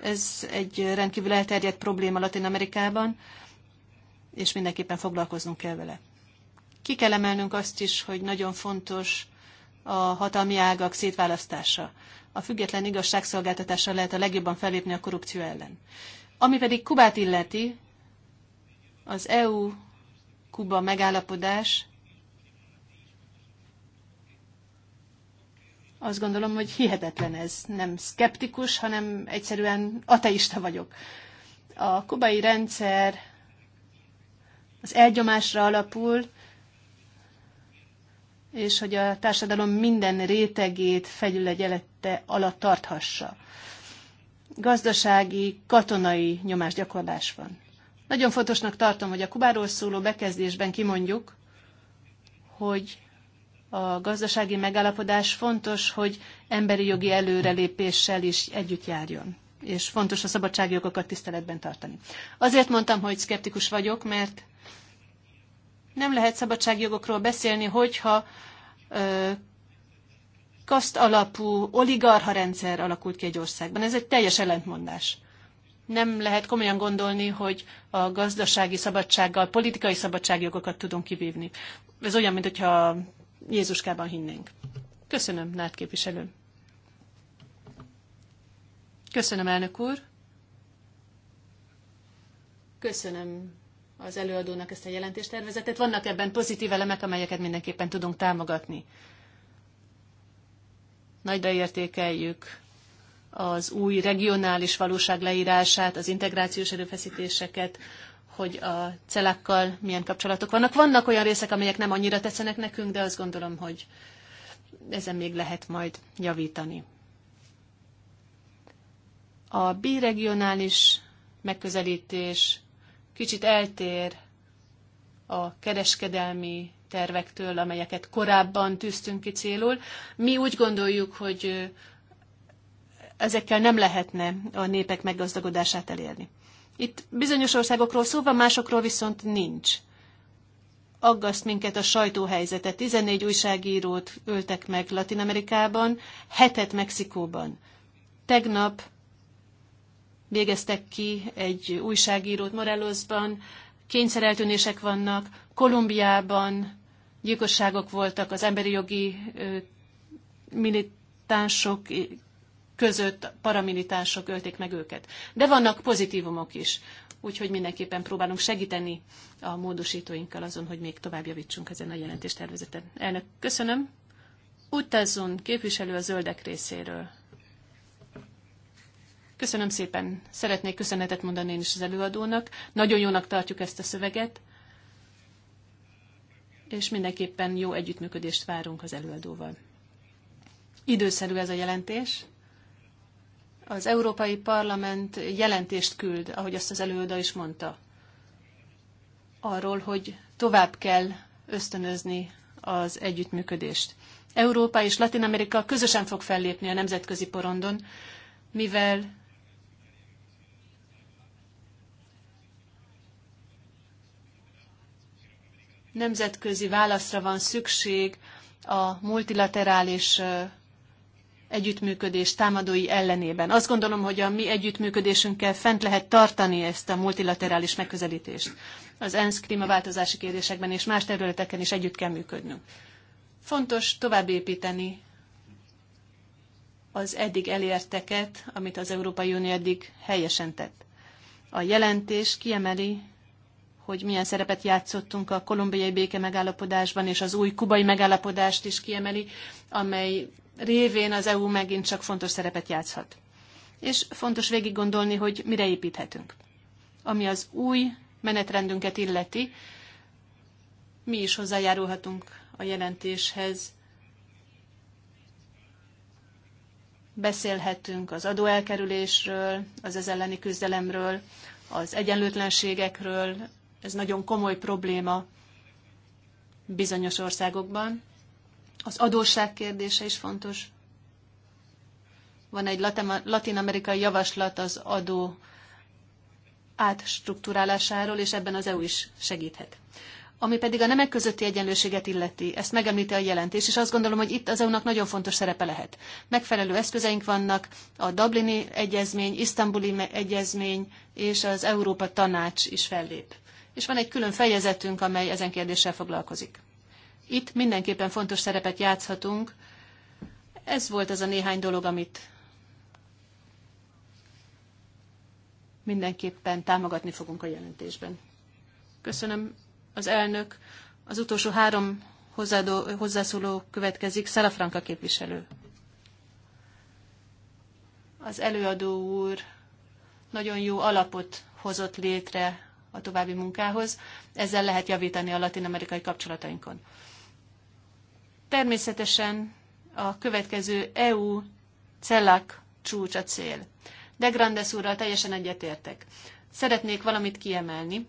Ez egy rendkívül elterjedt probléma Latin Amerikában, és mindenképpen foglalkoznunk kell vele. Ki kell emelnünk azt is, hogy nagyon fontos a hatalmi ágak szétválasztása. A független igazságszolgáltatással lehet a legjobban felépni a korrupció ellen. Ami pedig Kubát illeti, az EU-Kuba megállapodás azt gondolom, hogy hihetetlen ez. Nem szkeptikus, hanem egyszerűen ateista vagyok. A kubai rendszer az elgyomásra alapul, és hogy a társadalom minden rétegét fegyülegyelette alatt tarthassa. Gazdasági, katonai nyomásgyakorlás van. Nagyon fontosnak tartom, hogy a Kubáról szóló bekezdésben kimondjuk, hogy a gazdasági megállapodás fontos, hogy emberi jogi előrelépéssel is együtt járjon. És fontos a szabadságjogokat tiszteletben tartani. Azért mondtam, hogy szkeptikus vagyok, mert nem lehet szabadságjogokról beszélni, hogyha ö, kaszt alapú oligarha rendszer alakult ki egy országban. Ez egy teljes ellentmondás. Nem lehet komolyan gondolni, hogy a gazdasági szabadsággal, politikai szabadságjogokat tudunk kivívni. Ez olyan, mintha Jézuskában hinnénk. Köszönöm, Nád képviselő. Köszönöm, elnök úr. Köszönöm az előadónak ezt a jelentéstervezetet. Vannak ebben pozitív elemek, amelyeket mindenképpen tudunk támogatni. Nagyra értékeljük az új regionális valóság leírását, az integrációs erőfeszítéseket, hogy a celákkal milyen kapcsolatok vannak. Vannak olyan részek, amelyek nem annyira tetszenek nekünk, de azt gondolom, hogy ezen még lehet majd javítani. A biregionális megközelítés kicsit eltér a kereskedelmi tervektől, amelyeket korábban tűztünk ki célul. Mi úgy gondoljuk, hogy ezekkel nem lehetne a népek meggazdagodását elérni. Itt bizonyos országokról szó van, másokról viszont nincs. Aggaszt minket a sajtóhelyzetet. 14 újságírót öltek meg Latin Amerikában, hetet Mexikóban. Tegnap végeztek ki egy újságírót Morelosban, kényszereltűnések vannak, Kolumbiában gyilkosságok voltak az emberi jogi militánsok között, paramilitánsok ölték meg őket. De vannak pozitívumok is, úgyhogy mindenképpen próbálunk segíteni a módosítóinkkal azon, hogy még tovább javítsunk ezen a jelentéstervezeten. Elnök, köszönöm. Utazzon képviselő a zöldek részéről. Köszönöm szépen. Szeretnék köszönetet mondani én is az előadónak. Nagyon jónak tartjuk ezt a szöveget, és mindenképpen jó együttműködést várunk az előadóval. Időszerű ez a jelentés. Az Európai Parlament jelentést küld, ahogy azt az előadó is mondta, arról, hogy tovább kell ösztönözni az együttműködést. Európa és Latin Amerika közösen fog fellépni a nemzetközi porondon, mivel nemzetközi válaszra van szükség a multilaterális együttműködés támadói ellenében. Azt gondolom, hogy a mi együttműködésünkkel fent lehet tartani ezt a multilaterális megközelítést. Az ENSZ klímaváltozási kérdésekben és más területeken is együtt kell működnünk. Fontos továbbépíteni az eddig elérteket, amit az Európai Unió eddig helyesen tett. A jelentés kiemeli hogy milyen szerepet játszottunk a kolumbiai béke megállapodásban, és az új kubai megállapodást is kiemeli, amely révén az EU megint csak fontos szerepet játszhat. És fontos végig gondolni, hogy mire építhetünk. Ami az új menetrendünket illeti, mi is hozzájárulhatunk a jelentéshez. Beszélhetünk az adóelkerülésről, az ezelleni küzdelemről, az egyenlőtlenségekről, ez nagyon komoly probléma bizonyos országokban. Az adósság kérdése is fontos. Van egy latin-amerikai javaslat az adó átstruktúrálásáról, és ebben az EU is segíthet. Ami pedig a nemek közötti egyenlőséget illeti, ezt megemlíti a jelentés, és azt gondolom, hogy itt az EU-nak nagyon fontos szerepe lehet. Megfelelő eszközeink vannak, a Dublini Egyezmény, Isztambuli Egyezmény és az Európa Tanács is fellép és van egy külön fejezetünk, amely ezen kérdéssel foglalkozik. Itt mindenképpen fontos szerepet játszhatunk. Ez volt az a néhány dolog, amit mindenképpen támogatni fogunk a jelentésben. Köszönöm az elnök. Az utolsó három hozzádó, hozzászóló következik. Franka képviselő. Az előadó úr nagyon jó alapot hozott létre a további munkához. Ezzel lehet javítani a latin-amerikai kapcsolatainkon. Természetesen a következő EU CELAC csúcs a cél. De Grandes úrral teljesen egyetértek. Szeretnék valamit kiemelni.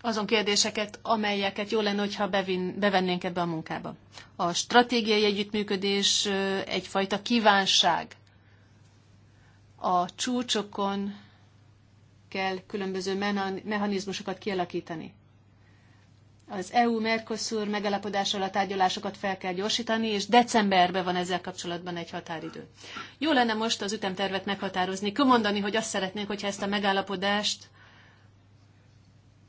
Azon kérdéseket, amelyeket jó lenne, hogyha bevin, bevennénk ebbe a munkába. A stratégiai együttműködés egyfajta kívánság. A csúcsokon kell különböző mechanizmusokat kialakítani. Az EU-Mercosur megalapodással a tárgyalásokat fel kell gyorsítani, és decemberben van ezzel kapcsolatban egy határidő. Jó lenne most az ütemtervet meghatározni, kimondani, hogy azt szeretnénk, hogyha ezt a megállapodást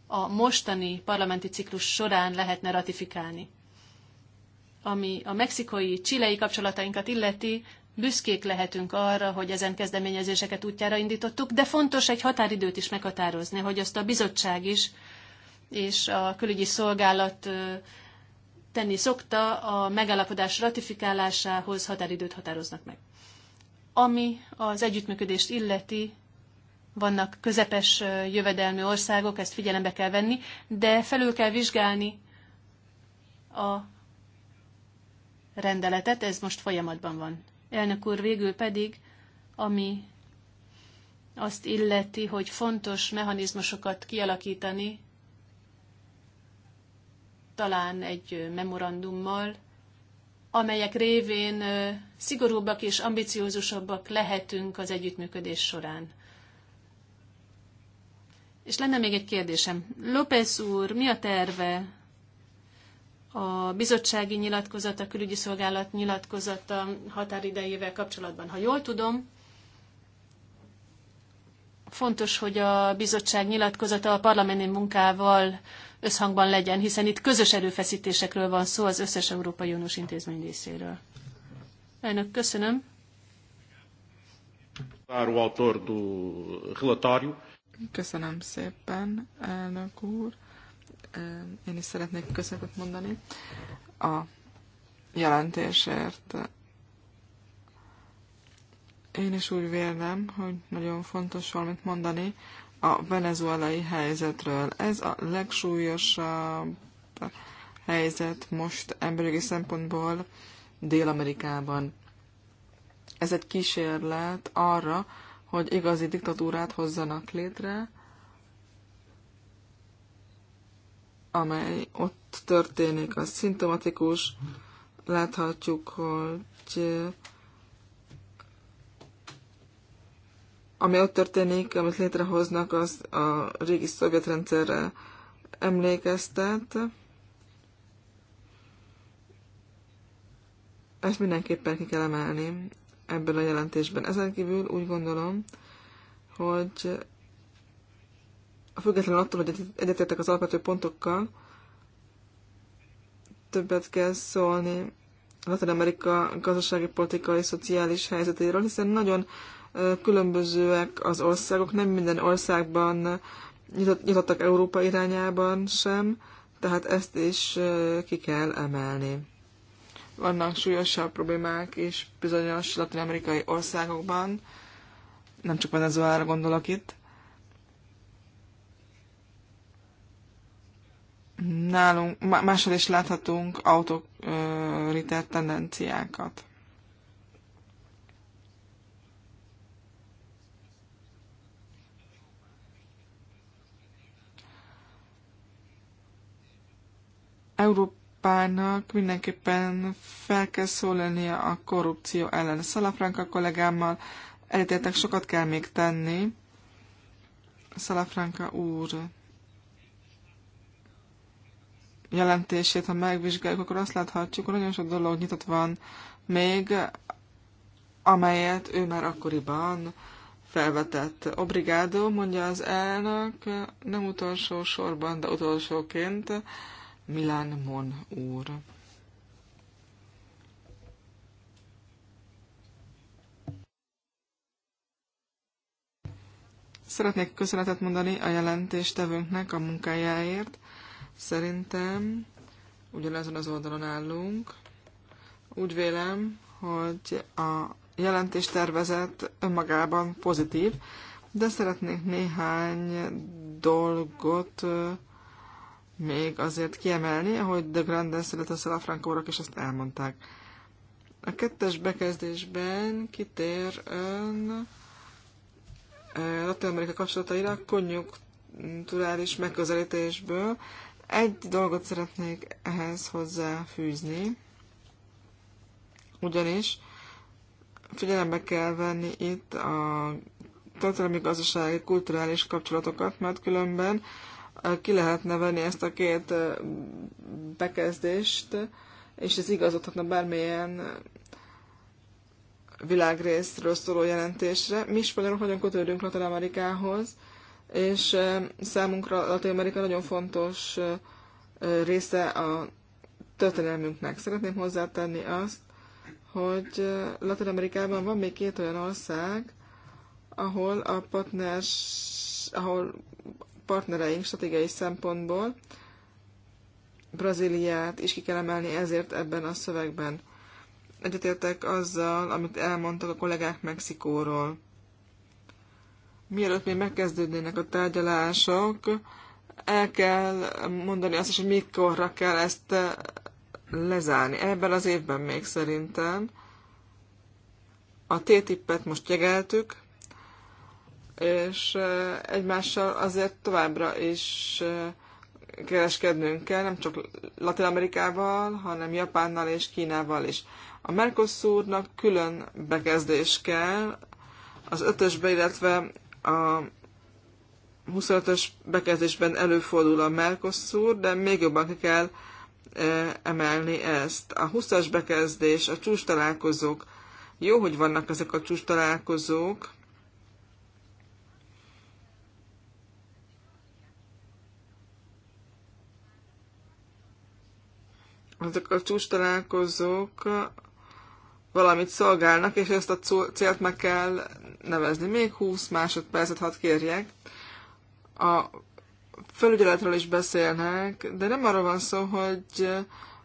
a mostani parlamenti ciklus során lehetne ratifikálni. Ami a mexikai-csilei kapcsolatainkat illeti, büszkék lehetünk arra, hogy ezen kezdeményezéseket útjára indítottuk, de fontos egy határidőt is meghatározni, hogy azt a bizottság is és a külügyi szolgálat tenni szokta, a megállapodás ratifikálásához határidőt határoznak meg. Ami az együttműködést illeti, vannak közepes jövedelmű országok, ezt figyelembe kell venni, de felül kell vizsgálni a rendeletet, ez most folyamatban van. Elnök úr, végül pedig, ami azt illeti, hogy fontos mechanizmusokat kialakítani, talán egy memorandummal, amelyek révén szigorúbbak és ambiciózusabbak lehetünk az együttműködés során. És lenne még egy kérdésem. López úr, mi a terve a bizottsági nyilatkozata, a külügyi szolgálat nyilatkozata határidejével kapcsolatban. Ha jól tudom, fontos, hogy a bizottság nyilatkozata a parlamenti munkával összhangban legyen, hiszen itt közös erőfeszítésekről van szó az összes Európai Uniós intézmény részéről. Elnök, köszönöm. Köszönöm szépen, elnök úr én is szeretnék köszönetet mondani a jelentésért. Én is úgy vélem, hogy nagyon fontos valamit mondani a venezuelai helyzetről. Ez a legsúlyosabb helyzet most emberi szempontból Dél-Amerikában. Ez egy kísérlet arra, hogy igazi diktatúrát hozzanak létre, amely ott történik, az szintomatikus Láthatjuk, hogy ami ott történik, amit létrehoznak, az a régi szovjet rendszerre emlékeztet. Ezt mindenképpen ki kell emelni ebből a jelentésben. Ezen kívül úgy gondolom, hogy függetlenül attól, hogy egyetértek az alapvető pontokkal, többet kell szólni Latin Amerika gazdasági, politikai, szociális helyzetéről, hiszen nagyon különbözőek az országok, nem minden országban nyitottak Európa irányában sem, tehát ezt is ki kell emelni. Vannak súlyosabb problémák is bizonyos latin-amerikai országokban, nem csak Venezuela gondolok itt, nálunk, máshol is láthatunk autoriter tendenciákat. Európának mindenképpen fel kell szólalnia a korrupció ellen. Szalafranka kollégámmal elítéltek sokat kell még tenni. Szalafranka úr jelentését, ha megvizsgáljuk, akkor azt láthatjuk, hogy nagyon sok dolog nyitott van még, amelyet ő már akkoriban felvetett. Obrigado, mondja az elnök, nem utolsó sorban, de utolsóként Milán Mon úr. Szeretnék köszönetet mondani a jelentéstevőnknek a munkájáért, Szerintem ugyanezen az oldalon állunk. Úgy vélem, hogy a jelentéstervezet önmagában pozitív, de szeretnék néhány dolgot még azért kiemelni, ahogy de Grandes, szület a urak és ezt elmondták. A kettes bekezdésben kitér ön Latin Amerika kapcsolataira konjunkturális megközelítésből, egy dolgot szeretnék ehhez hozzáfűzni, ugyanis figyelembe kell venni itt a történelmi gazdasági, kulturális kapcsolatokat, mert különben ki lehetne venni ezt a két bekezdést, és ez igazodhatna bármilyen világrészről szóló jelentésre. Mi spanyolok hogyan kötődünk Latin Amerikához, és számunkra Latin-Amerika nagyon fontos része a történelmünknek. Szeretném hozzátenni azt, hogy Latin-Amerikában van még két olyan ország, ahol a partners, ahol partnereink stratégiai szempontból Brazíliát is ki kell emelni ezért ebben a szövegben. Egyetértek azzal, amit elmondtak a kollégák Mexikóról mielőtt még megkezdődnének a tárgyalások, el kell mondani azt is, hogy mikorra kell ezt eh, lezárni. Ebben az évben még szerintem. A T-tippet most jegeltük, és eh, egymással azért továbbra is eh, kereskednünk kell, nem csak Latin Amerikával, hanem Japánnal és Kínával is. A Mercosurnak külön bekezdés kell, az ötösbe, illetve a 25-ös bekezdésben előfordul a Mercosur, de még jobban ki kell e, emelni ezt. A 20-as bekezdés, a csúcs találkozók. Jó, hogy vannak ezek a csúcs találkozók, ezek a csúcs találkozók valamit szolgálnak, és ezt a célt meg kell nevezni. Még 20 másodpercet hadd kérjek. A felügyeletről is beszélnek, de nem arról van szó, hogy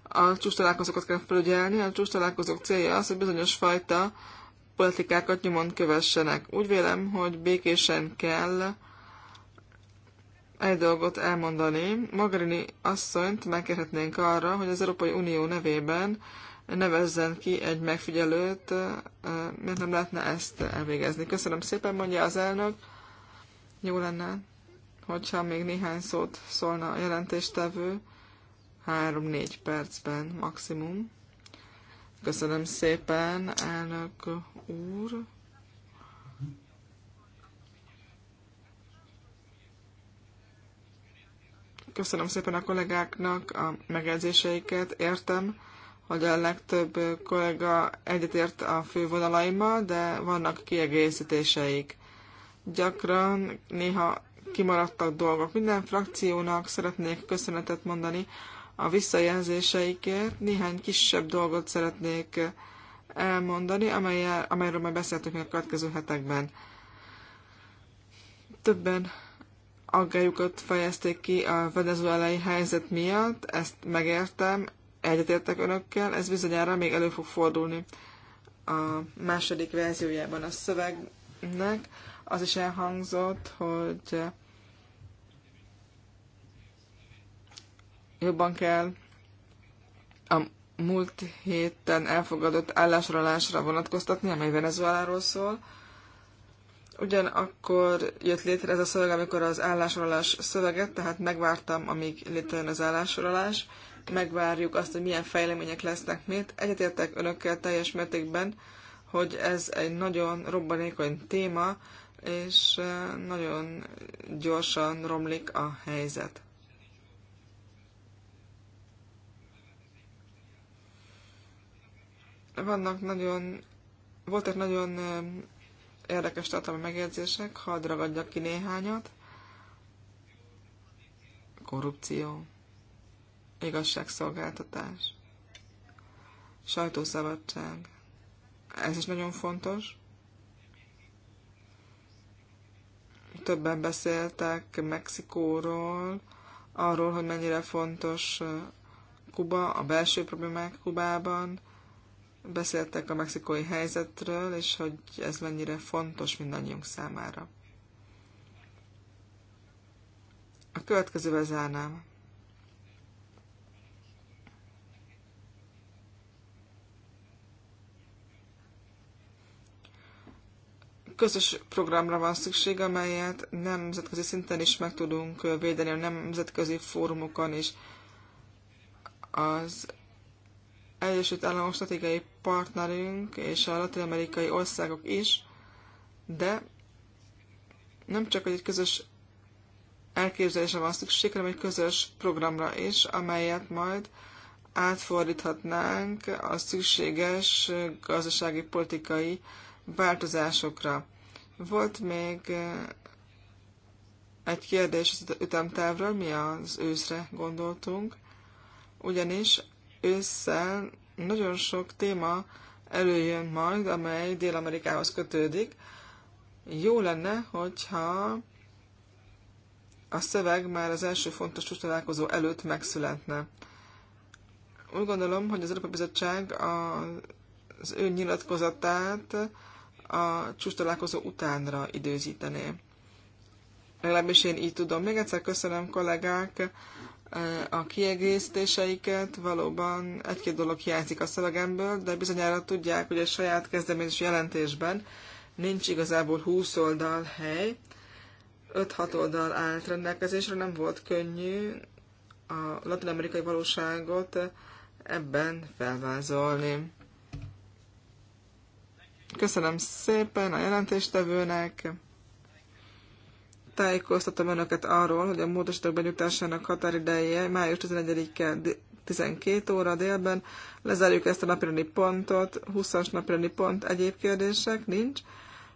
a csúcstalálkozókat kell felügyelni, a csúcstalálkozók célja az, hogy bizonyos fajta politikákat nyomon kövessenek. Úgy vélem, hogy békésen kell egy dolgot elmondani. Magarini asszonyt megkérhetnénk arra, hogy az Európai Unió nevében nevezzen ki egy megfigyelőt, miért nem lehetne ezt elvégezni. Köszönöm szépen, mondja az elnök. Jó lenne, hogyha még néhány szót szólna a jelentéstevő, 3-4 percben maximum. Köszönöm szépen, elnök úr. Köszönöm szépen a kollégáknak a megjegyzéseiket, értem hogy a legtöbb kollega egyetért a fővonalaimmal, de vannak kiegészítéseik. Gyakran néha kimaradtak dolgok. Minden frakciónak szeretnék köszönetet mondani a visszajelzéseikért. Néhány kisebb dolgot szeretnék elmondani, amelyel, amelyről majd beszéltünk a következő hetekben. Többen aggályukat fejezték ki a venezuelai helyzet miatt, ezt megértem, Egyetértek önökkel, ez bizonyára még elő fog fordulni a második verziójában a szövegnek. Az is elhangzott, hogy jobban kell a múlt héten elfogadott állásralásra vonatkoztatni, amely Venezueláról szól. Ugyanakkor jött létre ez a szöveg, amikor az állásralás szöveget, tehát megvártam, amíg létrejön az állásralás, megvárjuk azt, hogy milyen fejlemények lesznek mit. Egyetértek önökkel teljes mértékben, hogy ez egy nagyon robbanékony téma, és nagyon gyorsan romlik a helyzet. Vannak nagyon, voltak nagyon érdekes tartalmi megjegyzések, hadd ragadjak ki néhányat. Korrupció igazságszolgáltatás, sajtószabadság. Ez is nagyon fontos. Többen beszéltek Mexikóról, arról, hogy mennyire fontos Kuba, a belső problémák Kubában, beszéltek a mexikói helyzetről, és hogy ez mennyire fontos mindannyiunk számára. A következővel zárnám. közös programra van szükség, amelyet nemzetközi szinten is meg tudunk védeni a nemzetközi fórumokon is. Az Egyesült Államok stratégiai partnerünk és a latin-amerikai országok is, de nem csak egy közös elképzelésre van szükség, hanem egy közös programra is, amelyet majd átfordíthatnánk a szükséges gazdasági politikai változásokra. Volt még egy kérdés az ütemtávról, mi az őszre gondoltunk, ugyanis ősszel nagyon sok téma előjön majd, amely Dél-Amerikához kötődik. Jó lenne, hogyha a szöveg már az első fontos találkozó előtt megszületne. Úgy gondolom, hogy az Európa Bizottság az ő nyilatkozatát a csúcstalálkozó utánra időzítené. Legalábbis én így tudom. Még egyszer köszönöm kollégák a kiegészítéseiket. Valóban egy-két dolog hiányzik a szövegemből, de bizonyára tudják, hogy a saját kezdeményes jelentésben nincs igazából 20 oldal hely, 5-6 oldal állt rendelkezésre, nem volt könnyű a latin-amerikai valóságot ebben felvázolni. Köszönöm szépen a jelentéstevőnek. Tájékoztatom önöket arról, hogy a módosítók benyújtásának határideje május 11-e 12 óra délben. Lezárjuk ezt a napirendi pontot, 20-as napirendi pont, egyéb kérdések nincs.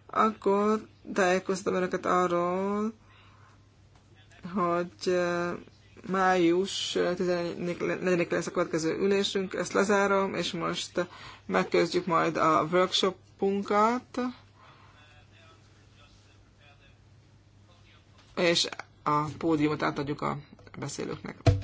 Akkor tájékoztatom önöket arról, hogy eh, május 14 lesz a következő ülésünk, ezt lezárom, és most megkezdjük majd a workshopunkat, és a pódiumot átadjuk a beszélőknek.